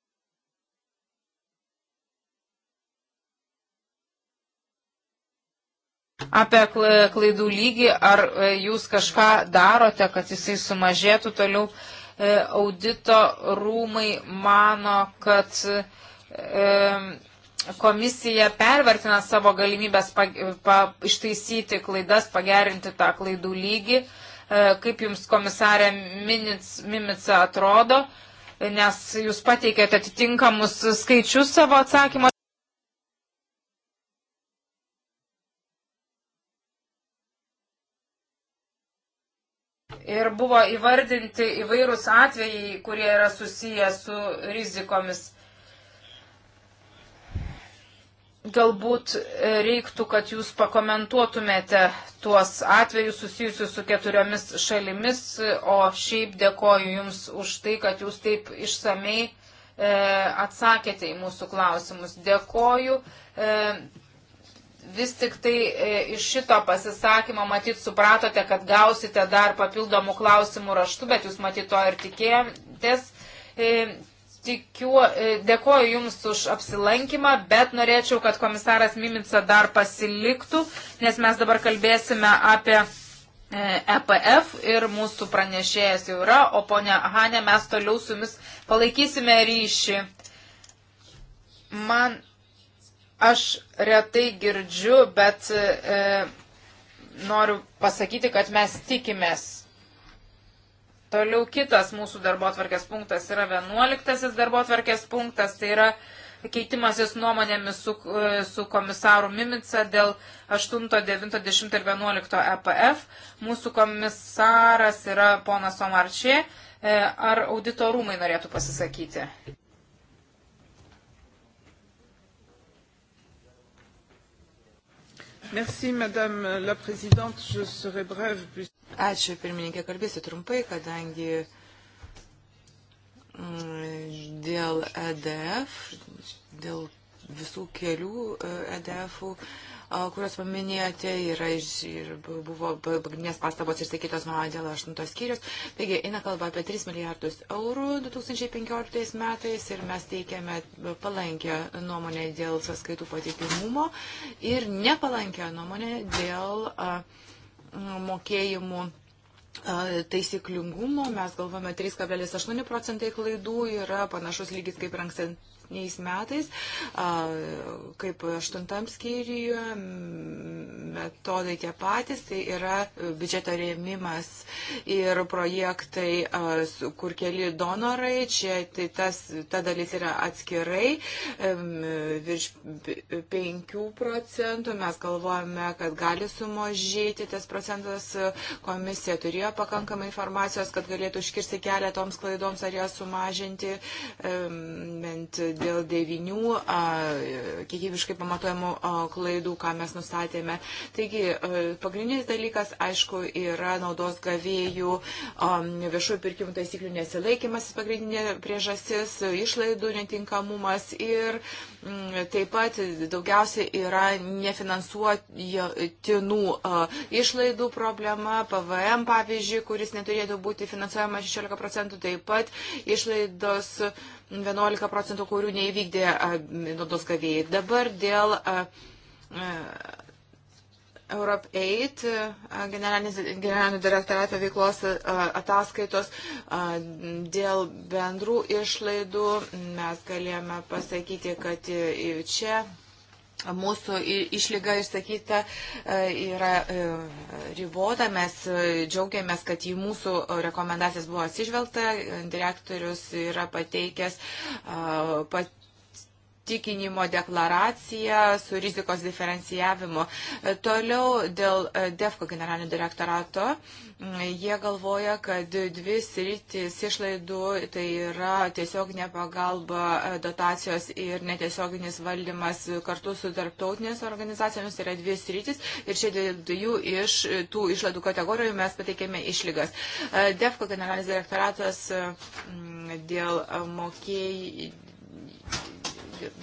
apie klaidų lygį, ar e, jūs kažką darote, kad jisai sumažėtų toliau. E, audito rūmai mano, kad e, komisija pervertina savo galimybės pa, pa, ištaisyti klaidas, pagerinti tą klaidų lygį. Kaip jums komisarė Mimica atrodo? nes jūs pateikėte atitinkamus skaičius savo atsakymą. ir buvo įvardinti įvairūs atvejai, kurie yra susiję su rizikomis. Galbūt e, reiktų, kad jūs pakomentuotumėte tuos atvejus susijusius su keturiomis šalimis, o šiaip dėkoju Jums už tai, kad Jūs taip išsamei e, atsakėte į mūsų klausimus. Dėkoju. E, vis tik tai e, iš šito pasisakymo matyt supratote, kad gausite dar papildomų klausimų raštų, bet jūs matyt to ir tikėjotės. E, tikiu, e, dėkoju Jums už apsilankymą, bet norėčiau, kad komisaras Mimica dar pasiliktų, nes mes dabar kalbėsime apie EPF ir mūsų pranešėjas jau yra, o ponia Hanė, mes toliau su Jumis palaikysime ryšį. Man aš retai girdžiu, bet e, noriu pasakyti, kad mes tikimės. Toliau kitas mūsų darbo atvarkės punktas yra 11 darbo atvarkės punktas, tai yra keitimasis nuomonėmis su, e, su komisaru Mimica dėl 8, 9, 10 ir 11 EPF. Mūsų komisaras yra ponas Omarčiai. E, ar auditorumai norėtų pasisakyti? Merci, Madame la Présidente. Je serai brève. Plus... Ačiū, pirmininkė, kalbėsiu trumpai, kadangi mm, dėl EDF, dėl visų kelių EDF-ų e kuriuos paminėjote, yra, ir buvo pagrindinės pastabos išsakytos mano dėl 8 skyrius. Taigi, eina kalba apie 3 milijardus eurų 2015 metais ir mes teikiame palankę nuomonę dėl sąskaitų patikimumo ir nepalankę nuomonę dėl a, mokėjimų taisyklingumo, mes galvome 3,8 procentai klaidų yra panašus lygis kaip ir ankstesnė ankstesniais metais, kaip aštuntam skyriuje, metodai tie patys, tai yra biudžeto rėmimas ir projektai, kur keli donorai, čia tai tas, ta dalis yra atskirai, virš 5 procentų, mes galvojame, kad gali sumažėti tas procentas, komisija turėjo pakankamai informacijos, kad galėtų užkirsti kelią toms klaidoms ar jas sumažinti bent dėl devinių kiekybiškai pamatuojamų klaidų, ką mes nustatėme. Taigi, pagrindinis dalykas, aišku, yra naudos gavėjų viešųjų pirkimų taisyklių nesilaikimas, pagrindinė priežastis, išlaidų netinkamumas ir mm, taip pat daugiausia yra nefinansuotinų išlaidų problema, PVM pavyzdžiui, kuris neturėtų būti finansuojamas 16 procentų, taip pat išlaidos 11 procentų, kurių neįvykdė naudos gavėjai. Dabar dėl Europe 8 generalinio direktorato veiklos ataskaitos dėl bendrų išlaidų mes galėjome pasakyti, kad čia mūsų išlyga išsakyta e, yra e, ribota. Mes e, džiaugiamės, kad į mūsų rekomendacijas buvo atsižvelgta. Direktorius yra pateikęs pat įsitikinimo deklaracija su rizikos diferencijavimu. Toliau dėl e, DEFCO generalinio direktorato. Jie galvoja, kad dvi sritis išlaidų tai yra tiesioginė pagalba e, dotacijos ir netiesioginis valdymas kartu su tarptautinės organizacijomis tai yra dvi sritis ir čia dviejų iš tų išlaidų kategorijų mes pateikėme išlygas. E, DEFCO generalinis direktoratas dėl mokėjų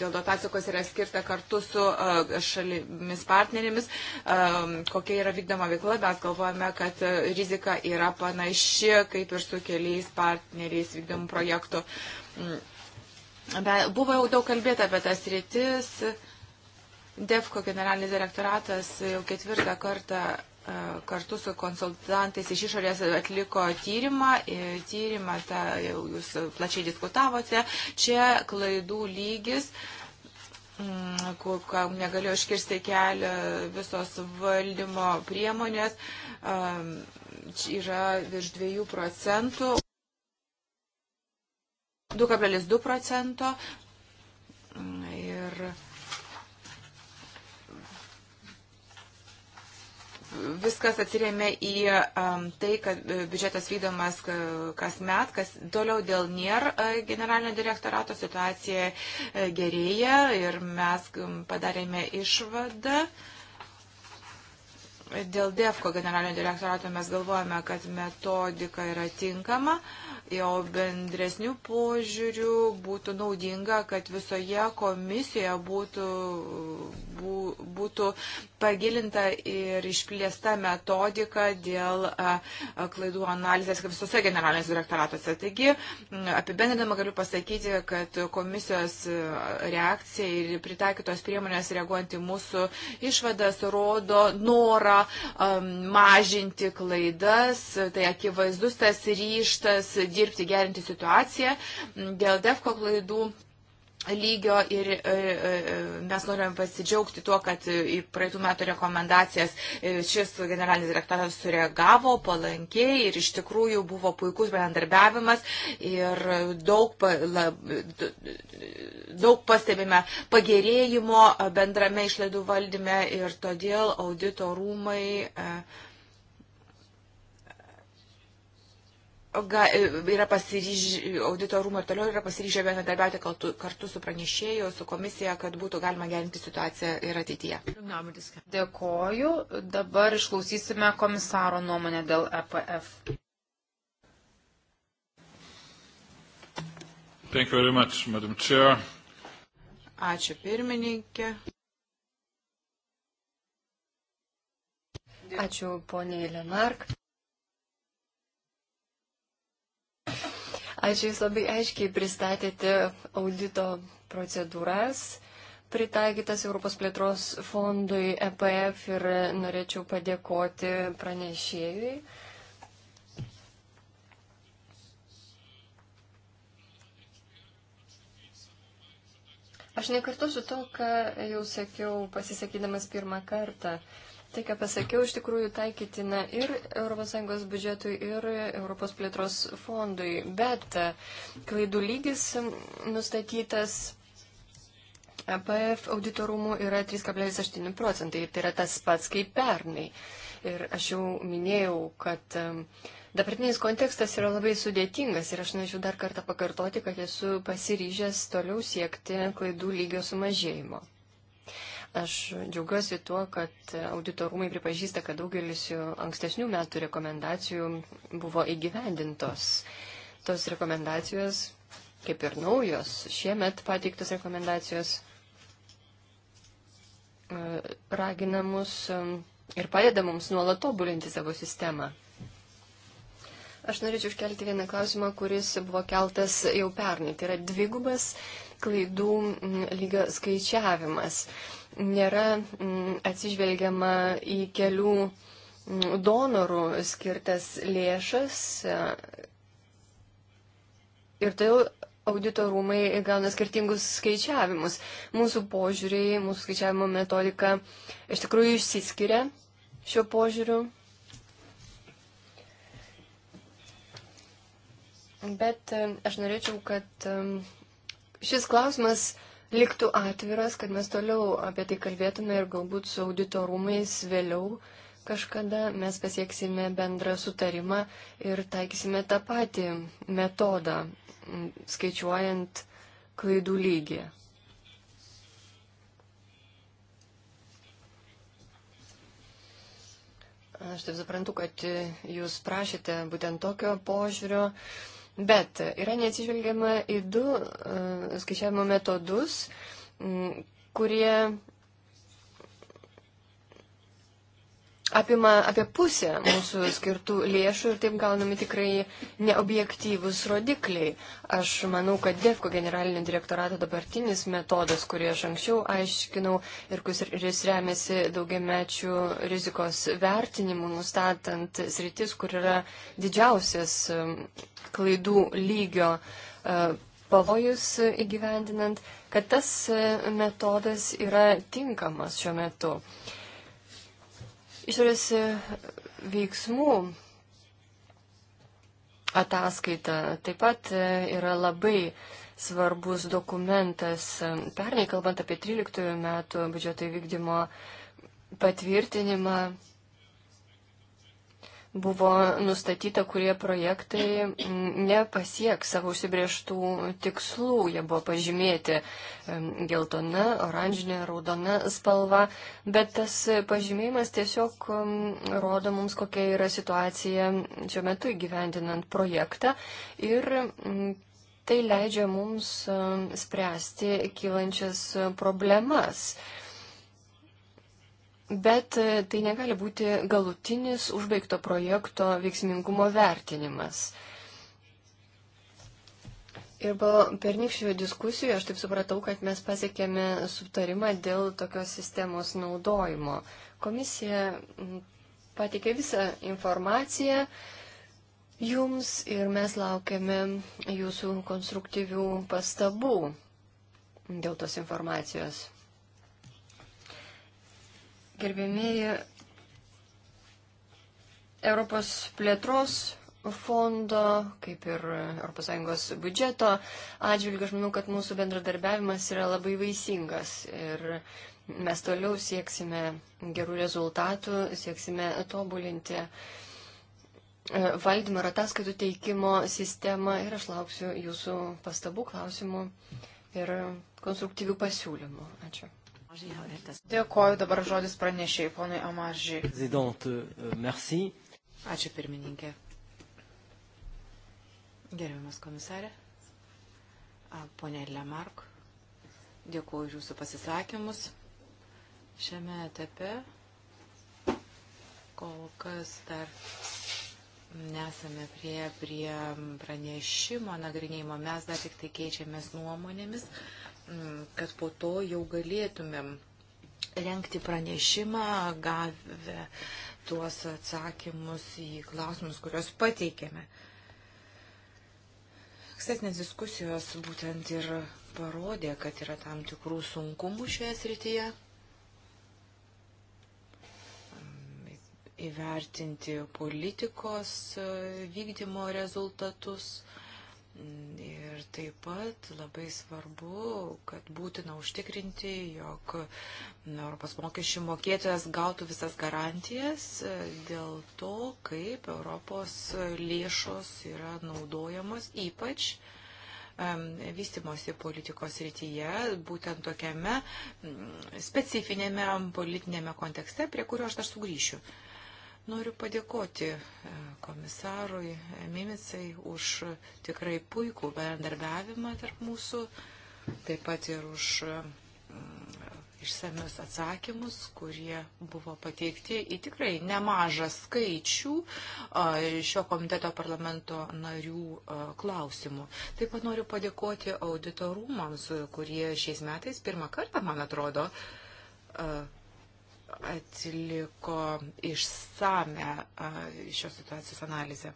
dėl dotacijos yra skirta kartu su e, šalimis partnerėmis, e, kokia yra vykdoma veikla, mes galvojame, kad e, rizika yra panaši kaip ir su keliais partneriais vykdomų projektų. Mm. Buvo jau daug kalbėta apie tas rytis. DEFCO generalinis direktoratas jau ketvirtą kartą E, kartu su konsultantais iš išorės atliko tyrimą. Tyrimą tą jūs plačiai diskutavote. Čia klaidų lygis mm, kam negalėjo iškirsti kelią visos valdymo priemonės, e, yra virš 2 procentų, 2,2 procento. Mm, ir viskas atsiriame į um, tai, kad e, biudžetas vykdomas e, kas met, kas toliau dėl NIR e, generalinio direktorato situacija gerėja ir mes padarėme išvadą. Dėl DEFCO generalinio direktorato mes galvojame, kad metodika yra tinkama, jo bendresnių požiūrių būtų naudinga, kad visoje komisijoje būtų, bū, būtų pagilinta ir išplėsta metodika dėl klaidų analizės visose generalinės direktoratuose. Taigi, apibendrinama galiu pasakyti, kad komisijos reakcija ir pritaikytos priemonės reaguojant į mūsų išvadas rodo norą mažinti klaidas, tai akivaizdus tas ryštas dirbti, gerinti situaciją. Dėl DEFCO klaidų lygio ir e, e, e, mes norime pasidžiaugti tuo, kad į praeitų metų rekomendacijas šis generalinis direktoras sureagavo palankiai ir iš tikrųjų buvo puikus bendarbiavimas ir daug, lab, daug pastebime pagerėjimo bendrame išlaidų valdyme ir todėl audito rūmai uh, yra pasiryžę, auditorumo ir toliau yra pasiryžę bendradarbiauti kartu, kartu su pranešėju, su komisija, kad būtų galima gerinti situaciją ir ateityje. Dėkoju. Dabar išklausysime komisaro nuomonę dėl EPF. Much, Ačiū pirmininkė. Ačiū poniai Lenark. Ačiū Jūs labai aiškiai pristatėte audito procedūras pritaikytas Europos plėtros fondui EPF ir norėčiau padėkoti pranešėjui. Aš nekartosiu to, ką jau sakiau pasisakydamas pirmą kartą. Uh, Tai, ką pasakiau, iš tikrųjų taikytina ir ES biudžetui, ir Europos plėtros fondui, bet e, klaidų lygis nustatytas APF e auditorumų yra 3,8 procentai, tai yra tas pats kaip pernai. Ir aš jau minėjau, kad e, dabartinis kontekstas yra labai sudėtingas ir aš norėčiau dar kartą pakartoti, kad esu pasiryžęs toliau siekti klaidų lygio sumažėjimo. Aš džiaugiuosi tuo, kad auditorumai pripažįsta, kad daugelis jų ankstesnių metų rekomendacijų buvo įgyvendintos. Tos rekomendacijos, kaip ir naujos, šiemet pateiktos rekomendacijos e, ragina mus e, ir padeda mums nuolat tobulinti savo sistemą. Aš norėčiau užkelti vieną klausimą, kuris buvo keltas jau pernai. Tai yra dvigubas klaidų lygio skaičiavimas. Nėra atsižvelgiama į kelių donorų skirtas lėšas e, ir tai auditorumai gauna skirtingus skaičiavimus. Mūsų požiūriai, mūsų skaičiavimo metodika iš tikrųjų išsiskiria šiuo požiūriu. Bet e, aš norėčiau, kad e, šis klausimas liktų atviras, kad mes toliau apie tai kalbėtume ir galbūt su auditorumais vėliau kažkada mes pasieksime bendrą sutarimą ir taikysime tą patį metodą, skaičiuojant klaidų lygį. Aš taip suprantu, kad jūs prašėte būtent tokio požiūrio. Uh, Bet yra neatsižvelgiama į du e, skaičiavimo metodus, kurie apima apie pusę mūsų skirtų lėšų ir taip gaunami tikrai neobjektyvus rodikliai. Aš manau, kad DEFCO generalinio direktorato dabartinis metodas, kurį aš anksčiau aiškinau ir kuris remiasi daugiamečių rizikos vertinimu, nustatant sritis, kur yra didžiausias um, klaidų lygio uh, pavojus įgyvendinant, kad tas uh, metodas yra tinkamas šiuo metu. Uh, Išorės veiksmų ataskaita taip pat e, yra labai svarbus dokumentas. Pernai, kalbant apie 13 metų biudžeto įvykdymo patvirtinimą, buvo nustatyta, kurie projektai nepasieks savo užsibrieštų tikslų. Jie buvo pažymėti geltona, oranžinė, raudona spalva, bet tas pažymėjimas tiesiog rodo mums, kokia yra situacija šiuo metu įgyvendinant projektą. Ir tai leidžia mums spręsti kylančias problemas. Bet e, tai negali būti galutinis užbaigto projekto veiksmingumo vertinimas. Ir po pernykščio diskusijų aš taip supratau, kad mes pasiekėme sutarimą dėl tokios sistemos naudojimo. Komisija pateikė visą informaciją jums ir mes laukiame jūsų konstruktyvių pastabų dėl tos informacijos. Gerbėmėji Europos plėtros fondo, kaip ir ES biudžeto atžvilgiu, aš manau, kad mūsų bendradarbiavimas yra labai vaisingas ir mes toliau sieksime gerų rezultatų, sieksime tobulinti e, valdymo ir ataskaitų teikimo sistemą ir aš lauksiu jūsų pastabų, klausimų ir konstruktyvių pasiūlymų. Ačiū. Dėkoju dabar žodis pranešėjai, ponui Amaržiai. Euh, Ačiū pirmininkė. Gerbiamas komisarė, ponė Lemark, dėkuoju už jūsų pasisakymus. Šiame etape kol kas dar nesame prie, prie pranešimo nagrinėjimo, mes dar tik tai keičiamės nuomonėmis. Uh, Mm, kad po to jau galėtumėm renkti pranešimą, gavę tuos atsakymus į klausimus, kuriuos pateikėme. Ankstesnės diskusijos būtent ir parodė, kad yra tam tikrų sunkumų šioje srityje. Įvertinti politikos vykdymo rezultatus ir Ir taip pat labai svarbu, kad būtina užtikrinti, jog Europos mokesčių mokėtojas gautų visas garantijas e, dėl to, kaip Europos lėšos yra naudojamos, ypač vystimosi politikos rytyje, būtent tokiame specifinėme politinėme kontekste, prie kurio aš dar sugrįšiu. Noriu padėkoti e, komisarui e, Mimicai už tikrai puikų bendarbiavimą tarp mūsų, taip pat ir už e, mm, išsamius atsakymus, kurie buvo pateikti į tikrai nemažą skaičių šio komiteto parlamento narių klausimų. Taip pat noriu padėkoti auditorumams, kurie šiais metais pirmą kartą, man atrodo, atliko išsame šios situacijos analizę.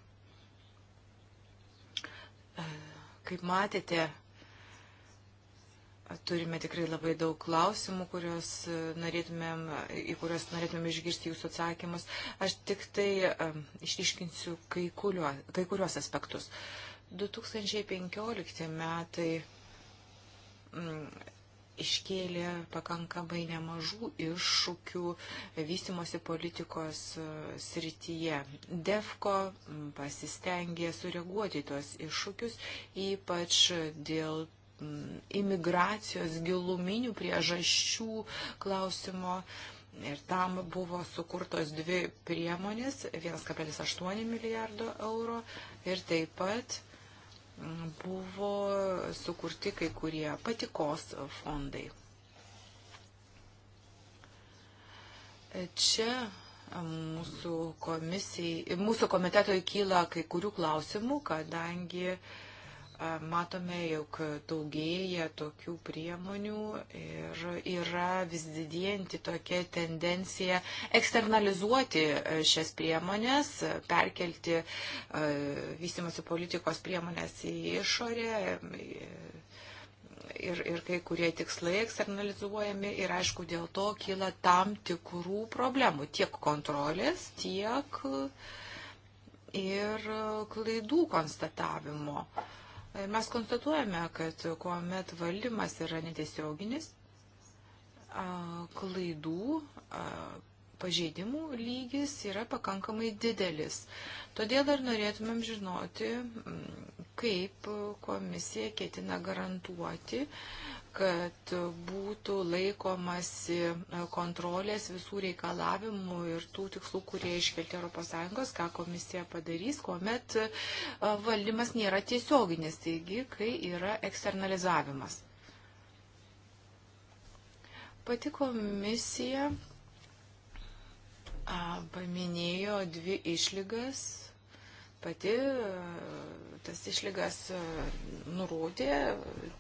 Kaip matėte, turime tikrai labai daug klausimų, kurios norėtumėm, į kuriuos norėtumėm išgirsti jūsų atsakymus. Aš tik tai išryškinsiu kai, kurio, kai kuriuos aspektus. 2015 metai iškėlė pakankamai nemažų iššūkių vystimosi politikos e, srityje. DEFCO pasistengė sureaguoti tuos iššūkius, ypač dėl imigracijos giluminių priežasčių klausimo. Ir tam buvo sukurtos dvi priemonės - 1,8 milijardo eurų ir taip pat buvo sukurti kai kurie patikos fondai. Čia mūsų, komisijai, mūsų komitetoj kyla kai kurių klausimų, kadangi uh, matome, jog daugėja tokių priemonių ir yra vis didėjanti tokia tendencija eksternalizuoti e, šias priemonės, perkelti e, vystimosi politikos priemonės į išorę. E, ir, ir kai kurie tikslai eksternalizuojami ir aišku dėl to kyla tam tikrų problemų tiek kontrolės, tiek ir klaidų konstatavimo. Uh, Mes konstatuojame, kad kuomet valdymas yra netiesioginis, klaidų pažeidimų lygis yra pakankamai didelis. Todėl dar norėtumėm žinoti, kaip komisija ketina garantuoti, kad būtų laikomasi kontrolės visų reikalavimų ir tų tikslų, kurie iškelti ES, ką komisija padarys, kuomet e, valdymas nėra tiesioginis, taigi, kai yra eksternalizavimas. Pati komisija paminėjo dvi išlygas. Pati tas išlygas e, nurodė,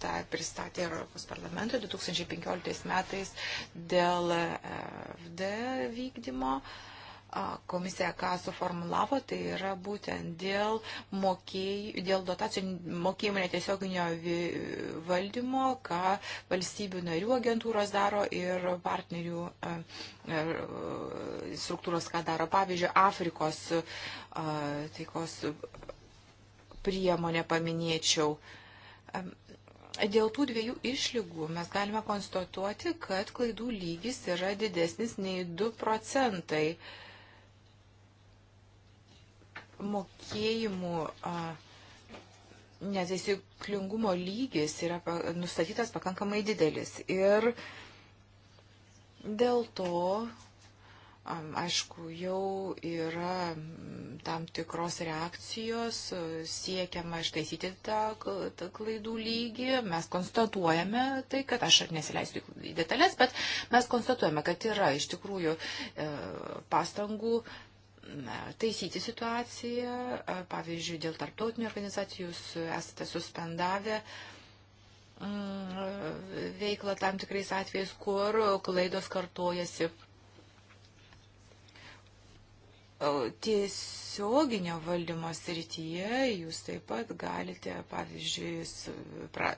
tą pristatė Europos parlamentui 2015 metais dėl e, FD vykdymo. Komisija ką suformulavo, tai yra būtent dėl, mokėj, dėl dotacijų mokėjimo netiesioginio valdymo, ką valstybių narių agentūros daro ir partnerių e, struktūros ką daro. Pavyzdžiui, Afrikos taikos priemonę paminėčiau. Dėl tų dviejų išlygų mes galime konstatuoti, kad klaidų lygis yra didesnis nei 2 procentai mokėjimų neteisyklingumo lygis yra nustatytas pakankamai didelis. Ir dėl to Aišku, jau yra tam tikros reakcijos, siekiama ištaisyti tą klaidų lygį, mes konstatuojame tai, kad aš nesileisiu į detalės, bet mes konstatuojame, kad yra iš tikrųjų e, pastangų taisyti situaciją, e, pavyzdžiui, dėl tarptautinių organizacijų jūs esate suspendavę veiklą tam tikrais atvejais, kur klaidos kartojasi tiesioginio valdymo srityje jūs taip pat galite, pavyzdžiui, pra,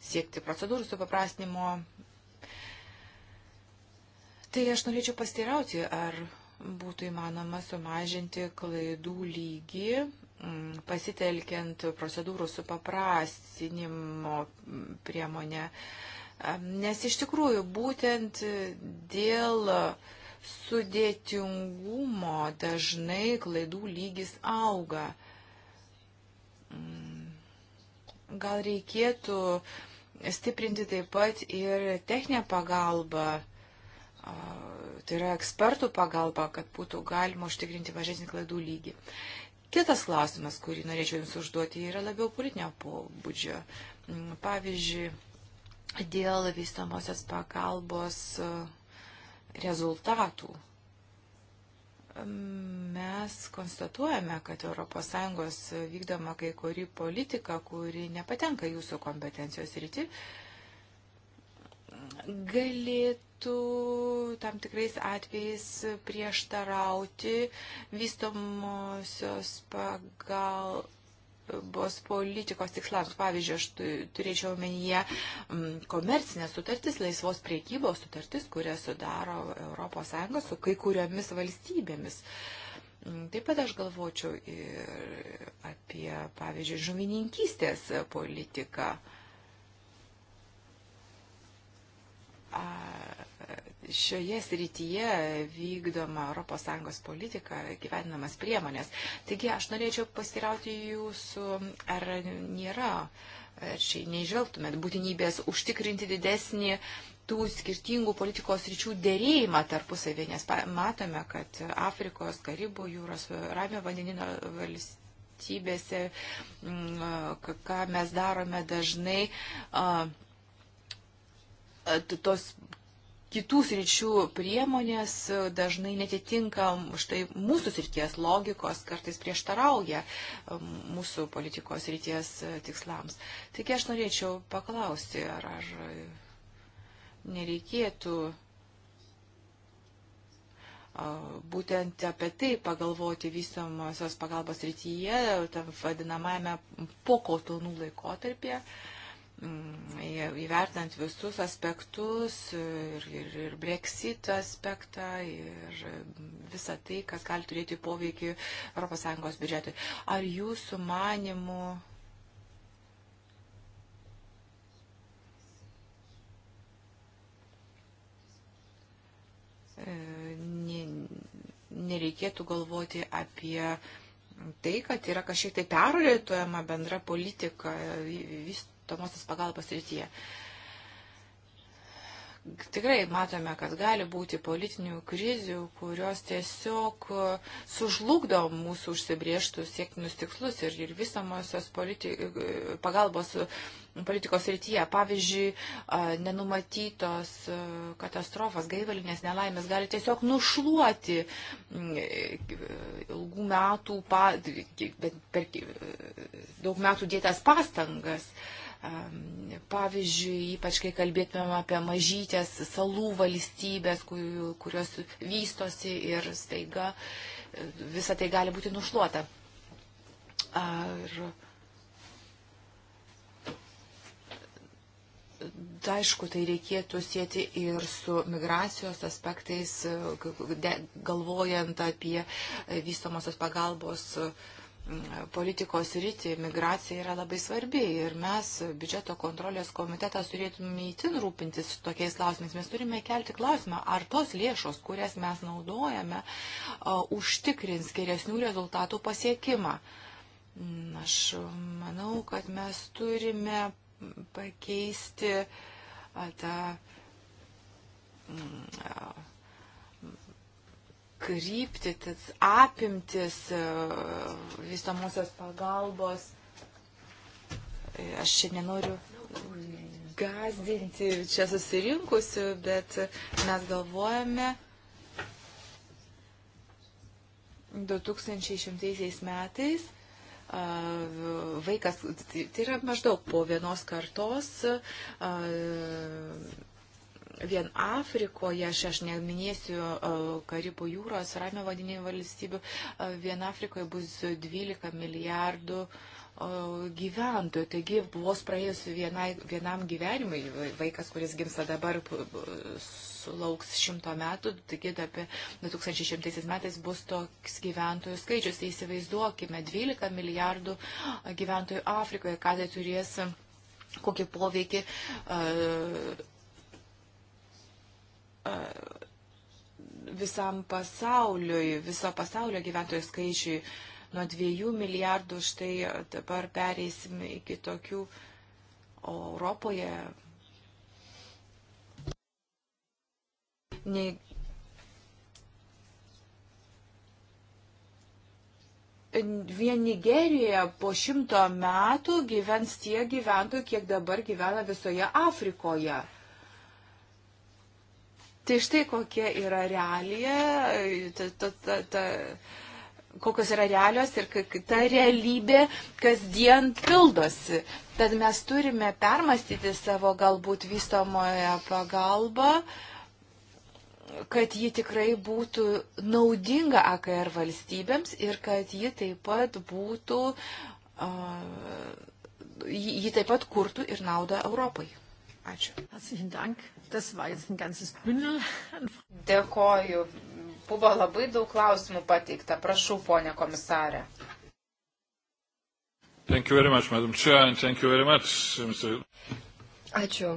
siekti procedūrų supaprastinimo. Tai aš norėčiau pastirauti, ar būtų įmanoma sumažinti klaidų lygį pasitelkiant procedūrų supaprastinimo priemonę. Nes iš tikrųjų būtent dėl uh, sudėtingumo dažnai klaidų lygis auga. Mm. Gal reikėtų stiprinti taip pat ir techninę pagalbą, tai yra ekspertų pagalba, kad būtų galima užtikrinti mažesnį klaidų lygį. Kitas klausimas, kurį norėčiau Jums užduoti, yra labiau politinio pobūdžio. Mm, pavyzdžiui, dėl vystamosios pagalbos uh, rezultatų. Mes konstatuojame, kad ES vykdoma kai kuri politika, kuri nepatenka jūsų kompetencijos ryti, galėtų tam tikrais atvejais prieštarauti vystomosios pagal prekybos politikos tikslams. Pavyzdžiui, aš turėčiau omenyje mm, komercinės sutartis, laisvos priekybos sutartis, kurią sudaro ES su kai kuriomis valstybėmis. Mm, taip pat aš galvočiau ir apie, pavyzdžiui, žuvininkystės politiką. A šioje srityje vykdoma ES politika, gyvenimas priemonės. Taigi aš norėčiau pasirauti jūsų, ar nėra, ar čia neižvelgtumėt būtinybės užtikrinti didesnį tų skirtingų politikos ryčių dėrėjimą tarpusavį, nes matome, kad Afrikos, Karibų jūros, Ramio vandenino valstybėse, mm, ką mes darome dažnai, tos kitų sričių priemonės e, dažnai netitinka štai mūsų srities logikos, kartais prieštarauja e, mūsų politikos srities e, tikslams. Taigi aš norėčiau paklausti, ar, ar nereikėtų būtent apie tai pagalvoti visomosios pagalbos rytyje, tam vadinamajame pokotonų laikotarpėje. Uh, Mm, įvertinant visus aspektus ir, ir, ir Brexit aspektą ir visą tai, kas gali turėti poveikį ES biudžetui. Ar jūsų manimų e, nereikėtų galvoti apie tai, kad yra kažkiek tai perorientuojama bendra politika, vis tomosios pagalbos rytyje. Tikrai matome, kad gali būti politinių krizių, kurios tiesiog sužlugdo mūsų užsibrieštus siektinius tikslus ir, ir visamosios politi pagalbos politikos rytyje. Pavyzdžiui, nenumatytos katastrofos, gaivalinės nelaimės gali tiesiog nušluoti ilgų metų, per daug metų dėtas pastangas. Uh, Pavyzdžiui, ypač kai kalbėtumėm apie mažytės salų valstybės, kurios vystosi ir staiga visą tai gali būti nušluota. Ir aišku, tai reikėtų sėti ir su migracijos aspektais, galvojant apie vystomosios pagalbos uh, politikos rytį migracija yra labai svarbi ir mes, biudžeto kontrolės komitetas, turėtume įtin rūpintis tokiais klausimais. Mes turime kelti klausimą, ar tos lėšos, kurias mes naudojame, užtikrins geresnių rezultatų pasiekimą. Mm, aš manau, kad mes turime pakeisti tą mm, krypti, tas apimtis e, visomosios pagalbos. E, aš čia nenoriu gazdinti čia susirinkusių, bet mes galvojame 2100 metais vaikas, tai, tai yra maždaug po vienos kartos vien Afrikoje, aš, aš neminėsiu e, Karibų jūros, Ramio vadinėjų valstybių, e, vien Afrikoje bus 12 milijardų e, gyventojų. Taigi vos praėjus vienai, vienam gyvenimui, vaikas, kuris gimsta dabar, sulauks šimto metų, taigi apie 2100 metais bus toks gyventojų skaičius. Tai įsivaizduokime, 12 milijardų gyventojų Afrikoje, ką tai turės kokį poveikį uh, visam pasauliui, viso pasaulio gyventojų skaičiui nuo 2 milijardų, štai dabar pereisim iki tokių o Europoje. Nei, vien Nigerijoje po šimto metų gyvens tie gyventojai, kiek dabar gyvena visoje Afrikoje. Tai štai kokia yra realija, ta, ta, ta, ta, kokios yra realios ir ta realybė kasdien pildosi. Tad mes turime permastyti savo galbūt vystomoje pagalbą kad ji tikrai būtų naudinga AKR valstybėms ir kad ji taip pat būtų, uh, ji taip pat kurtų ir naudą Europai. Ačiū. Atsiprašau. Das war jetzt ein ganzes Bündel. Dėkoju. Buvo labai daug klausimų pateikta. Prašau, ponė komisarė. Thank you very much, Madam Chair, and thank you very much, Mr. Ačiū.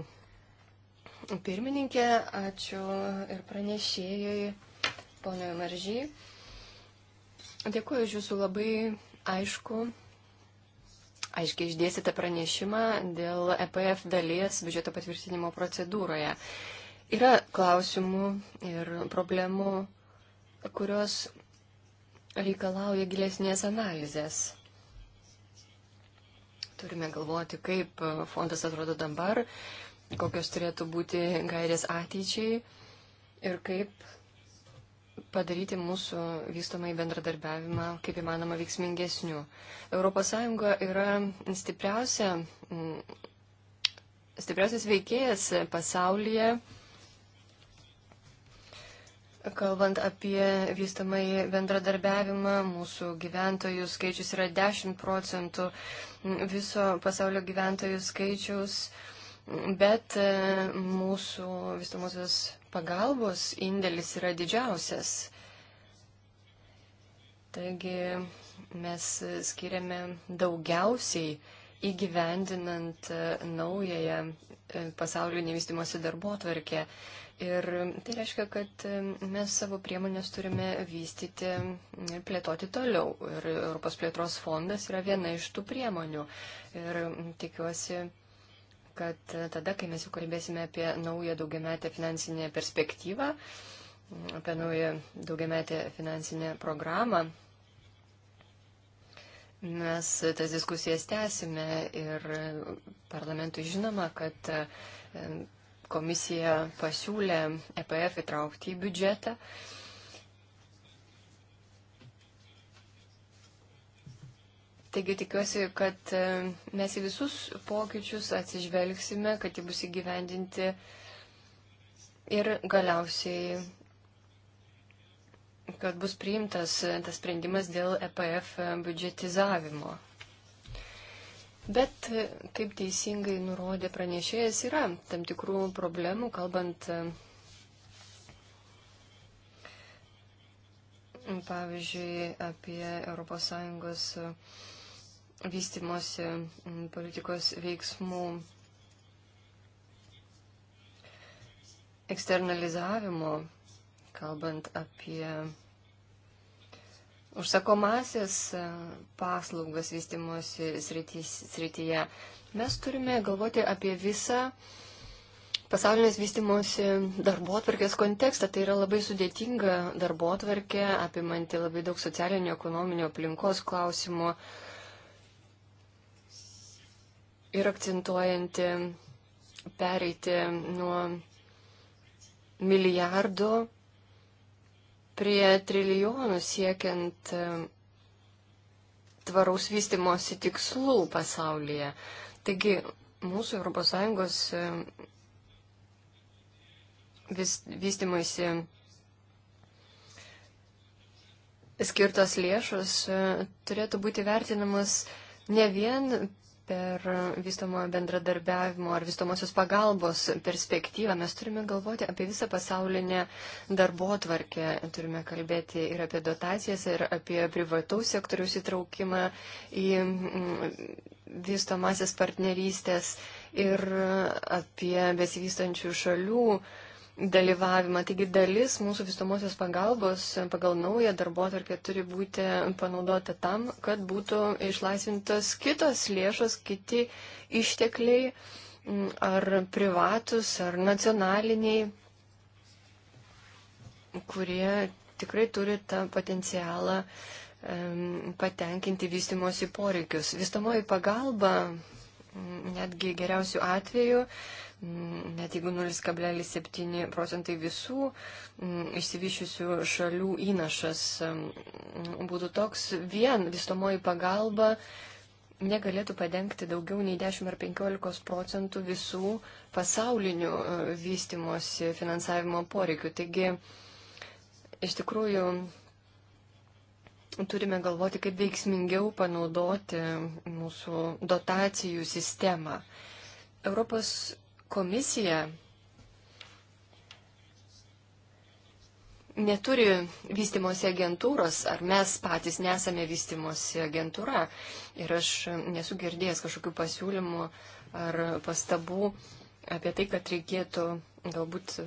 Pirmininkė, ačiū ir pranešėjai, ponio Maržy. Dėkuoju už jūsų labai aišku aiškiai išdėsite pranešimą dėl EPF dalies biudžeto patvirtinimo procedūroje. Yra klausimų ir problemų, kurios reikalauja gilesnės analizės. Turime galvoti, kaip fondas atrodo dabar, kokios turėtų būti gairės ateičiai ir kaip padaryti mūsų vystomai bendradarbiavimą kaip įmanoma veiksmingesniu. ES yra stipriausia, mm, stipriausias veikėjas pasaulyje, kalbant apie vystomai bendradarbiavimą, mūsų gyventojų skaičius yra 10 procentų mm, viso pasaulio gyventojų skaičiaus, bet mm, mūsų vystomosios pagalbos indėlis yra didžiausias. Taigi mes skiriame daugiausiai įgyvendinant e, naująją e, pasaulinį vystimosi darbo atvarkę. Ir tai reiškia, kad e, mes savo priemonės turime vystyti ir plėtoti toliau. Ir Europos plėtros fondas yra viena iš tų priemonių. Ir tikiuosi, kad tada, kai mes jau kalbėsime apie naują daugiametę finansinę perspektyvą, apie naują daugiametę finansinę programą, mes tas diskusijas tęsime ir parlamentui žinoma, kad komisija pasiūlė EPF įtraukti į biudžetą. Taigi tikiuosi, kad e, mes į visus pokyčius atsižvelgsime, kad jie bus įgyvendinti ir galiausiai, kad bus priimtas e, tas sprendimas dėl EPF e, biudžetizavimo. Bet, kaip teisingai nurodė pranešėjas, yra tam tikrų problemų, kalbant, pavyzdžiui, apie ES vystimosi politikos veiksmų eksternalizavimo, kalbant apie užsakomasis e, paslaugas vystimosi srityje, mes turime galvoti apie visą pasaulinės vystimosi darbo atvarkės kontekstą. Tai yra labai sudėtinga darbo atvarkė, apimanti labai daug socialinio, ekonominio aplinkos klausimų. Uh, ir akcentuojanti pereiti nuo milijardo prie trilijonų siekiant e, tvaraus vystimosi tikslų pasaulyje. Taigi mūsų ES e, vystimosi skirtos lėšos e, turėtų būti vertinamas ne vien per vystomojo bendradarbiavimo ar vystomosios pagalbos perspektyvą mes turime galvoti apie visą pasaulinę darbo tvarkę. Turime kalbėti ir apie dotacijas, ir apie privataus sektoriaus įtraukimą į mm, vystomasias partnerystės, ir apie besivystančių šalių dalyvavimą. Taigi dalis mūsų vystomosios pagalbos pagal naują darbotvarkę turi būti panaudota tam, kad būtų išlaisvintos kitos lėšos, kiti ištekliai ar privatus, ar nacionaliniai, kurie tikrai turi tą potencialą patenkinti vystimosi poreikius. Vystamoji pagalba netgi geriausių atvejų, net jeigu 0,7 procentai visų išsivyšiusių šalių įnašas būtų toks, vien vystomoji pagalba negalėtų padengti daugiau nei 10 ar 15 procentų visų pasaulinių e, vystimosi finansavimo poreikių. Taigi, iš tikrųjų, turime galvoti, kaip veiksmingiau panaudoti mūsų dotacijų sistemą. Europos komisija neturi vystimosi agentūros, ar mes patys nesame vystimosi agentūra. Ir aš nesu girdėjęs kažkokių pasiūlymų ar pastabų apie tai, kad reikėtų galbūt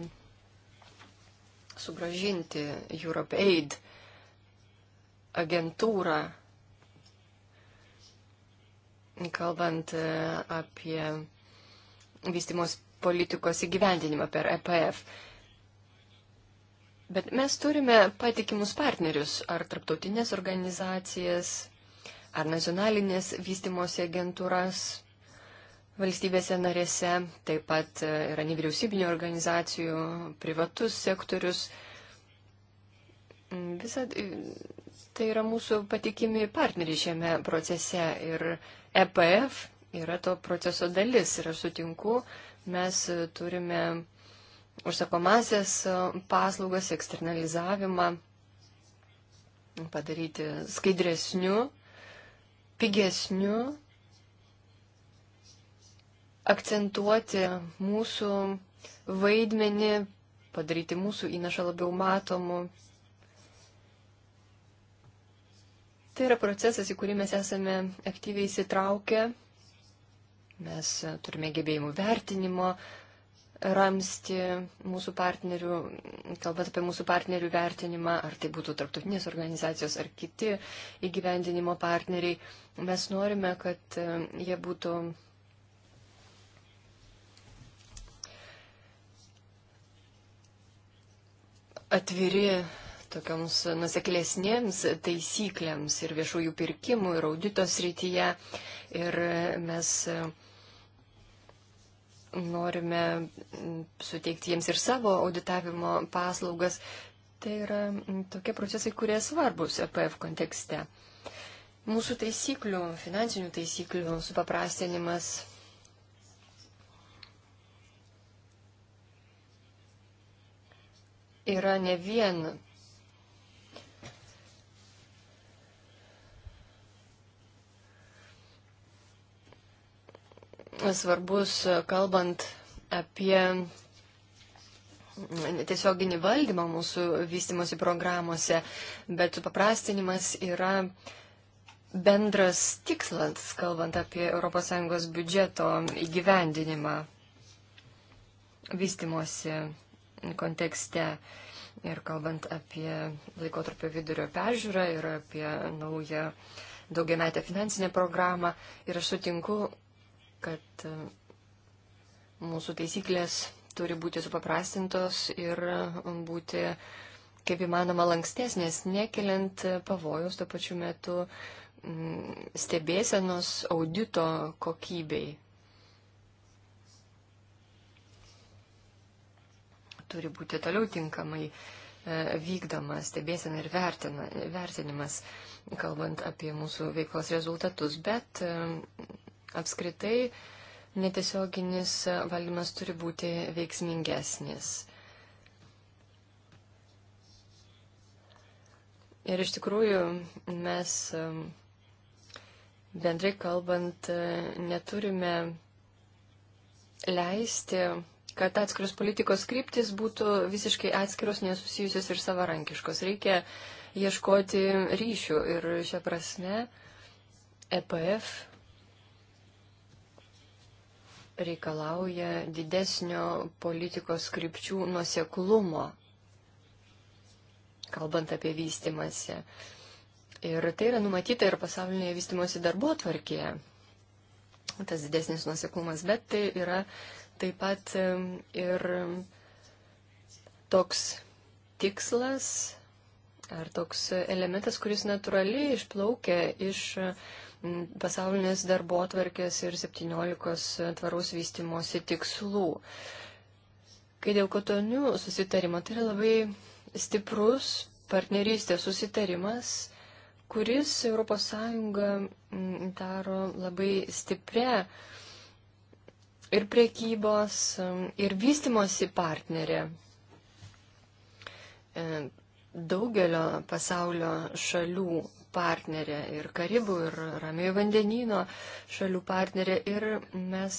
sugražinti Europe Aid agentūrą, kalbant e, apie vystimos politikos įgyvendinimą per EPF. Bet mes turime patikimus partnerius, ar tarptautinės organizacijas, ar nacionalinės vystimosi agentūras valstybėse narėse, taip pat e, yra nevyriausybinio organizacijų, privatus sektorius. Mm, visa Tai yra mūsų patikimi partneriai šiame procese ir EPF yra to proceso dalis ir aš sutinku, mes turime užsakomasias paslaugas, eksternalizavimą padaryti skaidresniu, pigesniu, akcentuoti mūsų vaidmenį, padaryti mūsų įnašą labiau matomu, Tai yra procesas, į kurį mes esame aktyviai įsitraukę. Mes turime gebėjimų vertinimo ramsti mūsų partnerių, kalbant apie mūsų partnerių vertinimą, ar tai būtų tarptautinės organizacijos ar kiti įgyvendinimo partneriai. Mes norime, kad e, jie būtų atviri tokiams nuseklesnėms taisyklėms ir viešųjų pirkimų, ir audito srityje. Ir mes e, norime suteikti jiems ir savo auditavimo paslaugas. Tai yra tokie procesai, kurie svarbus EPF kontekste. Mūsų taisyklių, finansinių taisyklių supaprastinimas yra ne vien svarbus, kalbant apie tiesioginį valdymą mūsų vystimosi programuose, bet supaprastinimas yra bendras tikslas, kalbant apie ES biudžeto įgyvendinimą vystimosi kontekste. Ir kalbant apie laikotarpio vidurio peržiūrą ir apie naują daugiametę finansinę programą. Ir aš sutinku, kad e, mūsų taisyklės turi būti supaprastintos ir e, būti kaip įmanoma lankstesnės, nekeliant pavojus tuo pačiu metu mm, stebėsenos audito kokybei. Turi būti toliau tinkamai e, vykdoma stebėsena ir vertina, vertinimas, kalbant apie mūsų veiklos rezultatus, bet Apskritai, netiesioginis valdymas turi būti veiksmingesnis. Ir iš tikrųjų mes um, bendrai kalbant uh, neturime leisti, kad atskiros politikos kryptis būtų visiškai atskiros, nesusijusios ir savarankiškos. Reikia ieškoti ryšių ir šią prasme EPF reikalauja didesnio politikos skripčių nuseklumo, kalbant apie vystimąsi. Ir tai yra numatyta ir pasaulinėje vystimosi darbo tvarkėje, tas didesnis nuseklumas, bet tai yra taip pat ir toks tikslas ar toks elementas, kuris natūraliai išplaukia iš uh, pasaulinės darbo atvarkės ir 17 tvaraus vystimosi tikslų. Kai dėl kotonių susitarimo, tai yra labai stiprus partnerystės susitarimas, kuris ES daro labai stiprią ir priekybos, ir vystimosi partnerė e, daugelio pasaulio šalių partnerė, ir Karibų, ir Ramėjo vandenyno šalių partnerė. Ir mes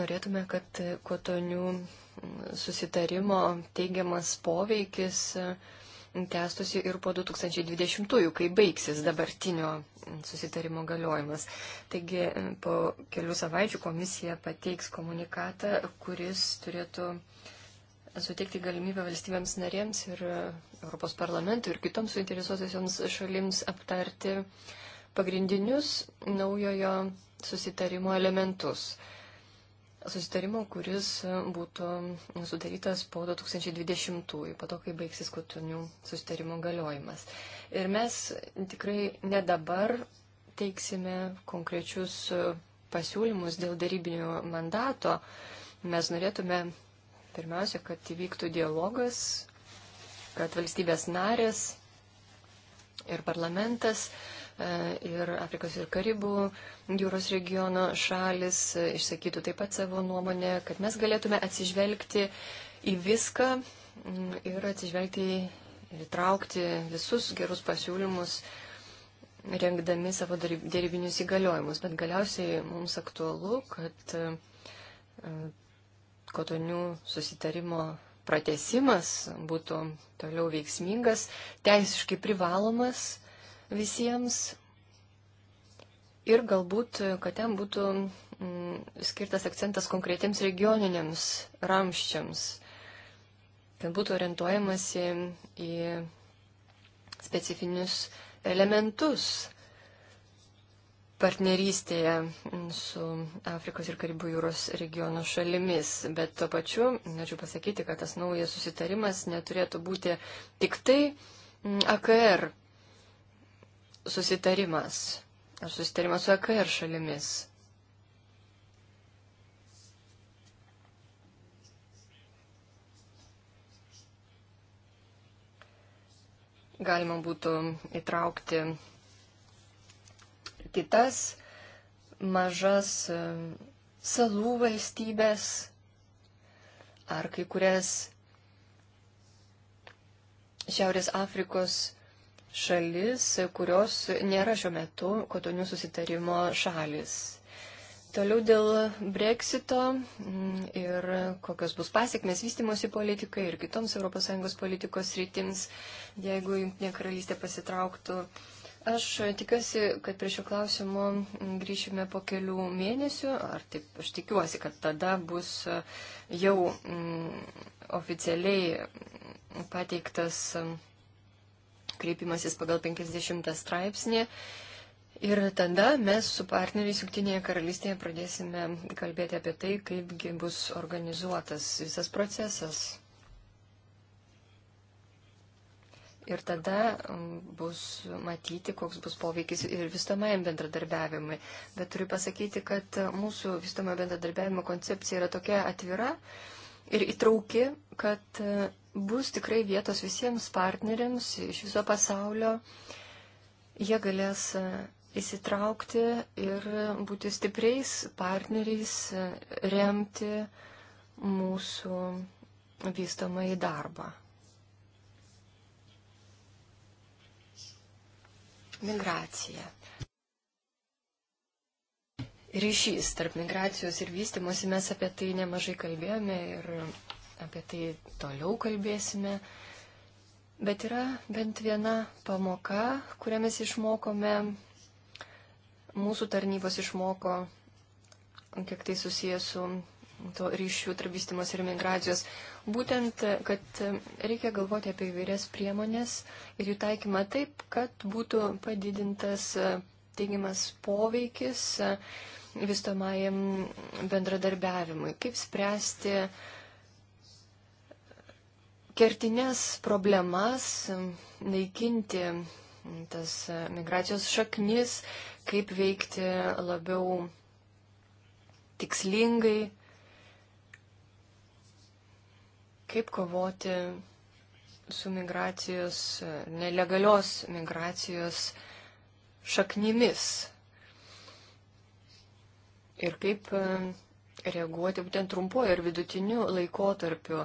norėtume, kad kotonių susitarimo teigiamas poveikis tęstusi ir po 2020-ųjų, kai baigsis dabartinio susitarimo galiojimas. Taigi po kelių savaičių komisija pateiks komunikatą, kuris turėtų uh, suteikti galimybę valstybėms narėms ir e, Europos parlamentui ir kitoms suinteresuotusioms šalims aptarti pagrindinius naujojo susitarimo elementus. Susitarimo, kuris e, būtų sudarytas po 2020-ųjų, po to, kai baigsis kutinių susitarimo galiojimas. Ir mes tikrai ne dabar teiksime konkrečius e, pasiūlymus dėl darybinio mandato. Mes norėtume Pirmiausia, kad įvyktų dialogas, kad valstybės narės ir parlamentas e, ir Afrikos ir Karibų jūros regiono šalis e, išsakytų taip pat savo nuomonę, kad mes galėtume atsižvelgti į viską mm, ir atsižvelgti ir įtraukti visus gerus pasiūlymus, rengdami savo dėrybinius įgaliojimus. Bet galiausiai mums aktualu, kad e, kotonių susitarimo pratesimas būtų toliau veiksmingas, teisiškai privalomas visiems ir galbūt, kad ten būtų mm, skirtas akcentas konkretiems regioniniams ramščiams, kad būtų orientuojamasi į specifinius elementus partnerystėje su Afrikos ir Karibų jūros regiono šalimis. Bet to pačiu, norėčiau pasakyti, kad tas naujas susitarimas neturėtų būti tik tai mm, AKR susitarimas. Ar susitarimas su AKR šalimis. Galima būtų įtraukti kitas mažas e, salų valstybės ar kai kurias Šiaurės Afrikos šalis, kurios nėra šiuo metu kotonių susitarimo šalis. Toliau dėl breksito mm, ir kokios bus pasiekmes vystimosi politikai ir kitoms ES politikos rytims, jeigu Junktinė karalystė pasitrauktų Aš tikiuosi, kad prie šio klausimo grįšime po kelių mėnesių, ar taip, aš tikiuosi, kad tada bus jau mm, oficialiai pateiktas kreipimasis pagal 50 straipsnį. Ir tada mes su partneriais Junktinėje karalystėje pradėsime kalbėti apie tai, kaipgi bus organizuotas visas procesas. ir tada um, bus matyti, koks bus poveikis ir vystamajam bendradarbiavimui. Bet turiu pasakyti, kad uh, mūsų vystamojo bendradarbiavimo koncepcija yra tokia atvira ir įtrauki, kad uh, bus tikrai vietos visiems partneriams iš viso pasaulio. Jie galės uh, įsitraukti ir būti stipriais partneriais, remti mūsų vystamą į darbą. migracija. Ryšys tarp migracijos ir vystimosi mes apie tai nemažai kalbėjome ir apie tai toliau kalbėsime. Bet yra bent viena pamoka, kurią mes išmokome, mūsų tarnybos išmoko, kiek tai susijęs su to ryšių tarp vystimos ir migracijos. Būtent, kad reikia galvoti apie įvairias priemonės ir jų taikymą taip, kad būtų padidintas e, teigiamas poveikis e, vystomajam bendradarbiavimui. Kaip spręsti kertinės problemas, naikinti tas e, migracijos šaknis, kaip veikti labiau tikslingai, kaip kovoti su migracijos, nelegalios migracijos šaknimis ir kaip e, reaguoti būtent trumpuoju ir vidutiniu laikotarpiu,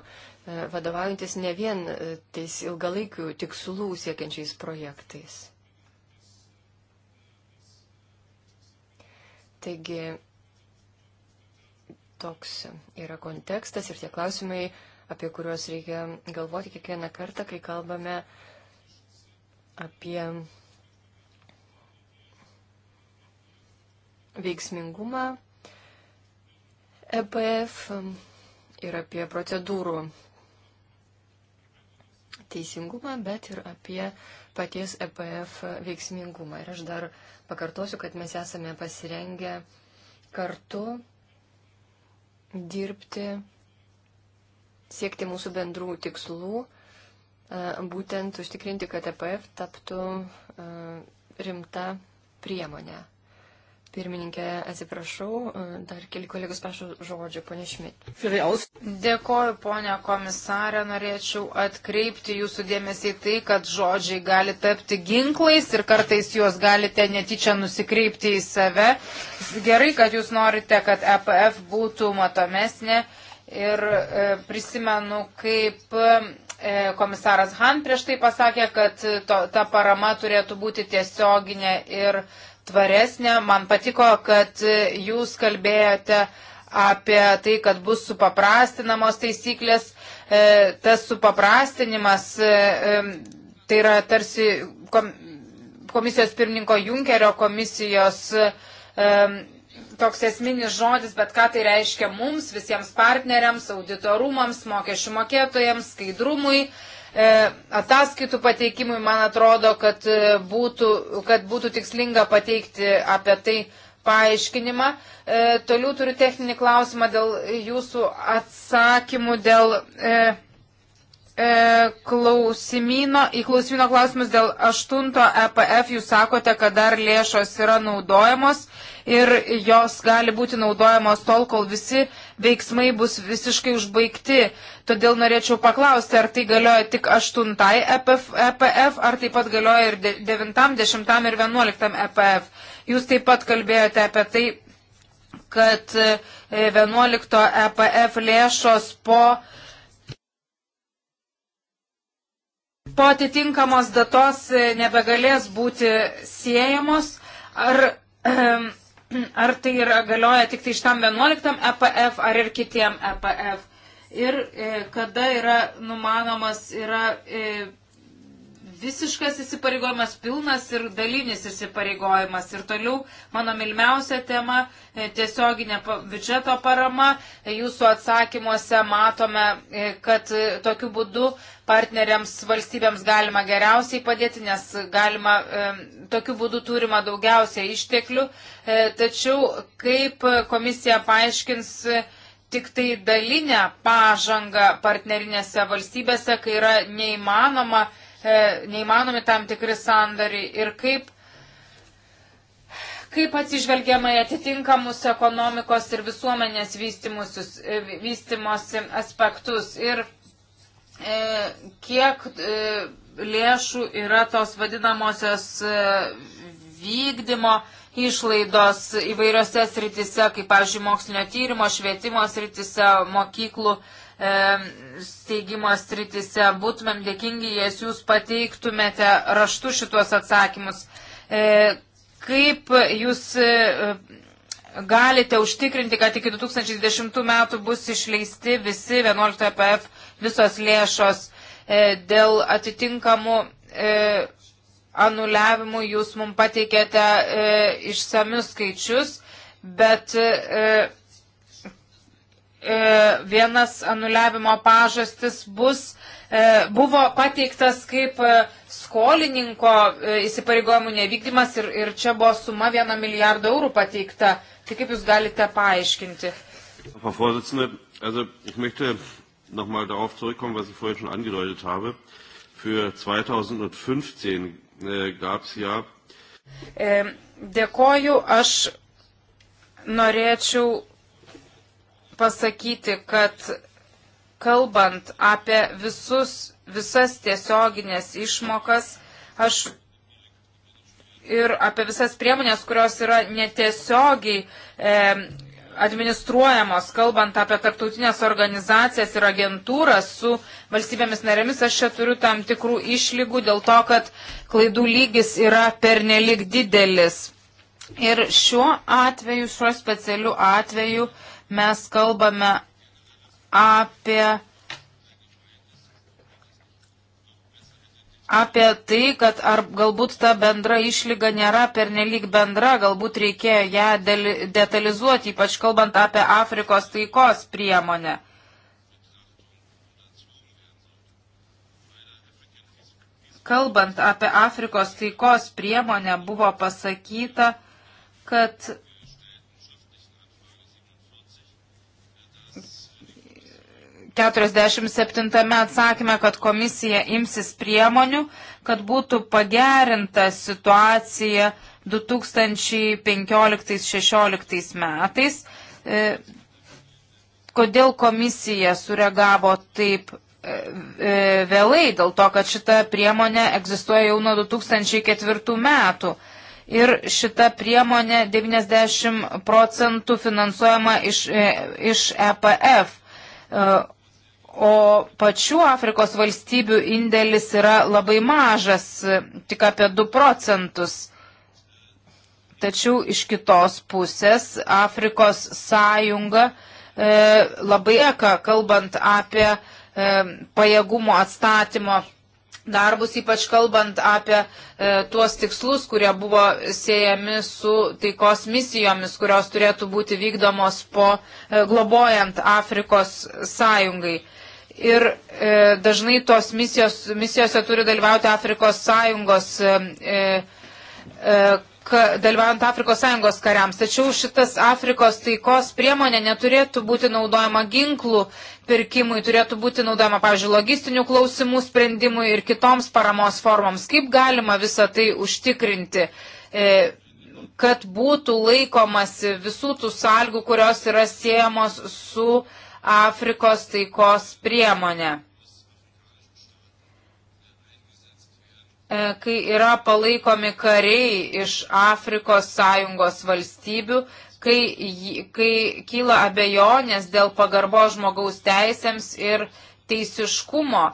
e, vadovaujantis ne vien e, tais ilgalaikių tikslų siekiančiais projektais. Taigi toks yra kontekstas ir tie klausimai apie kuriuos reikia galvoti kiekvieną kartą, kai kalbame apie veiksmingumą EPF ir apie procedūrų teisingumą, bet ir apie paties EPF veiksmingumą. Ir aš dar pakartosiu, kad mes esame pasirengę kartu dirbti siekti mūsų bendrų tikslų, e, būtent užtikrinti, kad EPF taptų e, rimta priemonė. Pirmininkė, atsiprašau, e, dar keli kolegos prašo žodžio, ponė Šmit. Dėkoju, ponė komisarė, norėčiau atkreipti jūsų dėmesį į tai, kad žodžiai gali tapti ginklais ir kartais juos galite netyčia nusikreipti į save. Gerai, kad jūs norite, kad EPF būtų matomesnė Ir e, prisimenu, kaip e, komisaras Han prieš tai pasakė, kad to, ta parama turėtų būti tiesioginė ir tvaresnė. Man patiko, kad jūs kalbėjote apie tai, kad bus supaprastinamos taisyklės. E, tas supaprastinimas tai yra tarsi komisijos pirmininko Junkerio komisijos toks esminis žodis, bet ką tai reiškia mums, visiems partneriams, auditorumams, mokesčių mokėtojams, skaidrumui, e, ataskaitų pateikimui, man atrodo, kad e, būtų, kad būtų tikslinga pateikti apie tai paaiškinimą. E, toliau turiu techninį klausimą dėl jūsų atsakymų, dėl. E, e klausimino, į klausimino klausimus dėl 8 EPF jūs sakote, kad dar lėšos yra naudojamos ir jos gali būti naudojamos tol, kol visi veiksmai bus visiškai užbaigti. Todėl norėčiau paklausti, ar tai galioja tik 8 EPF, EPF ar taip pat galioja ir 9, 10 ir 11 EPF. Jūs taip pat kalbėjote apie tai, kad 11 e, EPF lėšos po po atitinkamos datos e, nebegalės būti siejamos, ar ar tai yra, galioja tik tai šitam 11 EPF ar ir kitiem EPF. Ir e, kada yra numanomas, yra e, visiškas įsipareigojimas, pilnas ir dalinis įsipareigojimas. Ir toliau mano milmiausia tema e, - tiesioginė biudžeto parama. E, Jūsų atsakymuose matome, e, kad tokiu būdu partneriams valstybėms galima geriausiai padėti, nes galima, tokiu būdu turima daugiausia išteklių. Tačiau kaip komisija paaiškins, tik tai dalinę pažangą partnerinėse valstybėse, kai yra neįmanoma neįmanomi tam tikri sandariai ir kaip, kaip atsižvelgiama į atitinkamus ekonomikos ir visuomenės e, vystimosi aspektus ir e, kiek e, lėšų yra tos vadinamosios e, vykdymo išlaidos įvairiose sritise, kaip, pavyzdžiui, mokslinio tyrimo, švietimo sritise, mokyklų e, E, steigimo stritise. Būtumėm dėkingi, jei jūs pateiktumėte raštu šitos atsakymus. E, kaip jūs e, galite užtikrinti, kad iki 2010 metų bus išleisti visi 11 PF visos lėšos dėl atitinkamų anuliavimų jūs mums pateikėte išsamius skaičius, bet E, vienas anuliavimo pažastis bus, e, buvo pateiktas kaip e, skolininko įsipareigojimų nevykdymas ir, ir čia buvo suma vieno milijardo eurų pateikta. Tai kaip Jūs galite paaiškinti? Frau Vorsitzende, also ich möchte nochmal darauf zurückkommen, was ich vorhin schon angedeutet habe. Für 2015 äh, gab es ja. Dėkoju, aš norėčiau pasakyti, kad kalbant apie visus, visas tiesioginės išmokas, aš ir apie visas priemonės, kurios yra netiesiogiai e, administruojamos, kalbant apie tarptautinės organizacijas ir agentūras su valstybėmis narėmis, aš čia turiu tam tikrų išlygų dėl to, kad klaidų lygis yra pernelik didelis. Ir šiuo atveju, šiuo specialiu atveju, e, mes kalbame apie apie tai, kad ar galbūt ta bendra išlyga nėra pernelyg bendra, galbūt reikėjo ją detalizuoti, ypač kalbant apie Afrikos taikos priemonę. Kalbant apie Afrikos taikos priemonę, buvo pasakyta, kad 47 atsakymė, kad komisija imsis priemonių, kad būtų pagerinta situacija 2015-16 metais. E, kodėl komisija sureagavo taip e, e, vėlai, dėl to, kad šita priemonė egzistuoja jau nuo 2004 metų. Ir šita priemonė 90 procentų finansuojama iš, iš EPF. O pačių Afrikos valstybių indėlis yra labai mažas, tik apie 2 procentus. Tačiau iš kitos pusės Afrikos sąjunga e, labai eka, kalbant apie e, pajėgumo atstatymo darbus, ypač kalbant apie e, tuos tikslus, kurie buvo siejami su taikos misijomis, kurios turėtų būti vykdomos po e, globojant Afrikos sąjungai. E, Ir e, dažnai tos misijos, misijose turi dalyvauti Afrikos sąjungos, e, e, e, ka, dalyvaujant Afrikos sąjungos kariams. Tačiau šitas Afrikos taikos priemonė neturėtų būti naudojama ginklų pirkimui, turėtų būti naudojama, pavyzdžiui, logistinių klausimų sprendimui ir kitoms paramos formoms. Kaip galima visą tai užtikrinti? E, kad būtų laikomasi visų tų salgų, kurios yra siejamos su uh, Afrikos taikos priemonę. E, kai yra palaikomi kariai iš Afrikos sąjungos valstybių, kai, kai kyla abejonės dėl pagarbo žmogaus teisėms ir teisiškumo e,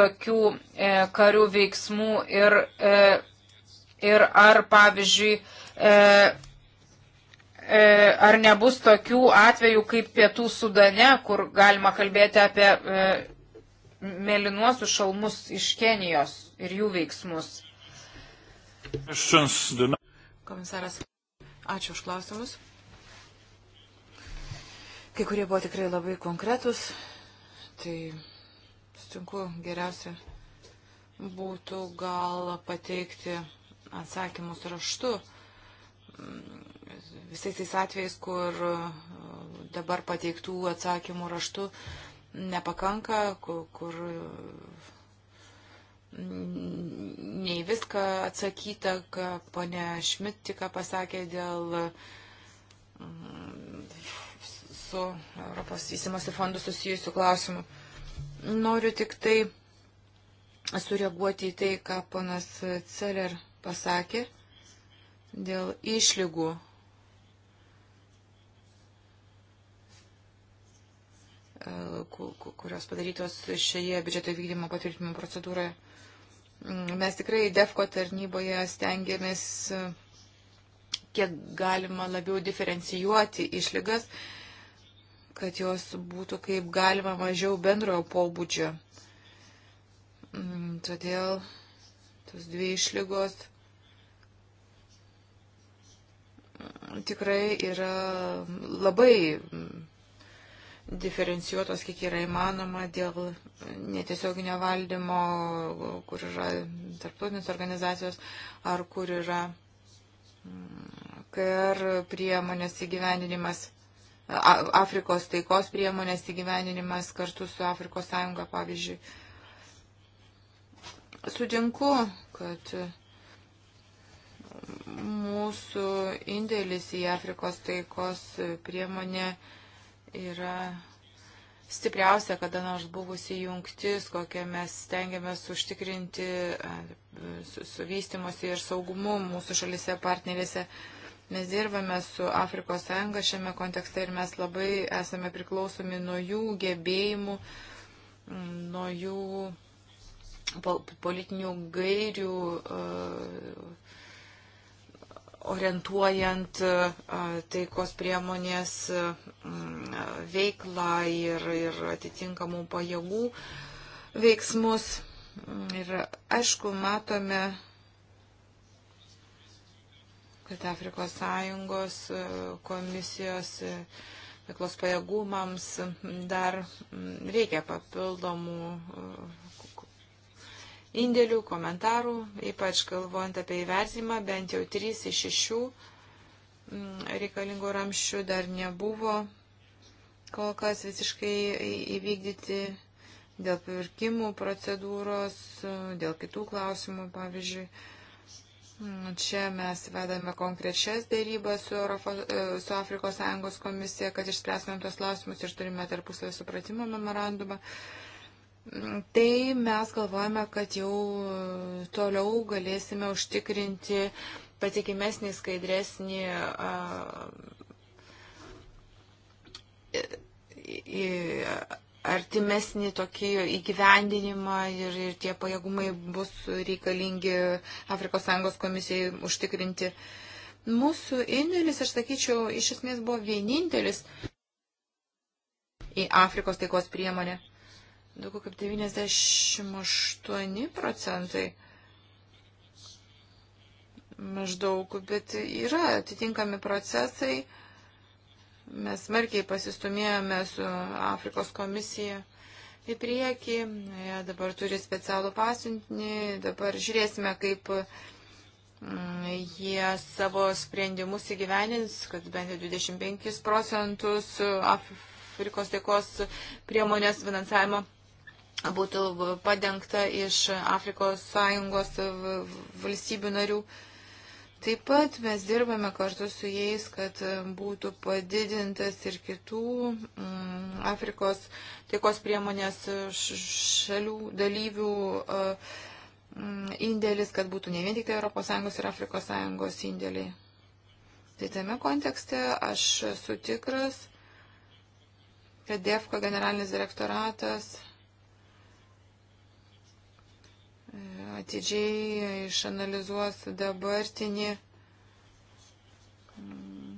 tokių e, karių veiksmų ir, e, ir ar, pavyzdžiui, e, E, ar nebus tokių atvejų kaip pietų sudane, kur galima kalbėti apie e, mėlynuosius šalmus iš Kenijos ir jų veiksmus. Komisaras, ačiū už klausimus. Kai kurie buvo tikrai labai konkretus, tai sutinku geriausia būtų gal pateikti atsakymus raštu mm, visais tais atvejais, kur e, dabar pateiktų atsakymų raštu nepakanka, kur, kur e, nei viską atsakyta, ką ponė Šmit tik pasakė dėl e, su Europos įsimosi fondu susijusių klausimų. Noriu tik tai sureaguoti į tai, ką ponas Celer pasakė dėl išlygų E, kurios padarytos šioje biudžeto vykdymo patvirtinimo procedūroje. Mm, mes tikrai DEFCO tarnyboje stengiamės e, kiek galima labiau diferencijuoti išlygas, kad jos būtų kaip galima mažiau bendrojo pobūdžio. Mm, todėl tos dvi išlygos mm, tikrai yra labai diferencijuotos, kiek yra įmanoma dėl netiesioginio valdymo, kur yra tarptautinės organizacijos, ar kur yra mm, KR priemonės įgyvendinimas, Afrikos taikos priemonės įgyvendinimas kartu su Afrikos sąjunga, pavyzdžiui. Sutinku, kad mūsų indėlis į Afrikos taikos priemonę yra stipriausia kada nors buvusi jungtis, kokią mes stengiamės užtikrinti suvystimuose ir saugumu mūsų šalise partnerėse. Mes dirbame su Afrikos Sąjunga šiame kontekste ir mes labai esame priklausomi nuo jų gebėjimų, nuo jų politinių gairių. Uh, orientuojant e, taikos priemonės veiklą ir, ir atitinkamų pajėgų veiksmus. Ir aišku, matome, kad Afrikos Sąjungos e, komisijos e, veiklos pajėgumams dar reikia papildomų indėlių, komentarų, ypač galvojant apie įvertimą, bent jau trys iš šešių mm, reikalingų ramščių dar nebuvo kol kas visiškai įvykdyti dėl pirkimų procedūros, dėl kitų klausimų, pavyzdžiui. Mm, čia mes vedame konkrečias dėrybas su, Europo, e, su Afrikos Sąjungos komisija, kad išspręstumėm tos klausimus ir turime tarpusavio supratimo memorandumą. Uh, tai mes galvojame, kad jau toliau galėsime užtikrinti patikimesnį, skaidresnį artimesnį tokį įgyvendinimą ir, ir tie pajėgumai bus reikalingi Afrikos Sąjungos komisijai užtikrinti. Mūsų indėlis, aš sakyčiau, iš esmės buvo vienintelis į Afrikos taikos priemonę daugiau kaip 98 procentai maždaug, bet yra atitinkami procesai. Mes smarkiai pasistumėjome su Afrikos komisija į priekį, jie dabar turi specialų pasiuntinį, dabar žiūrėsime, kaip mm, jie savo sprendimus įgyvenins, kad bent 25 procentus Afrikos taikos priemonės finansavimo būtų padengta iš Afrikos sąjungos valstybių narių. Taip pat mes dirbame kartu su jais, kad būtų padidintas ir kitų mm, Afrikos taikos priemonės šalių dalyvių mm, indėlis, kad būtų ne vien tik tai ES ir Afrikos sąjungos indėliai. Tai tame kontekste aš esu tikras, kad DEFCO generalinis direktoratas atidžiai išanalizuos dabartinį mm,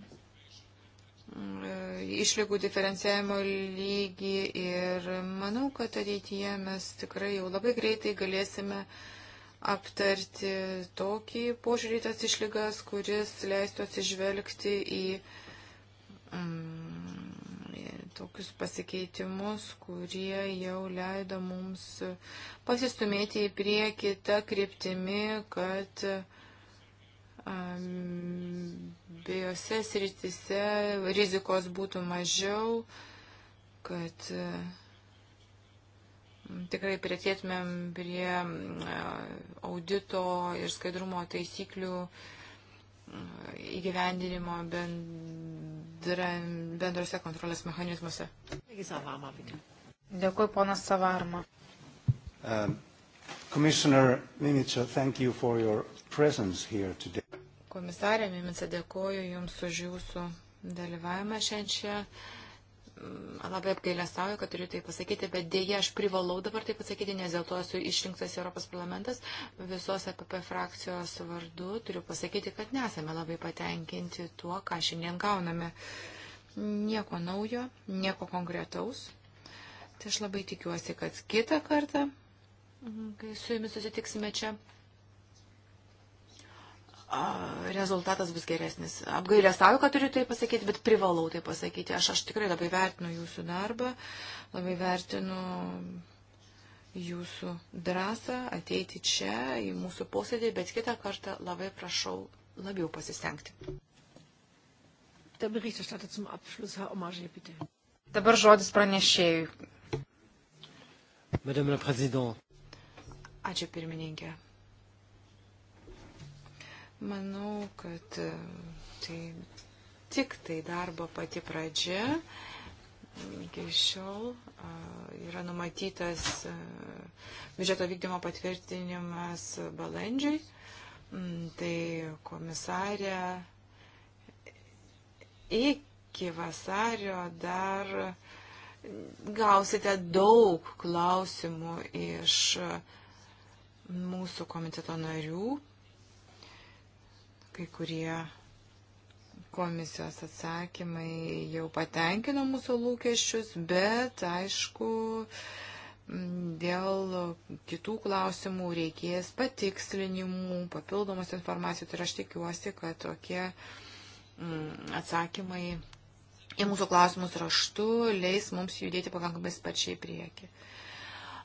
išlygų diferencijavimo lygį ir manau, kad ateityje mes tikrai jau labai greitai galėsime aptarti tokį požiūrį tas išlygas, kuris leistų atsižvelgti į mm, tokius pasikeitimus, kurie jau leido mums pasistumėti į priekį tą kryptimį, kad abiejose sritise rizikos būtų mažiau, kad tikrai prieėtumėm prie audito ir skaidrumo taisyklių įgyvendinimo bendrose kontrolės mechanizmuose. Dėkui, ponas Savarma. Um, Commissioner Mimica, thank you for your presence here today. Komisarė Mimica, dėkoju Jums už Jūsų dalyvavimą šiandien čia labai apgailestauju, kad turiu tai pasakyti, bet dėja aš privalau dabar tai pasakyti, nes dėl to esu išrinktas Europos parlamentas. Visos EPP frakcijos vardu turiu pasakyti, kad nesame labai patenkinti tuo, ką šiandien gauname. Nieko naujo, nieko konkretaus. Tai aš labai tikiuosi, kad kitą kartą, kai su jumis susitiksime čia, rezultatas bus geresnis. Apgailę savo, kad turiu tai pasakyti, bet privalau tai pasakyti. Aš, aš tikrai labai vertinu jūsų darbą, labai vertinu jūsų drąsą ateiti čia į mūsų posėdį, bet kitą kartą labai prašau labiau pasistengti. Dabar žodis pranešėjui. Madame la Présidente. Ačiū pirmininkė. Manau, kad e, tai tik tai darbo pati pradžia. Iki šiol e, yra numatytas e, biudžeto vykdymo patvirtinimas balandžiai. Mm, tai komisarė iki vasario dar gausite daug klausimų iš mūsų komiteto narių kai kurie komisijos atsakymai jau patenkino mūsų lūkesčius, bet aišku, dėl kitų klausimų reikės patikslinimų, papildomos informacijos ir aš tikiuosi, kad tokie mm, atsakymai į mūsų klausimus raštu leis mums judėti pakankamai sparčiai prieki.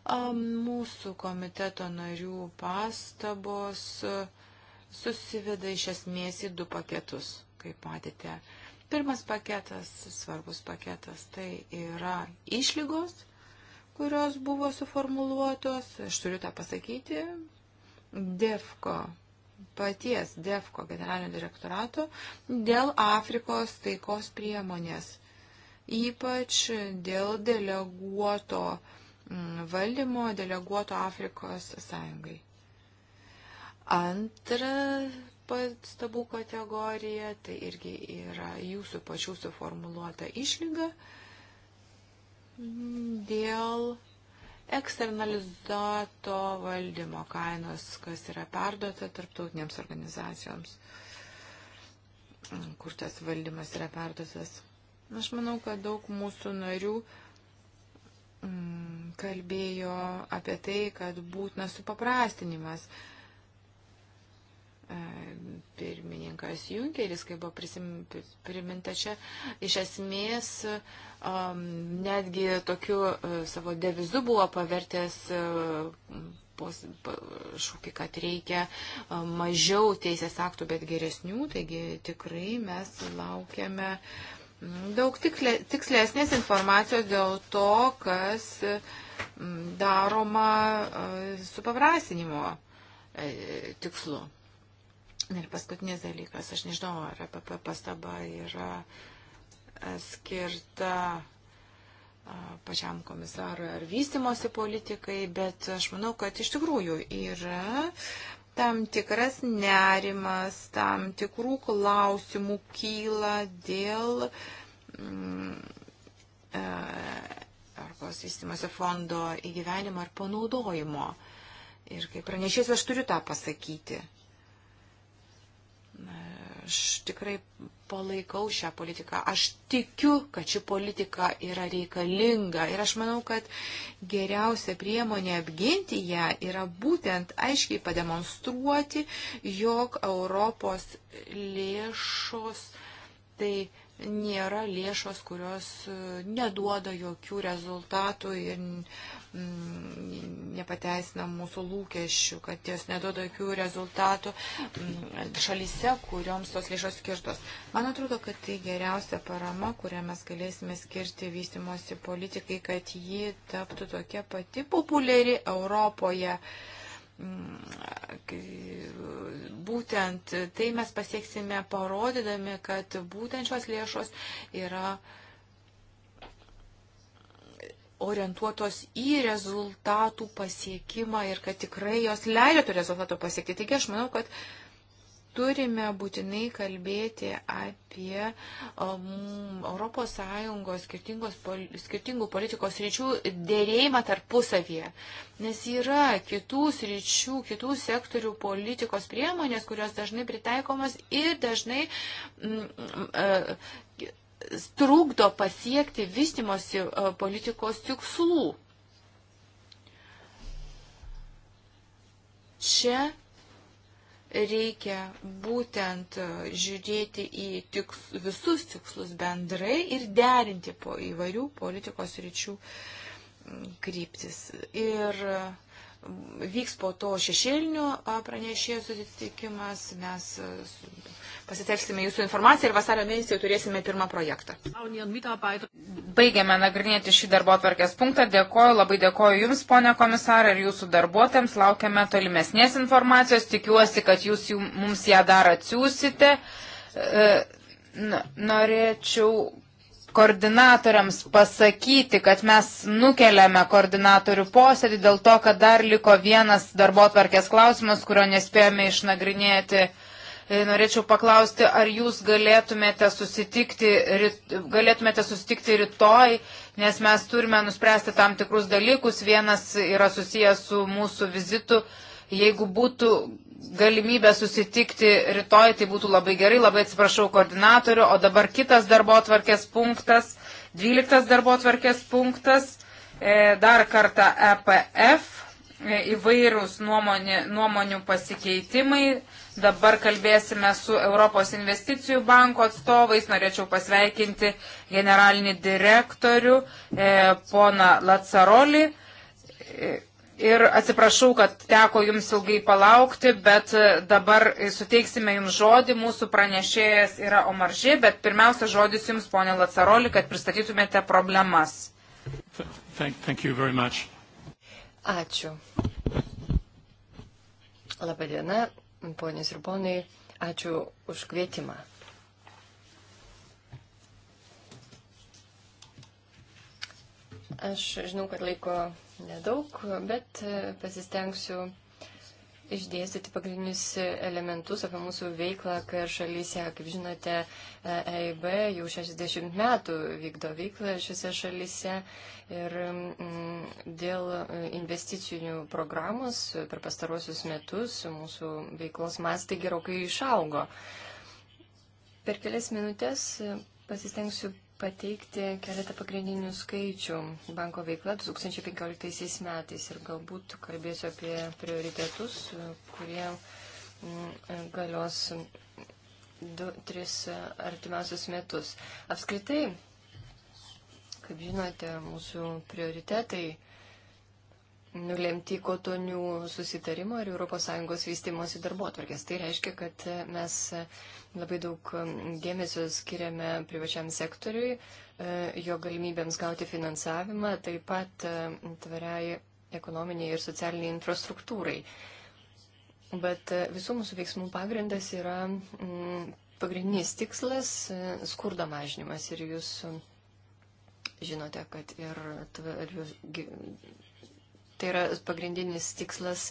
Mūsų komiteto narių pastabos. Uh, susiveda iš esmės į du paketus, kaip matėte. Pirmas paketas, svarbus paketas, tai yra išlygos, kurios buvo suformuluotos, aš turiu tą pasakyti, DEFCO, paties DEFCO generalinio direktorato, dėl Afrikos taikos priemonės, ypač dėl deleguoto mm, valdymo, deleguoto Afrikos sąjungai. Antra pastabų kategorija, tai irgi yra jūsų pačių suformuluota išlyga dėl eksternalizuoto valdymo kainos, kas yra perduota tarptautinėms organizacijoms, kur tas valdymas yra perduotas. Aš manau, kad daug mūsų narių mm, kalbėjo apie tai, kad būtinas supaprastinimas. paprastinimas pirmininkas Junkeris, kai buvo prisim, priminta čia, iš esmės um, netgi tokiu uh, savo devizu buvo pavertęs uh, pos, pa, šūkį, kad reikia uh, mažiau teisės aktų, bet geresnių, taigi tikrai mes laukiame daug tikle, tikslesnės informacijos dėl to, kas daroma su paprasinimo e, tikslu. Ir paskutinis dalykas, aš nežinau, ar APP pastaba yra e, skirta pačiam komisarui ar vystimosi politikai, bet aš manau, kad iš tikrųjų yra tam tikras nerimas, tam tikrų klausimų kyla dėl mm, e, Europos vystimosi fondo įgyvenimo ar panaudojimo. Ir kaip pranešės, aš turiu tą pasakyti. Aš tikrai palaikau šią politiką. Aš tikiu, kad ši politika yra reikalinga ir aš manau, kad geriausia priemonė apginti ją yra būtent aiškiai pademonstruoti, jog Europos lėšos tai nėra lėšos, kurios neduoda jokių rezultatų ir Mm, nepateisina mūsų lūkesčių, kad jos neduoda jokių rezultatų mm, šalyse, kurioms tos lėšos skirtos. Man atrodo, kad tai geriausia parama, kurią mes galėsime skirti vystimosi politikai, kad ji taptų tokia pati populiari Europoje. Mm, būtent tai mes pasieksime parodydami, kad būtent šios lėšos yra uh, orientuotos į rezultatų pasiekimą ir kad tikrai jos leidžia to rezultato pasiekti. Taigi aš manau, kad turime būtinai kalbėti apie um, ES pol, skirtingų politikos ryčių dėrėjimą tarpusavyje. Nes yra kitų sričių, kitų sektorių politikos priemonės, kurios dažnai pritaikomas ir dažnai mm, trukdo pasiekti vystimosi e, politikos tikslų. Čia reikia būtent e, žiūrėti į tiks, visus tikslus bendrai ir derinti po įvairių politikos ryčių kryptis. Ir e, vyks po to šešėlinio pranešėjų susitikimas, mes pasitelksime jūsų informaciją ir vasario mėnesį jau turėsime pirmą projektą. Baigiame nagrinėti šį darbo atvarkės punktą. Dėkoju, labai dėkoju Jums, ponė komisarė, ir jūsų darbuotėms. Laukiame tolimesnės informacijos. Tikiuosi, kad Jūs mums ją dar atsiūsite. E, norėčiau koordinatoriams pasakyti, kad mes nukeliame koordinatorių posėdį dėl to, kad dar liko vienas darbo tvarkės klausimas, kurio nespėjome išnagrinėti. E, norėčiau paklausti, ar jūs galėtumėte susitikti, galėtumėte susitikti rytoj, nes mes turime nuspręsti tam tikrus dalykus. Vienas yra susijęs su mūsų vizitu. Jeigu būtų galimybė susitikti rytoj, tai būtų labai gerai. Labai atsiprašau koordinatorių. O dabar kitas darbo atvarkės punktas, 12 darbo atvarkės punktas, e, dar kartą EPF, e, įvairūs nuomonė, nuomonių pasikeitimai Dabar kalbėsime su Europos investicijų banko atstovais. Norėčiau pasveikinti generalinį direktorių e, poną Lacarolį. E, ir atsiprašau, kad teko jums ilgai palaukti, bet e, dabar suteiksime jums žodį. Mūsų pranešėjas yra Omaržė, bet pirmiausia žodis jums, ponė Lacarolį, kad pristatytumėte problemas. Thank, thank you very much. Ačiū. Labadiena, ponės ir ponai, ačiū už kvietimą. Aš žinau, kad laiko nedaug, bet pasistengsiu išdėstyti pagrindinius elementus apie mūsų veiklą, kad šalyse, kaip žinote, EIB jau 60 metų vykdo veiklą šiuose šalyse ir mm, dėl investicinių programos per pastarosius metus mūsų veiklos mastai gerokai išaugo. Per kelias minutės pasistengsiu pateikti keletą pagrindinių skaičių banko veikla 2015 metais ir galbūt kalbėsiu apie prioritetus, kurie mm, galios 2-3 artimiausius metus. Apskritai, kaip žinote, mūsų prioritetai nulemti kotonių susitarimo ir ES vystimosi darbo atvarkės. Tai reiškia, kad mes labai daug dėmesio skiriame privačiam sektoriui, jo galimybėms gauti finansavimą, taip pat tvariai ekonominiai ir socialiniai infrastruktūrai. Bet visų mūsų veiksmų pagrindas yra mm, pagrindinis tikslas - skurdo mažinimas. Ir jūs žinote, kad ir tvarius Tai yra pagrindinis tikslas,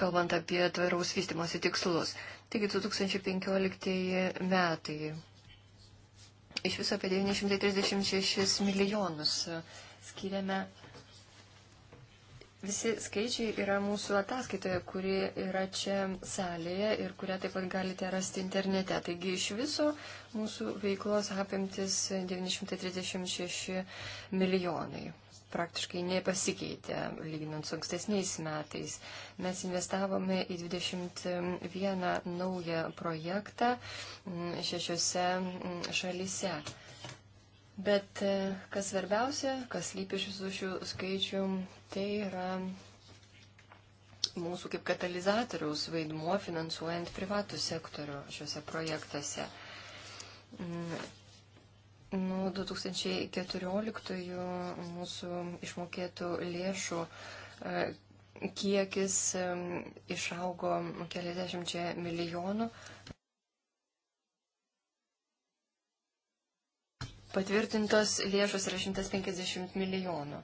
kalbant apie tvaraus vystimosi tikslus. Taigi 2015 metai. Iš viso apie 936 milijonus skiriame. Visi skaičiai yra mūsų ataskaitoje, kuri yra čia salėje ir kurią taip pat galite rasti internete. Taigi iš viso mūsų veiklos apimtis 936 milijonai praktiškai nepasikeitė, lyginant su ankstesniais metais. Mes investavome į 21 naują projektą mm, šešiose mm, šalise. Bet e, kas svarbiausia, kas lypi iš visų šių skaičių, tai yra mūsų kaip katalizatoriaus vaidmuo finansuojant privatų sektorių šiuose projektuose. Mm, Nuo 2014 mūsų išmokėtų lėšų e, kiekis e, išaugo keliasdešimčia milijonų. Patvirtintos lėšos yra 150 milijonų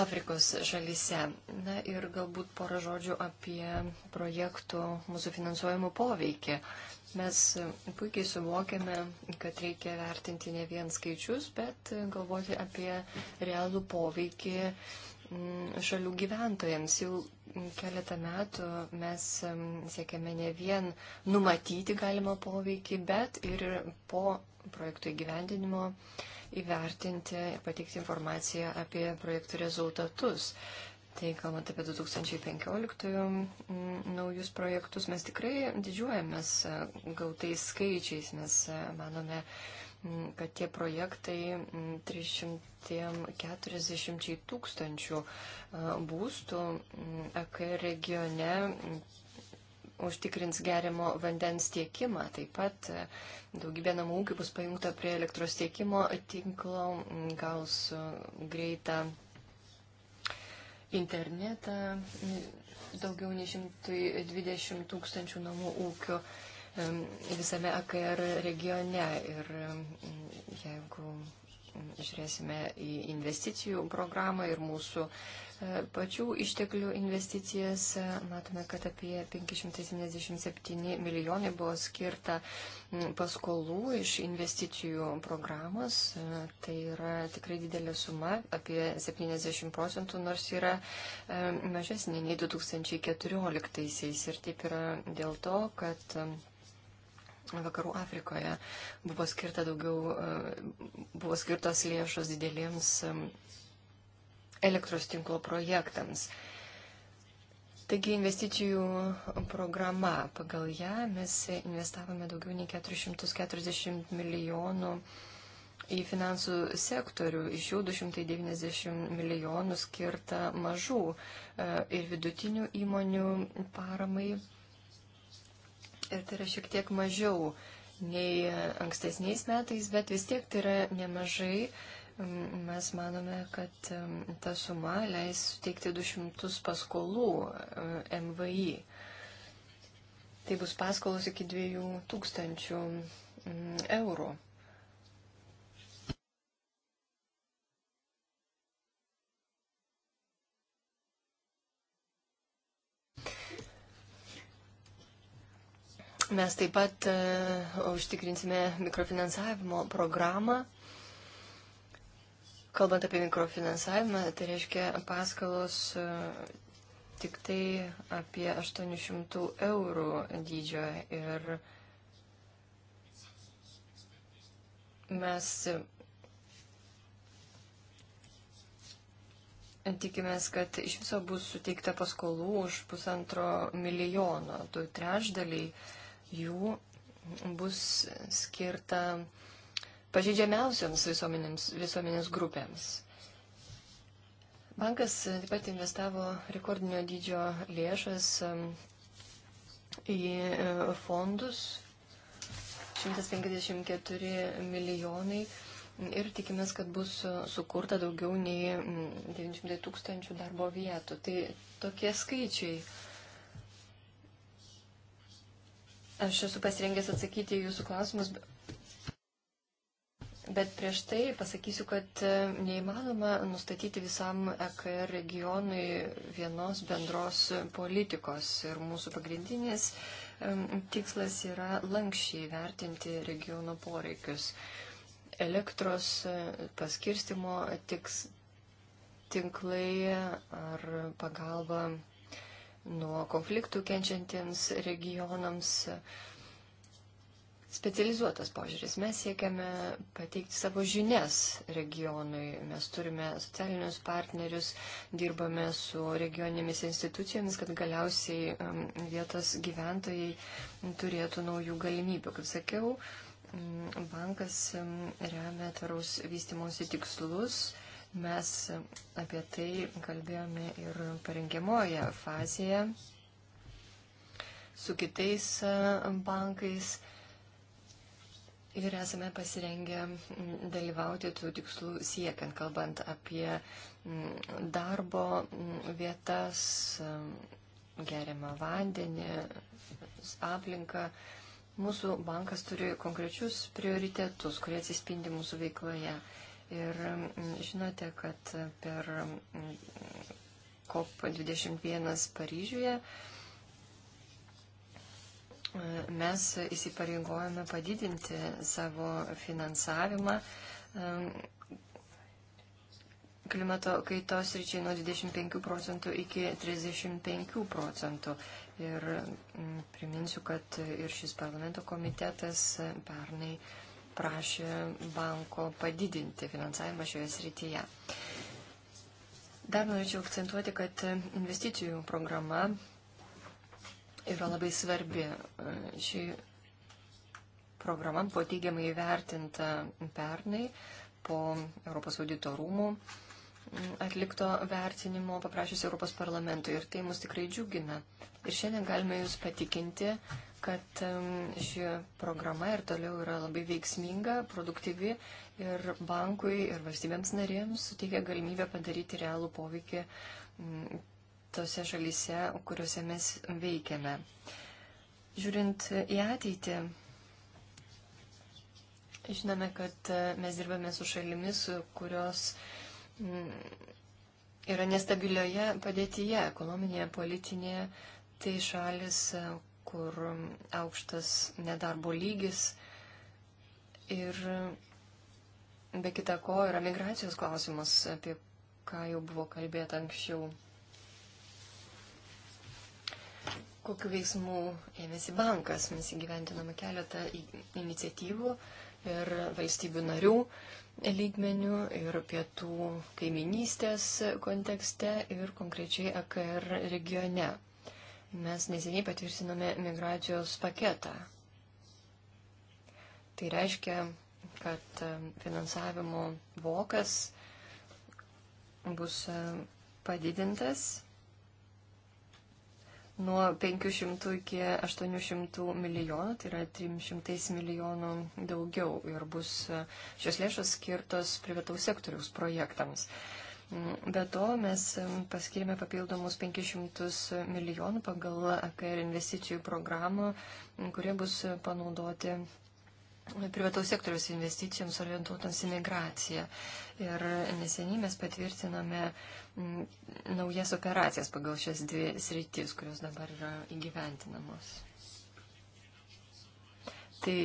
Afrikos šalyse. Na ir galbūt porą žodžių apie projektų mūsų finansuojamų poveikį. Mes puikiai suvokiame, kad reikia vertinti ne vien skaičius, bet galvoti apie realų poveikį mm, šalių gyventojams. Jau keletą metų mes mm, siekiame ne vien numatyti galimą poveikį, bet ir po projektų įgyvendinimo įvertinti ir pateikti informaciją apie projektų rezultatus. Tai kalbant apie 2015 mm, naujus projektus, mes tikrai didžiuojamės e, gautais skaičiais, mes e, manome, mm, kad tie projektai 340 mm, tūkstančių e, būstų AK regione užtikrins gerimo vandens tiekimą. Taip pat daugybė namų ūkių bus pajungta prie elektros tiekimo tinklo, gaus greitą internetą daugiau nei 120 tūkstančių namų ūkių visame AKR regione. Ir jeigu žiūrėsime į investicijų programą ir mūsų pačių išteklių investicijas. Matome, kad apie 577 milijonai buvo skirta paskolų iš investicijų programos. Tai yra tikrai didelė suma, apie 70 procentų, nors yra e, mažesnė nei 2014-aisiais. Ir taip yra dėl to, kad Vakarų Afrikoje buvo, skirta daugiau, e, buvo skirtos lėšos didelėms elektros tinklo projektams. Taigi investicijų programa, pagal ją mes investavome daugiau nei 440 milijonų į finansų sektorių, iš jų 290 milijonų skirta mažų e, ir vidutinių įmonių paramai. Ir tai yra šiek tiek mažiau nei ankstesniais metais, bet vis tiek tai yra nemažai Mes manome, kad ta suma leis suteikti 200 paskolų MVI. Tai bus paskolos iki 2000 eurų. Mes taip pat uh, užtikrinsime mikrofinansavimo programą Kalbant apie mikrofinansavimą, tai reiškia paskalos e, tik tai apie 800 eurų dydžio ir mes tikimės, kad iš viso bus suteikta paskolų už pusantro milijono. Du trešdaliai jų bus skirta pažydžiamiausiams visuomenės grupėms. Bankas taip pat investavo rekordinio dydžio lėšas um, į uh, fondus 154 milijonai ir tikimės, kad bus uh, sukurta daugiau nei 900 mm, tūkstančių darbo vietų. Tai tokie skaičiai. Aš esu pasirengęs atsakyti į jūsų klausimus, Bet prieš tai pasakysiu, kad e, neįmanoma nustatyti visam EKR regionui vienos bendros politikos. Ir mūsų pagrindinis e, tikslas yra lankščiai vertinti regiono poreikius. Elektros e, paskirstimo tiks, tinklai ar pagalba nuo konfliktų kenčiantiems regionams specializuotas požiūris. Mes siekiame pateikti savo žinias regionui. Mes turime socialinius partnerius, dirbame su regioninėmis institucijomis, kad galiausiai um, vietos gyventojai turėtų naujų galimybių. Kaip sakiau, um, bankas um, remia tvaraus vystimosi tikslus. Mes apie tai kalbėjome ir parengiamoje fazėje su kitais uh, bankais ir esame pasirengę mm, dalyvauti tų tikslų siekiant, kalbant apie mm, darbo mm, vietas, geriamą vandenį, aplinką. Mūsų bankas turi konkrečius prioritetus, kurie atsispindi mūsų veikloje. Ir žinote, kad per COP21 Paryžiuje mes įsipareigojame padidinti savo finansavimą klimato kaitos ryčiai nuo 25 procentų iki 35 procentų. Ir priminsiu, kad ir šis parlamento komitetas pernai prašė banko padidinti finansavimą šioje srityje. Dar norėčiau akcentuoti, kad investicijų programa yra labai svarbi. Ši programa buvo teigiamai įvertinta pernai po Europos audito rūmų atlikto vertinimo paprašys Europos parlamentui ir tai mus tikrai džiugina. Ir šiandien galime Jūs patikinti, kad ši programa ir toliau yra labai veiksminga, produktyvi ir bankui ir valstybėms narėms suteikia galimybę padaryti realų poveikį tose šalyse, kuriuose mes veikiame. Žiūrint į ateitį, žinome, kad e, mes dirbame su šalimis, kurios mm, yra nestabilioje padėtyje, ekonominėje, politinėje. Tai šalis, e, kur aukštas nedarbo lygis ir be kita ko yra migracijos klausimas, apie ką jau buvo kalbėta anksčiau. Kokiu veiksmu ėmėsi bankas? Mes įgyventinome keletą iniciatyvų ir valstybių narių lygmenių ir pietų kaiminystės kontekste ir konkrečiai AKR regione. Mes neseniai patvirtinome migracijos paketą. Tai reiškia, kad e, finansavimo vokas bus e, padidintas nuo 500 iki 800 milijonų, tai yra 300 milijonų daugiau ir bus e, šios lėšos skirtos privataus sektoriaus projektams. Mm, be to mes e, paskirime papildomus 500 milijonų pagal AKR investicijų programą, kurie bus e, panaudoti privataus sektoriaus investicijoms orientuotams į migraciją. Ir neseniai mes patvirtiname mm, naujas operacijas pagal šias dvi sritis, kurios dabar yra įgyventinamos. Tai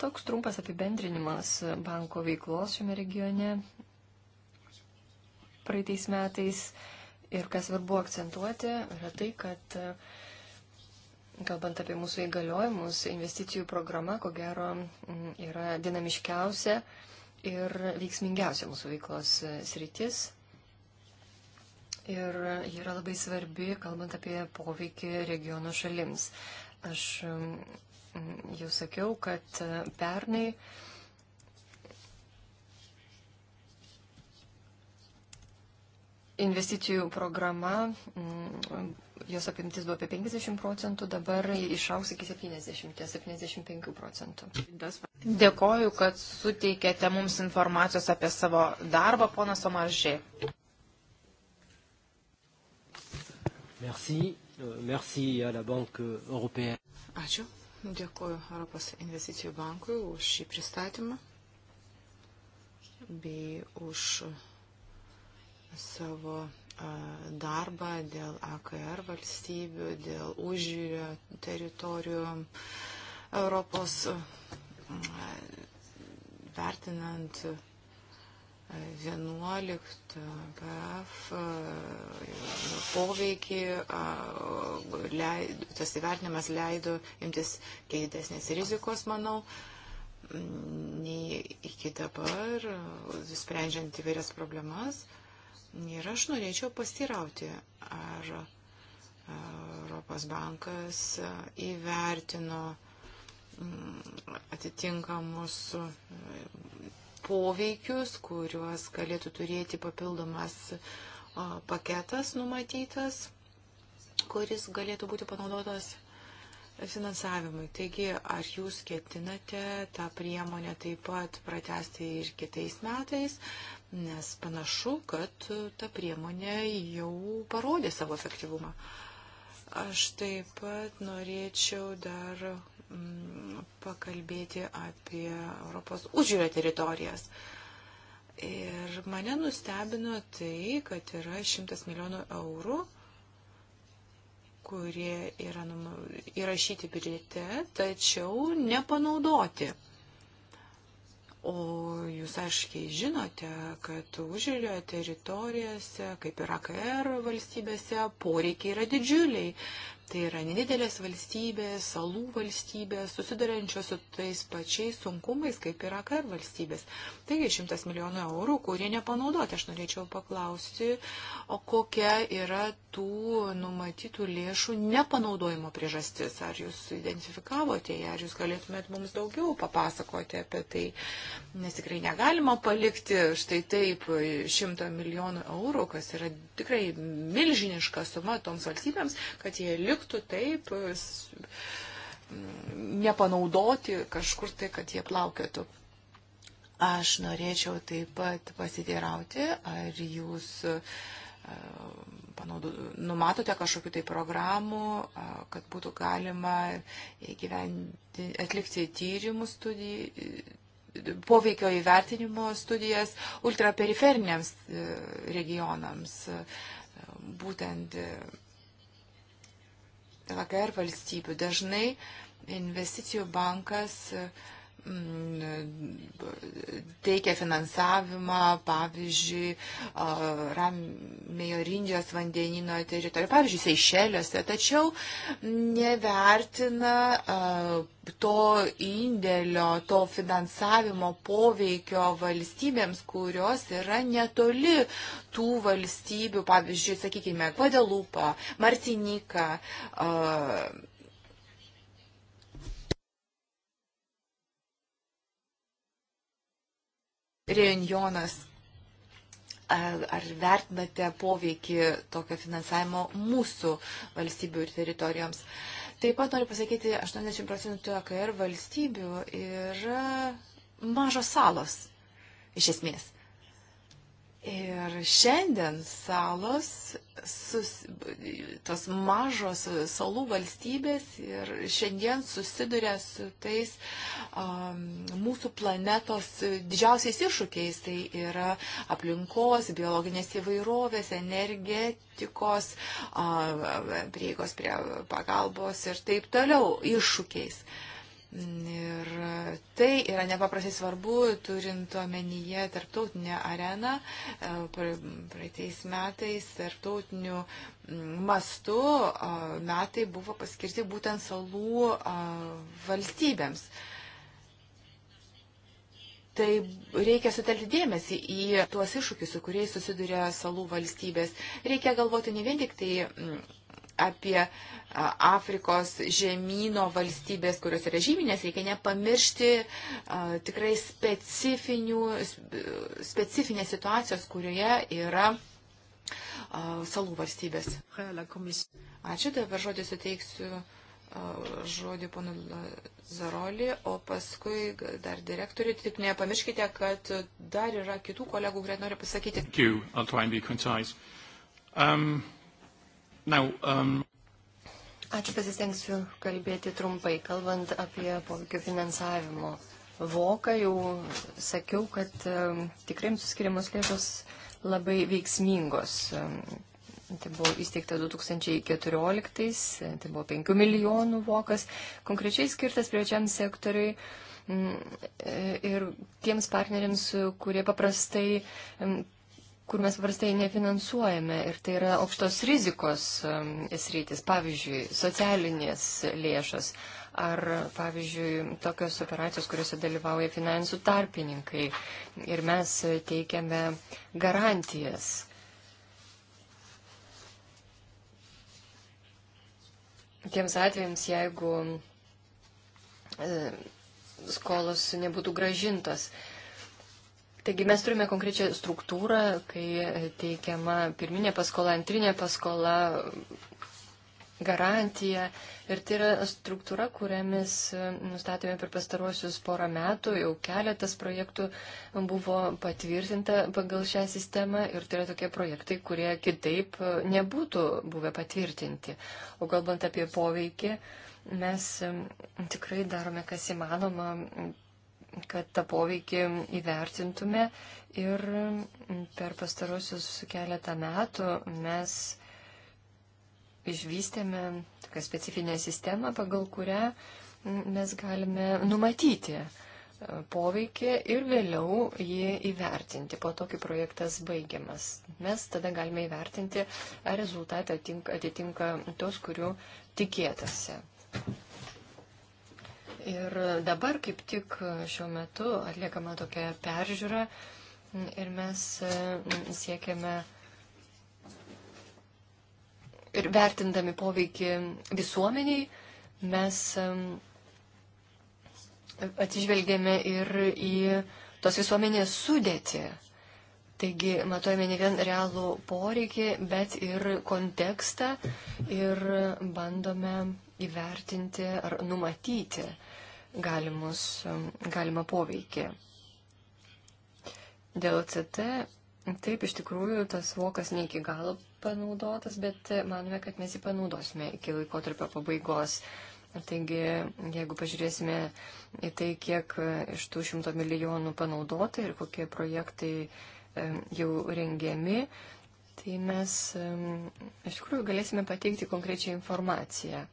toks trumpas apibendrinimas banko veiklos šiame regione praeitais metais. Ir kas svarbu akcentuoti, yra tai, kad uh, kalbant apie mūsų įgaliojimus, investicijų programa, ko gero, mm, yra dinamiškiausia ir veiksmingiausia mūsų veiklos e, sritis. Ir ji yra labai svarbi, kalbant apie poveikį regiono šalims. Aš mm, mm, jau sakiau, kad e, pernai investicijų programa jos apimtis buvo apie 50 procentų, dabar išauks iki 70-75 procentų. Dėkoju, kad suteikėte mums informacijos apie savo darbą, ponas Omaržiai. Merci. Euh, merci à la Banque européenne. Ačiū. Dėkuoju Europos investicijų bankui už šį pristatymą bei už savo darbą dėl AKR valstybių, dėl užjūrio teritorijų Europos, vertinant 11 PF poveikį, tas įvertinimas leido imtis kiek didesnės rizikos, manau, nei iki dabar, sprendžiant įvairias problemas. Ir aš norėčiau pasirauti, ar Europos bankas įvertino mm, atitinkamus poveikius, kuriuos galėtų turėti papildomas paketas numatytas, kuris galėtų būti panaudotas finansavimui. Taigi, ar jūs ketinate tą priemonę taip pat pratesti ir kitais metais, nes panašu, kad ta priemonė jau parodė savo efektyvumą. Aš taip pat norėčiau dar mm, pakalbėti apie Europos užjūrio teritorijas. Ir mane nustebino tai, kad yra 100 milijonų eurų kurie yra įrašyti biudžete, tačiau nepanaudoti. O jūs aiškiai žinote, kad užžiūrio teritorijose, kaip ir AKR valstybėse, poreikiai yra didžiuliai. Tai yra nedidelės valstybės, salų valstybės, susidariančios su tais pačiais sunkumais, kaip yra kar valstybės. Taigi šimtas milijonų eurų, kurie nepanaudoti. Aš norėčiau paklausti, o kokia yra tų numatytų lėšų nepanaudojimo priežastis. Ar jūs identifikavote ją, ar jūs galėtumėt mums daugiau papasakoti apie tai. Nes tikrai negalima palikti štai taip šimto milijonų eurų, kas yra tikrai milžiniška suma toms valstybėms, kad jie liktų neliktų taip nepanaudoti kažkur tai, kad jie plaukėtų. Aš norėčiau taip pat pasiteirauti, ar jūs e, panaudu, numatote kažkokiu tai programu, e, kad būtų galima įgyventi, atlikti tyrimų studijų e, poveikio įvertinimo studijas ultraperiferiniams regionams, būtent AKR valstybių. Dažnai investicijų bankas uh, teikia finansavimą, pavyzdžiui, Ramėjo Rindijos vandenino teritorijoje, pavyzdžiui, Seišeliuose, tačiau nevertina to indėlio, to finansavimo poveikio valstybėms, kurios yra netoli tų valstybių, pavyzdžiui, sakykime, Guadalupa, Martinika. Uh, Reunjonas, ar vertinate poveikį tokio finansavimo mūsų valstybių ir teritorijoms? Taip pat noriu pasakyti, 80 procentų AKR valstybių yra mažos salos, iš esmės. Ir šiandien salos, sus, tos mažos salų valstybės ir šiandien susiduria su tais um, mūsų planetos didžiausiais iššūkiais. Tai yra aplinkos, biologinės įvairovės, energetikos, um, prieigos prie pagalbos ir taip toliau iššūkiais. Uh, Ir tai yra nepaprastai svarbu, turint omenyje tarptautinę areną. E, praeitais metais tarptautiniu mm, mastu e, metai buvo paskirti būtent salų e, valstybėms. Tai reikia sutelkti dėmesį į tuos iššūkius, su kuriais susiduria salų valstybės. Reikia galvoti ne vien tik tai mm, apie Afrikos žemynų valstybės, kurios yra žyminės, reikia nepamiršti tikrai specifinės situacijos, kurioje yra salų valstybės. Ačiū, dabar žodį suteiksiu žodį ponu Zarolį, o paskui dar direktoriui. Tik nepamirškite, kad dar yra kitų kolegų, kurie nori pasakyti. Thank you. I'll try and be concise. Um, Now, um... Ačiū pasistengsiu kalbėti trumpai, kalbant apie poveikio finansavimo. Voką jau sakiau, kad um, tikrai suskiriamos lėšos labai veiksmingos. Um, tai buvo įsteigta 2014, tai buvo 5 milijonų vokas, konkrečiai skirtas privačiam sektoriui mm, e, ir tiems partneriams, kurie paprastai mm, kur mes varstai nefinansuojame ir tai yra aukštos rizikos um, sritis, pavyzdžiui, socialinės lėšas ar, pavyzdžiui, tokios operacijos, kuriuose dalyvauja finansų tarpininkai ir mes teikiame garantijas. Tiems atvejams, jeigu e, skolos nebūtų gražintos. Taigi mes turime konkrečią struktūrą, kai teikiama pirminė paskola, antrinė paskola, garantija. Ir tai yra struktūra, kuriamis nustatėme per pastaruosius porą metų, jau keletas projektų buvo patvirtinta pagal šią sistemą ir tai yra tokie projektai, kurie kitaip nebūtų buvę patvirtinti. O kalbant apie poveikį, mes tikrai darome kas įmanoma kad tą poveikį įvertintume ir per pastarosius keletą metų mes išvystėme tokią specifinę sistemą, pagal kurią mes galime numatyti poveikį ir vėliau jį įvertinti. Po to, kai projektas baigiamas, mes tada galime įvertinti, ar rezultatai atitinka, atitinka tos, kurių tikėtasi. Ir dabar kaip tik šiuo metu atliekama tokia peržiūra ir mes mm, siekiame ir vertindami poveikį visuomeniai, mes mm, atsižvelgėme ir į tos visuomenės sudėtį. Taigi matojame ne vien realų poreikį, bet ir kontekstą ir bandome įvertinti ar numatyti galimus, um, galimą poveikį. Dėl CT, taip iš tikrųjų tas vokas ne iki galo panaudotas, bet manome, kad mes jį panaudosime iki laikotarpio pabaigos. Taigi, jeigu pažiūrėsime į tai, kiek e, iš tų šimto milijonų panaudota ir kokie projektai e, jau rengiami, tai mes e, iš tikrųjų galėsime pateikti konkrečią informaciją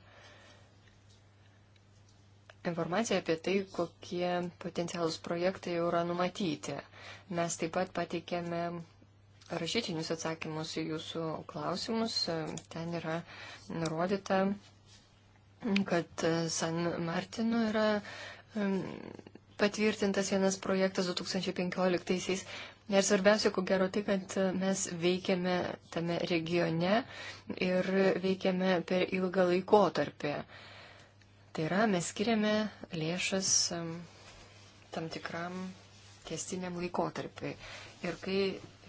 informaciją apie tai, kokie potencialus projektai jau yra numatyti. Mes taip pat pateikėme rašytinius atsakymus į jūsų klausimus. Ten yra nurodyta, kad San Martino yra um, patvirtintas vienas projektas 2015-aisiais. Ir svarbiausia, ko gero, tai, kad mes veikiame tame regione ir veikiame per ilgą laikotarpį. Tai yra, mes skiriame lėšas tam tikram testiniam laikotarpiui. Ir kai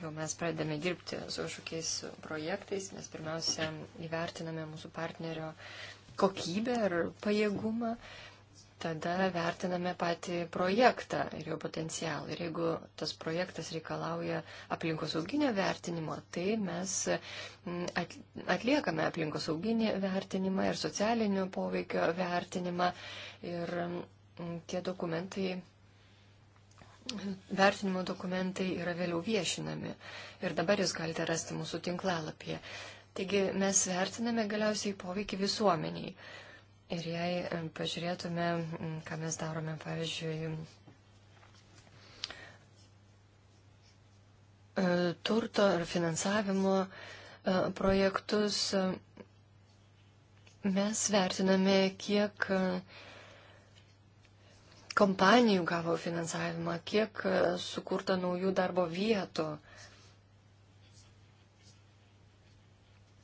jau mes pradedame dirbti su kažkokiais projektais, mes pirmiausia įvertiname mūsų partnerio kokybę ir pajėgumą. Uh, tada vertiname patį projektą ir jo potencialą. Ir jeigu tas projektas reikalauja aplinkosauginio vertinimo, tai mes mm, atliekame aplinkosauginį vertinimą ir socialinio poveikio vertinimą. Ir mm, tie dokumentai vertinimo dokumentai yra vėliau viešinami ir dabar jūs galite rasti mūsų tinklalapyje. Taigi mes vertiname galiausiai poveikį visuomeniai. Ir jei pažiūrėtume, ką mes darome, pavyzdžiui, e, turto ar finansavimo e, projektus, e, mes vertiname, kiek kompanijų gavo finansavimą, kiek sukurta naujų darbo vietų.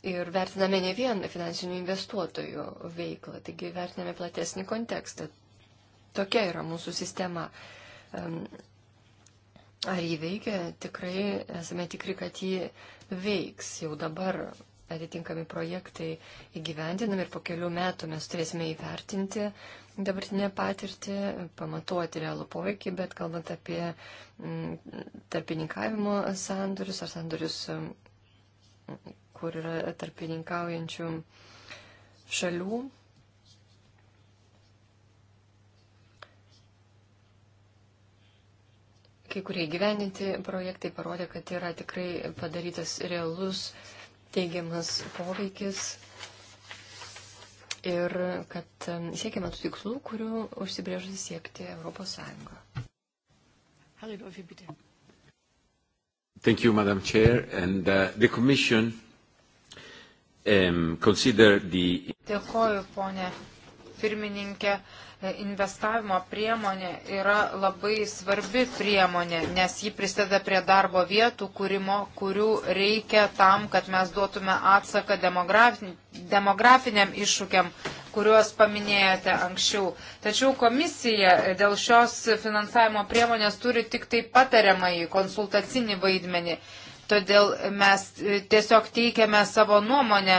ir vertiname ne vien finansinių investuotojų veiklą, taigi vertiname platesnį kontekstą. Tokia yra mūsų sistema. Ar jį veikia? Tikrai esame tikri, kad jį veiks. Jau dabar atitinkami projektai įgyvendinami ir po kelių metų mes turėsime įvertinti dabartinę patirtį, pamatuoti realų poveikį, bet kalbant apie tarpininkavimo sandorius ar sandorius kur yra tarpininkaujančių šalių. Kai kurie gyveninti projektai parodė, kad yra tikrai padarytas realus teigiamas poveikis ir kad siekiame tų tikslų, kurių užsibrėžusi siekti Europos Sąjunga. Hallo, Leute, bitte. Thank you, Madam Chair. And uh, the Commission um, consider the... Dėkoju, ponė pirmininkė. E, investavimo priemonė yra labai svarbi priemonė, nes ji prisideda prie darbo vietų kūrimo, kurių reikia tam, kad mes duotume atsaką demografiniam iššūkiam kuriuos paminėjote anksčiau. Tačiau komisija dėl šios finansavimo priemonės turi tik tai patariamąjį konsultacinį vaidmenį. Todėl mes e, tiesiog teikiame savo nuomonę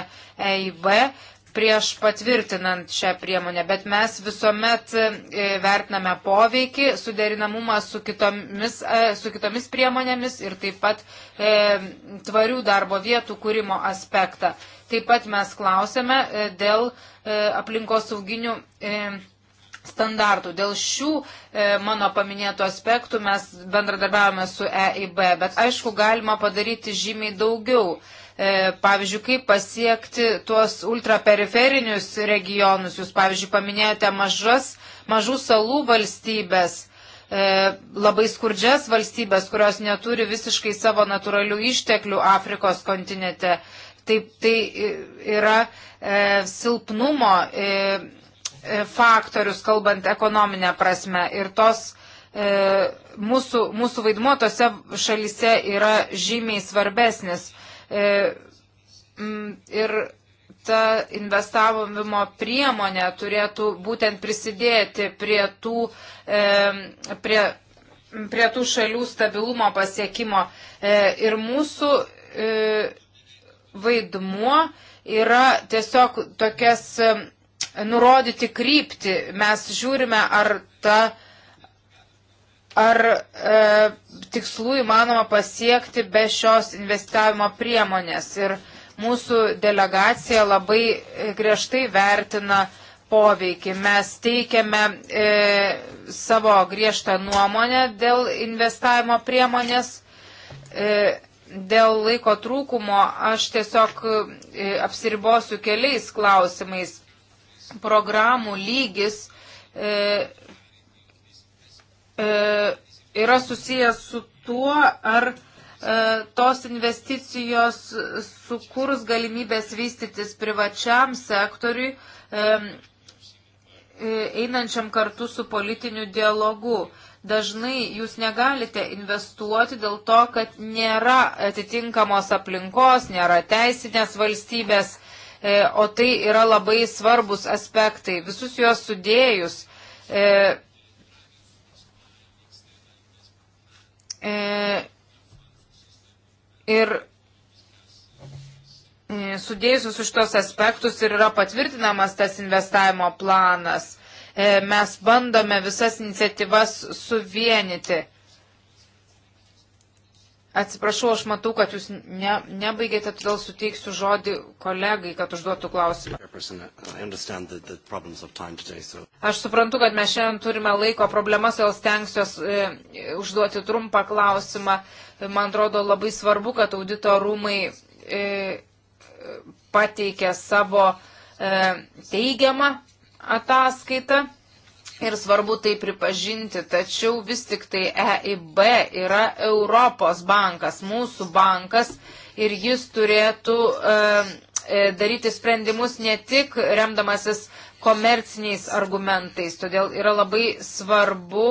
EIB prieš patvirtinant šią priemonę, bet mes visuomet e, vertiname poveikį, suderinamumą su kitomis, e, su kitomis priemonėmis ir taip pat e, tvarių darbo vietų kūrimo aspektą. Taip pat mes klausėme e, dėl e, aplinkosauginių e, standartų. Dėl šių e, mano paminėtų aspektų mes bendradarbiavome su EIB, bet aišku, galima padaryti žymiai daugiau. E, pavyzdžiui, kaip pasiekti tuos ultraperiferinius regionus. Jūs, pavyzdžiui, paminėjote mažas, mažų salų valstybės, e, labai skurdžias valstybės, kurios neturi visiškai savo natūralių išteklių Afrikos kontinente. E, taip, tai e, yra e, silpnumo e, e, faktorius, kalbant ekonominę prasme. Ir tos e, mūsų, mūsų vaidmuo tose šalise yra žymiai svarbesnis. E, ir ta investavimo priemonė turėtų būtent prisidėti prie tų, e, prie, prie tų šalių stabilumo pasiekimo. E, ir mūsų e, vaidmuo yra tiesiog tokias nurodyti krypti. Mes žiūrime, ar ta ar e, tikslų įmanoma pasiekti be šios investavimo priemonės. Ir mūsų delegacija labai e, griežtai vertina poveikį. Mes teikiame e, savo griežtą nuomonę dėl investavimo priemonės. E, Dėl laiko trūkumo aš tiesiog e, apsiribosiu keliais klausimais. Programų lygis e, e, yra susijęs su tuo, ar e, tos investicijos sukurs galimybės vystytis privačiam sektoriui, e, e einančiam kartu su politiniu dialogu. E, dažnai jūs negalite investuoti dėl to, kad nėra atitinkamos aplinkos, nėra teisinės valstybės, e, o tai yra labai svarbus aspektai. Visus juos sudėjus. E, e, ir sudėjusius už tos aspektus ir yra patvirtinamas tas investavimo planas. E, mes bandome visas iniciatyvas suvienyti. Atsiprašau, aš matau, kad jūs ne, nebaigėte, todėl suteiksiu žodį kolegai, kad užduotų klausimą. Aš suprantu, kad mes šiandien turime laiko problemas, jau stengsiuos e, užduoti trumpą klausimą. Man atrodo labai svarbu, kad audito rūmai e, pateikė savo e, teigiamą ataskaitą ir svarbu tai pripažinti, tačiau vis tik tai EIB yra Europos bankas, mūsų bankas ir jis turėtų e, daryti sprendimus ne tik remdamasis komerciniais argumentais, todėl yra labai svarbu,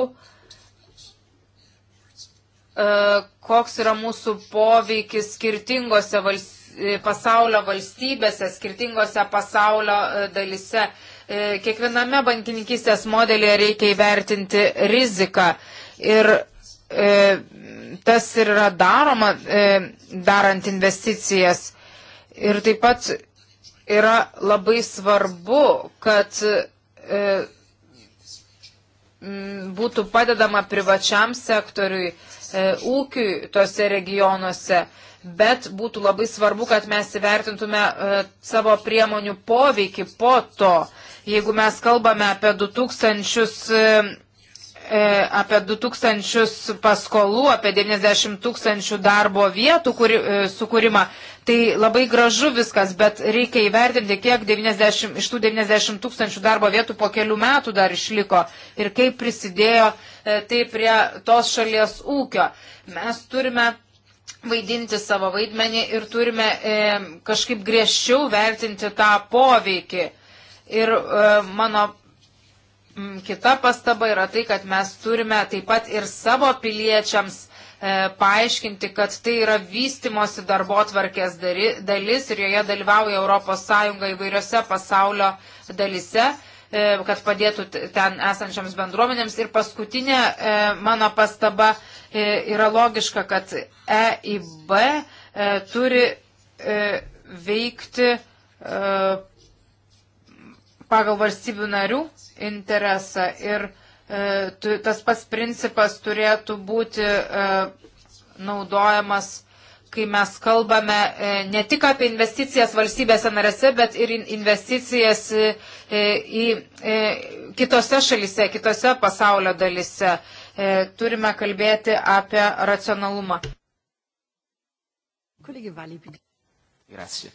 e, koks yra mūsų poveikis skirtingose valstybėse pasaulio valstybėse, skirtingose pasaulio e, dalise. E, kiekviename bankininkystės modelėje reikia įvertinti riziką. Ir e, tas ir yra daroma, e, darant investicijas. Ir taip pat yra labai svarbu, kad e, būtų padedama privačiam sektoriui, e, ūkiui tose regionuose, bet būtų labai svarbu, kad mes įvertintume e, savo priemonių poveikį po to. E, Jeigu mes kalbame apie 2000 e, e, apie 2000 paskolų, apie 90 tūkstančių darbo vietų kuri, e, sukūrimą. Tai labai gražu viskas, bet reikia įvertinti, kiek 90, iš tų 90 tūkstančių darbo vietų po kelių metų dar išliko ir kaip prisidėjo tai prie tos šalies ūkio. Mes turime vaidinti savo vaidmenį ir turime e, kažkaip griežčiau vertinti tą poveikį. E, Ir e, mano kita pastaba yra tai, kad mes turime taip pat ir savo piliečiams e, paaiškinti, kad tai yra vystimosi darbo tvarkės dalis ir joje dalyvauja ES įvairiose pasaulio dalise e, kad padėtų ten esančiams bendruomenėms. Ir paskutinė mano pastaba yra logiška, kad EIB turi veikti pagal valstybių narių interesą ir e, tas pats principas turėtų būti e, naudojamas, kai mes kalbame e, ne tik apie investicijas valstybėse narėse, bet ir investicijas e, e, į e, kitose šalise, kitose pasaulio dalise. E, turime kalbėti apie racionalumą. Colleghi Vali, Grazie.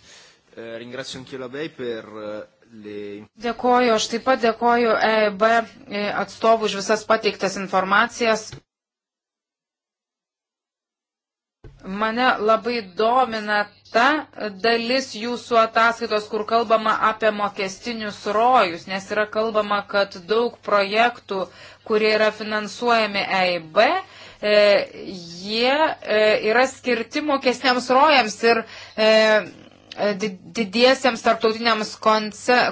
Eh, ringrazio anch'io la BEI per Dėkoju, aš taip pat dėkoju EIB e, atstovų už visas pateiktas informacijas. Mane labai domina ta dalis jūsų ataskaitos, kur kalbama apie mokestinius rojus, nes yra kalbama, kad daug projektų, kurie yra finansuojami EIB, e, jie e, yra skirti mokestiniams rojams ir e, E, didiesiems tarptautiniams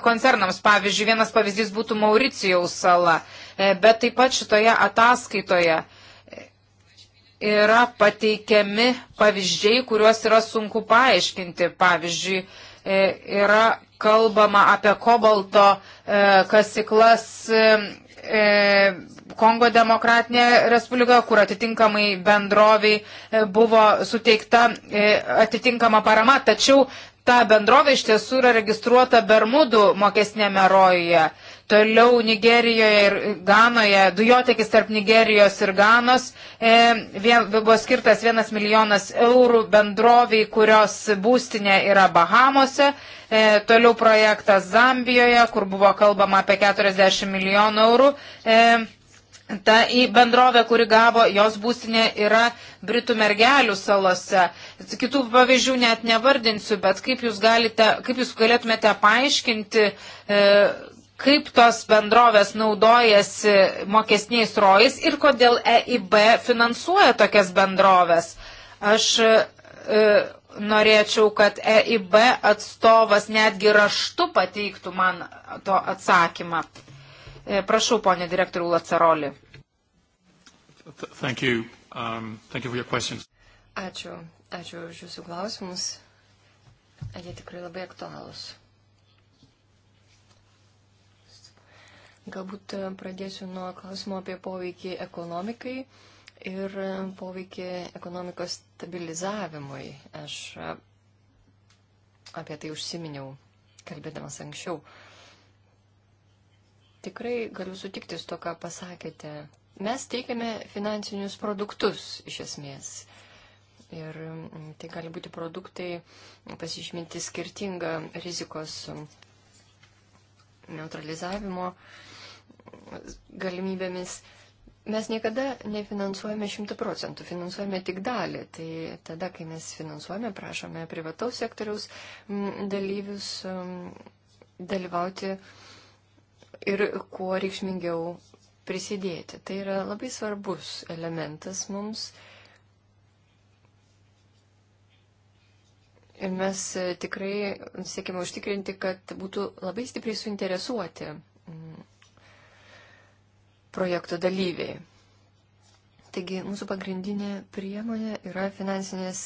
koncernams. Pavyzdžiui, vienas pavyzdys būtų Mauricijaus sala, e, bet taip pat šitoje ataskaitoje yra pateikiami pavyzdžiai, kuriuos yra sunku paaiškinti. Pavyzdžiui, e, yra kalbama apie kobalto kasiklas E, Kongo demokratinė respublika, kur atitinkamai bendroviai e, buvo suteikta e, atitinkama parama, tačiau ta bendrovė iš tiesų yra registruota Bermudų mokesnėme rojuje. Toliau Nigerijoje ir Ganoje, dujotekis tarp Nigerijos ir Ganos, e, vien, buvo skirtas vienas milijonas eurų bendroviai, kurios būstinė yra Bahamose. E, E, toliau projektas Zambijoje, kur buvo kalbama apie 40 milijonų eurų. E, Ta bendrovė, kuri gavo jos būstinė, yra Britų mergelių salose. Kitų pavyzdžių net nevardinsiu, bet kaip jūs, galite, kaip jūs galėtumėte paaiškinti, e, kaip tos bendrovės naudojasi mokesniais rojais ir kodėl EIB finansuoja tokias bendrovės. Aš e, norėčiau, kad EIB atstovas netgi raštu pateiktų man to atsakymą. E, prašau, ponė direktorių Laceroli. Thank you. Um, thank you for your questions. Ačiū. Ačiū už Jūsų klausimus. Jie tikrai labai aktualūs. Galbūt pradėsiu nuo klausimo apie poveikį ekonomikai ir poveikį ekonomikos stabilizavimui. Aš e, apie tai užsiminiau, kalbėdamas anksčiau. Tikrai galiu sutikti su to, ką pasakėte. Mes teikiame finansinius produktus iš esmės. Ir mm, tai gali būti produktai pasižyminti skirtingą rizikos mm, neutralizavimo mm, galimybėmis. Mes niekada nefinansuojame 100 procentų, finansuojame tik dalį. Tai tada, kai mes finansuojame, prašome privataus sektoriaus dalyvius dalyvauti ir kuo reikšmingiau prisidėti. Tai yra labai svarbus elementas mums. Ir mes tikrai siekime užtikrinti, kad būtų labai stipriai suinteresuoti projekto dalyviai. Taigi mūsų pagrindinė priemonė yra finansinės,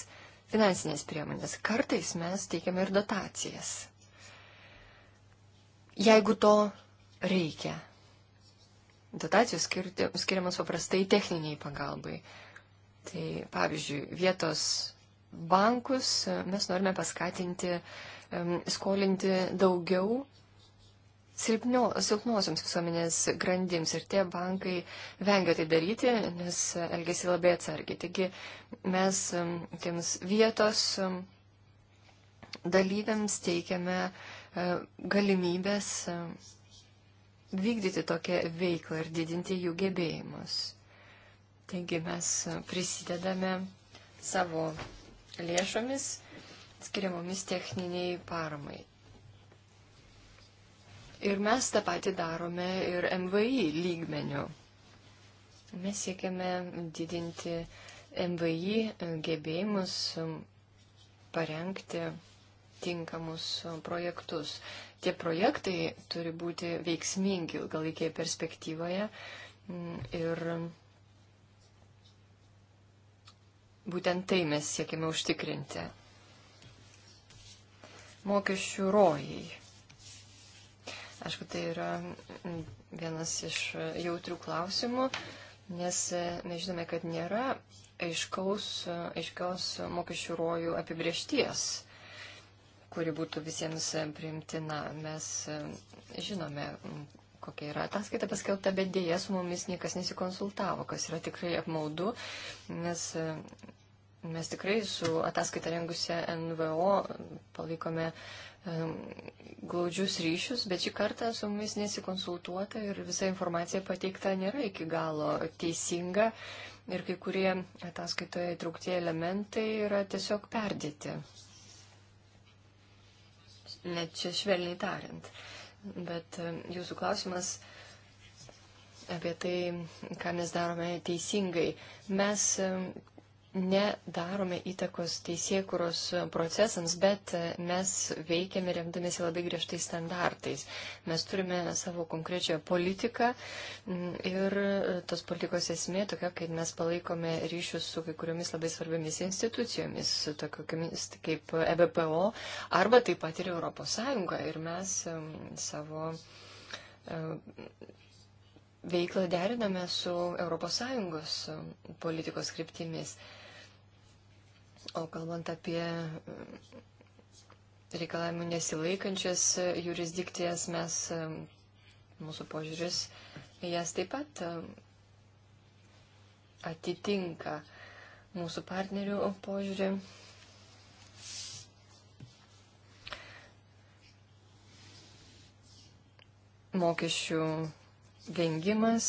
finansinės priemonės. Kartais mes teikiame ir dotacijas. Jeigu to reikia. Dotacijos skirti, skiriamas paprastai techniniai pagalbai. Tai pavyzdžiui, vietos bankus mes norime paskatinti skolinti daugiau silpnio, silpnosioms visuomenės grandims ir tie bankai vengia tai daryti, nes elgesi labai atsargiai. Taigi mes um, tiems vietos um, dalyviams teikiame e, galimybės e, vykdyti tokią veiklą ir didinti jų gebėjimus. Taigi mes e, prisidedame savo lėšomis skiriamomis techniniai paramai. Ir mes tą patį darome ir MVI lygmeniu. Mes siekiame didinti MVI gebėjimus parengti tinkamus projektus. Tie projektai turi būti veiksmingi ilgalaikėje perspektyvoje mm, ir būtent tai mes siekime užtikrinti. Mokesčių rojai. Aišku, tai yra vienas iš jautrių klausimų, nes mes žinome, kad nėra aiškaus, aiškios mokesčių rojų apibriešties, kuri būtų visiems priimtina. Mes žinome, kokia yra ataskaita paskelbta, bet dėja su mumis niekas nesikonsultavo, kas yra tikrai apmaudu, nes mes tikrai su ataskaita rengusią NVO palaikome glaudžius ryšius, bet šį kartą su mumis nesikonsultuota ir visa informacija pateikta nėra iki galo teisinga ir kai kurie ataskaitoje įtraukti elementai yra tiesiog perdėti. Net čia švelniai tariant. Bet jūsų klausimas apie tai, ką mes darome teisingai. Mes nedarome įtakos teisėkuros procesams, bet mes veikiame remdamėsi labai griežtai standartais. Mes turime savo konkrečią politiką ir tos politikos esmė tokia, kad mes palaikome ryšius su kai kuriomis labai svarbiamis institucijomis, tokiamis kaip EBPO arba taip pat ir ES. Ir mes savo veiklą deriname su ES politikos kryptimis. O kalbant apie mm, reikalavimų nesilaikančias e, jurisdikcijas, mes, e, mūsų požiūris, jas taip pat e, atitinka mūsų partnerių požiūrį. Mokesčių vengimas,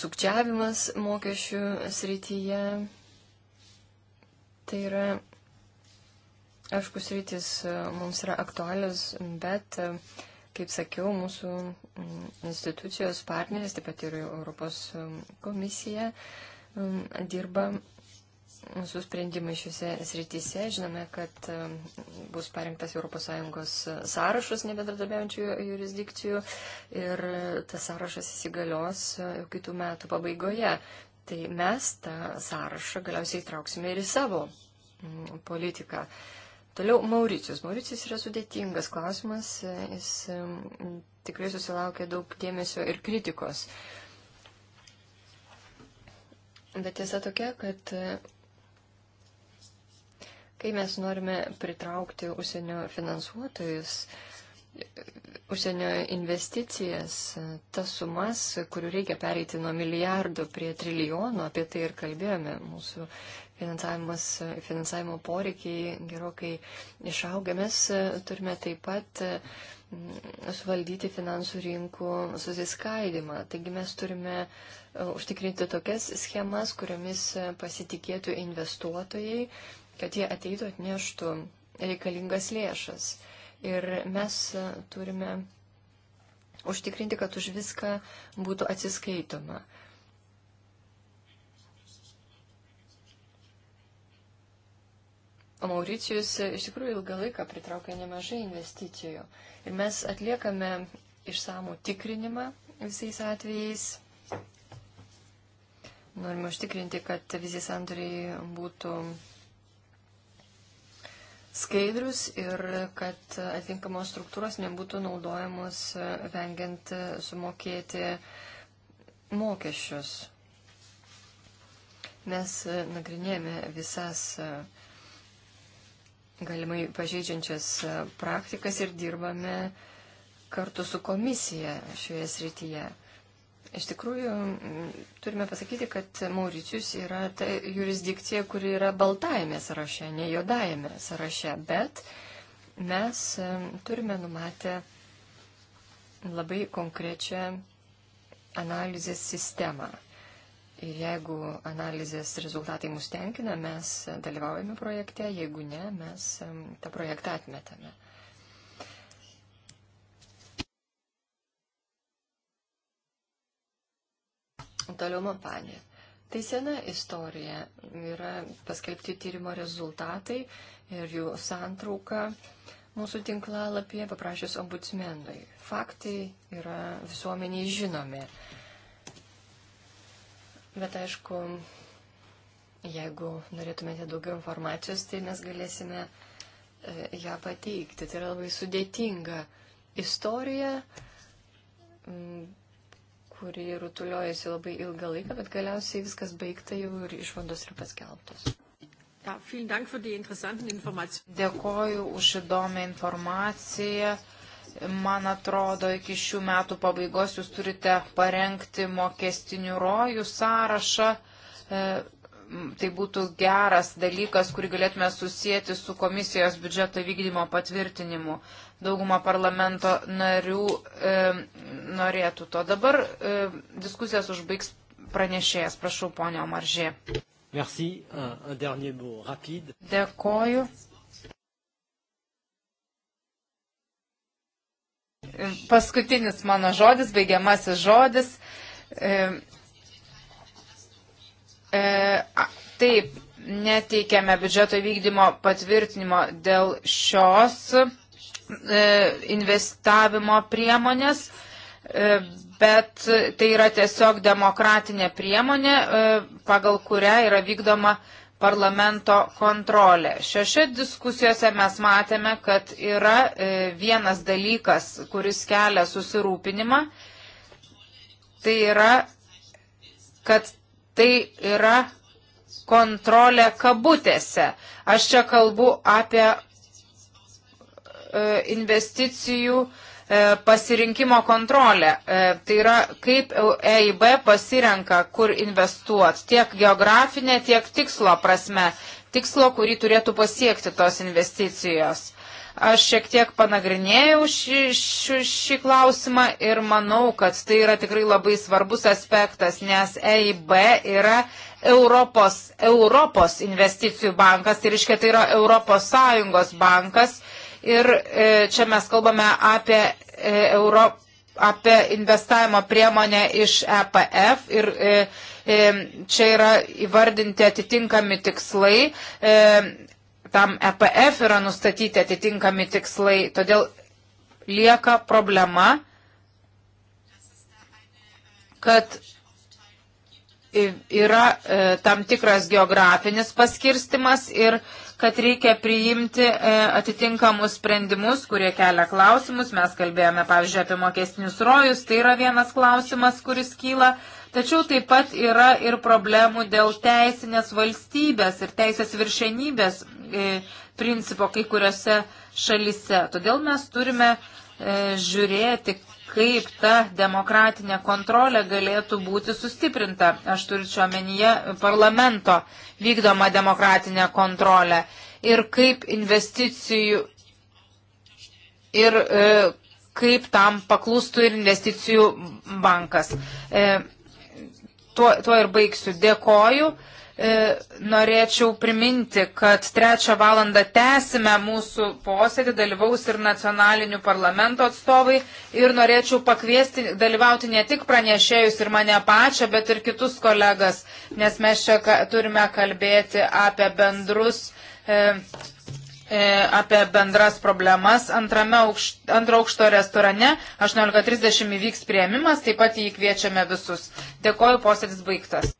sukčiavimas mokesčių srityje Tai yra, aišku, sritis e, mums yra aktualios, bet, e, kaip sakiau, mūsų mm, institucijos partneris, taip pat ir Europos e, komisija, dirba su sprendimai šiuose srityse. Žinome, kad bus parengtas ES sąrašas nebedradarbiaujančių jurisdikcijų ir tas sąrašas įsigalios kitų metų pabaigoje. Tai mes tą sąrašą galiausiai įtrauksime ir į savo mm, politiką. Toliau Mauricijus. Mauricijus yra sudėtingas klausimas, jis mm, tikrai susilaukė daug dėmesio ir kritikos. Bet tiesa tokia, kad kai mes norime pritraukti užsienio finansuotojus, uh, užsienio investicijas, tas sumas, kurių reikia pereiti nuo milijardų prie trilijonų, apie tai ir kalbėjome. Mūsų finansavimo poreikiai gerokai išaugę. Mes turime taip pat mm, suvaldyti finansų rinkų susiskaidimą. Taigi mes turime e, užtikrinti tokias schemas, kuriomis pasitikėtų investuotojai, kad jie ateitų atneštų reikalingas lėšas. Ir mes e, turime užtikrinti, kad už viską būtų atsiskaitoma. O Mauricijus e, iš tikrųjų ilgą laiką pritraukė nemažai investicijų. Ir mes atliekame išsamų tikrinimą visais atvejais. Norime užtikrinti, kad visi sandoriai būtų skaidrus ir kad atitinkamos struktūros nebūtų naudojamos e, vengiant e, sumokėti mokesčius. Mes e, nagrinėjame visas galimai pažeidžiančias praktikas ir dirbame kartu su komisija šioje srityje. Iš tikrųjų, mm, turime pasakyti, kad Mauricius yra ta jurisdikcija, kuri yra baltajame sąraše, ne juodajame sąraše, bet mes mm, turime numatę labai konkrečią analizės sistemą. Ir jeigu analizės rezultatai mus tenkina, mes dalyvaujame projekte, jeigu ne, mes mm, tą projektą atmetame. Toliau Mampanė. Tai sena istorija. Yra paskelbti tyrimo rezultatai ir jų santrauka mūsų tinklalapyje paprašius ombudsmenui. Faktai yra visuomeniai žinomi. Bet aišku, jeigu norėtumėte daugiau informacijos, tai mes galėsime e, ją pateikti. Tai yra labai sudėtinga istorija mm, kuri rutuliojasi labai ilgą laiką, bet galiausiai viskas baigta jau ir išvados ir paskelbtos. Ja, Dėkoju už įdomią informaciją. Man atrodo, iki šių metų pabaigos jūs turite parengti mokestinių rojų sąrašą. E, tai būtų geras dalykas, kurį galėtume susijęti su komisijos biudžeto vykdymo patvirtinimu. Dauguma parlamento narių e, norėtų to. Dabar e, diskusijas užbaigs pranešėjas. Prašau, ponio Maržė. Merci, un, un dernier mot rapide. Dėkoju. Paskutinis mano žodis, baigiamasis žodis. E, E, taip, neteikėme biudžeto vykdymo patvirtinimo dėl šios e, investavimo priemonės, e, bet tai yra tiesiog demokratinė priemonė, pagal kurią yra vykdoma parlamento kontrolė. Šiose diskusijose mes matėme, kad yra vienas dalykas, kuris kelia susirūpinimą. Tai yra, kad tai yra kontrolė kabutėse. Aš čia kalbu apie e, investicijų e, pasirinkimo kontrolė. E, tai yra, kaip EIB pasirenka, kur investuot, tiek geografinė, tiek tikslo prasme, tikslo, kurį turėtų pasiekti tos investicijos. Aš šiek tiek panagrinėjau šį, šį, šį klausimą ir manau, kad tai yra tikrai labai svarbus aspektas, nes EIB yra Europos, Europos investicijų bankas, tai reiškia, tai yra Europos Sąjungos bankas. Ir e, čia mes kalbame apie, e, Euro, apie investavimo priemonę iš EPF. Ir, e, e, čia yra įvardinti atitinkami tikslai. E, tam EPF yra nustatyti atitinkami tikslai, todėl lieka problema, kad yra e, tam tikras geografinis paskirstimas ir kad reikia priimti e, atitinkamus sprendimus, kurie kelia klausimus. Mes kalbėjome, pavyzdžiui, apie mokestinius rojus, tai yra vienas klausimas, kuris kyla. Tačiau taip pat yra ir problemų dėl teisinės valstybės ir teisės viršenybės E, principo kai kuriuose šalise. Todėl mes turime e, žiūrėti, kaip ta demokratinė kontrolė galėtų būti sustiprinta. Aš turiu čia omenyje parlamento vykdomą demokratinę kontrolę ir kaip investicijų ir e, kaip tam paklūstų ir investicijų bankas. E, tuo, tuo ir baigsiu. Dėkoju. E, norėčiau priminti, kad trečią valandą tęsime mūsų posėdį, dalyvaus ir nacionalinių parlamento atstovai ir norėčiau pakviesti dalyvauti ne tik pranešėjus ir mane pačią, bet ir kitus kolegas, nes mes čia turime kalbėti apie bendrus. E, e apie bendras problemas. Antrame aukšt, antro aukšto restorane 18.30 įvyks prieimimas, taip pat jį kviečiame visus. Dėkoju, posėdis baigtas.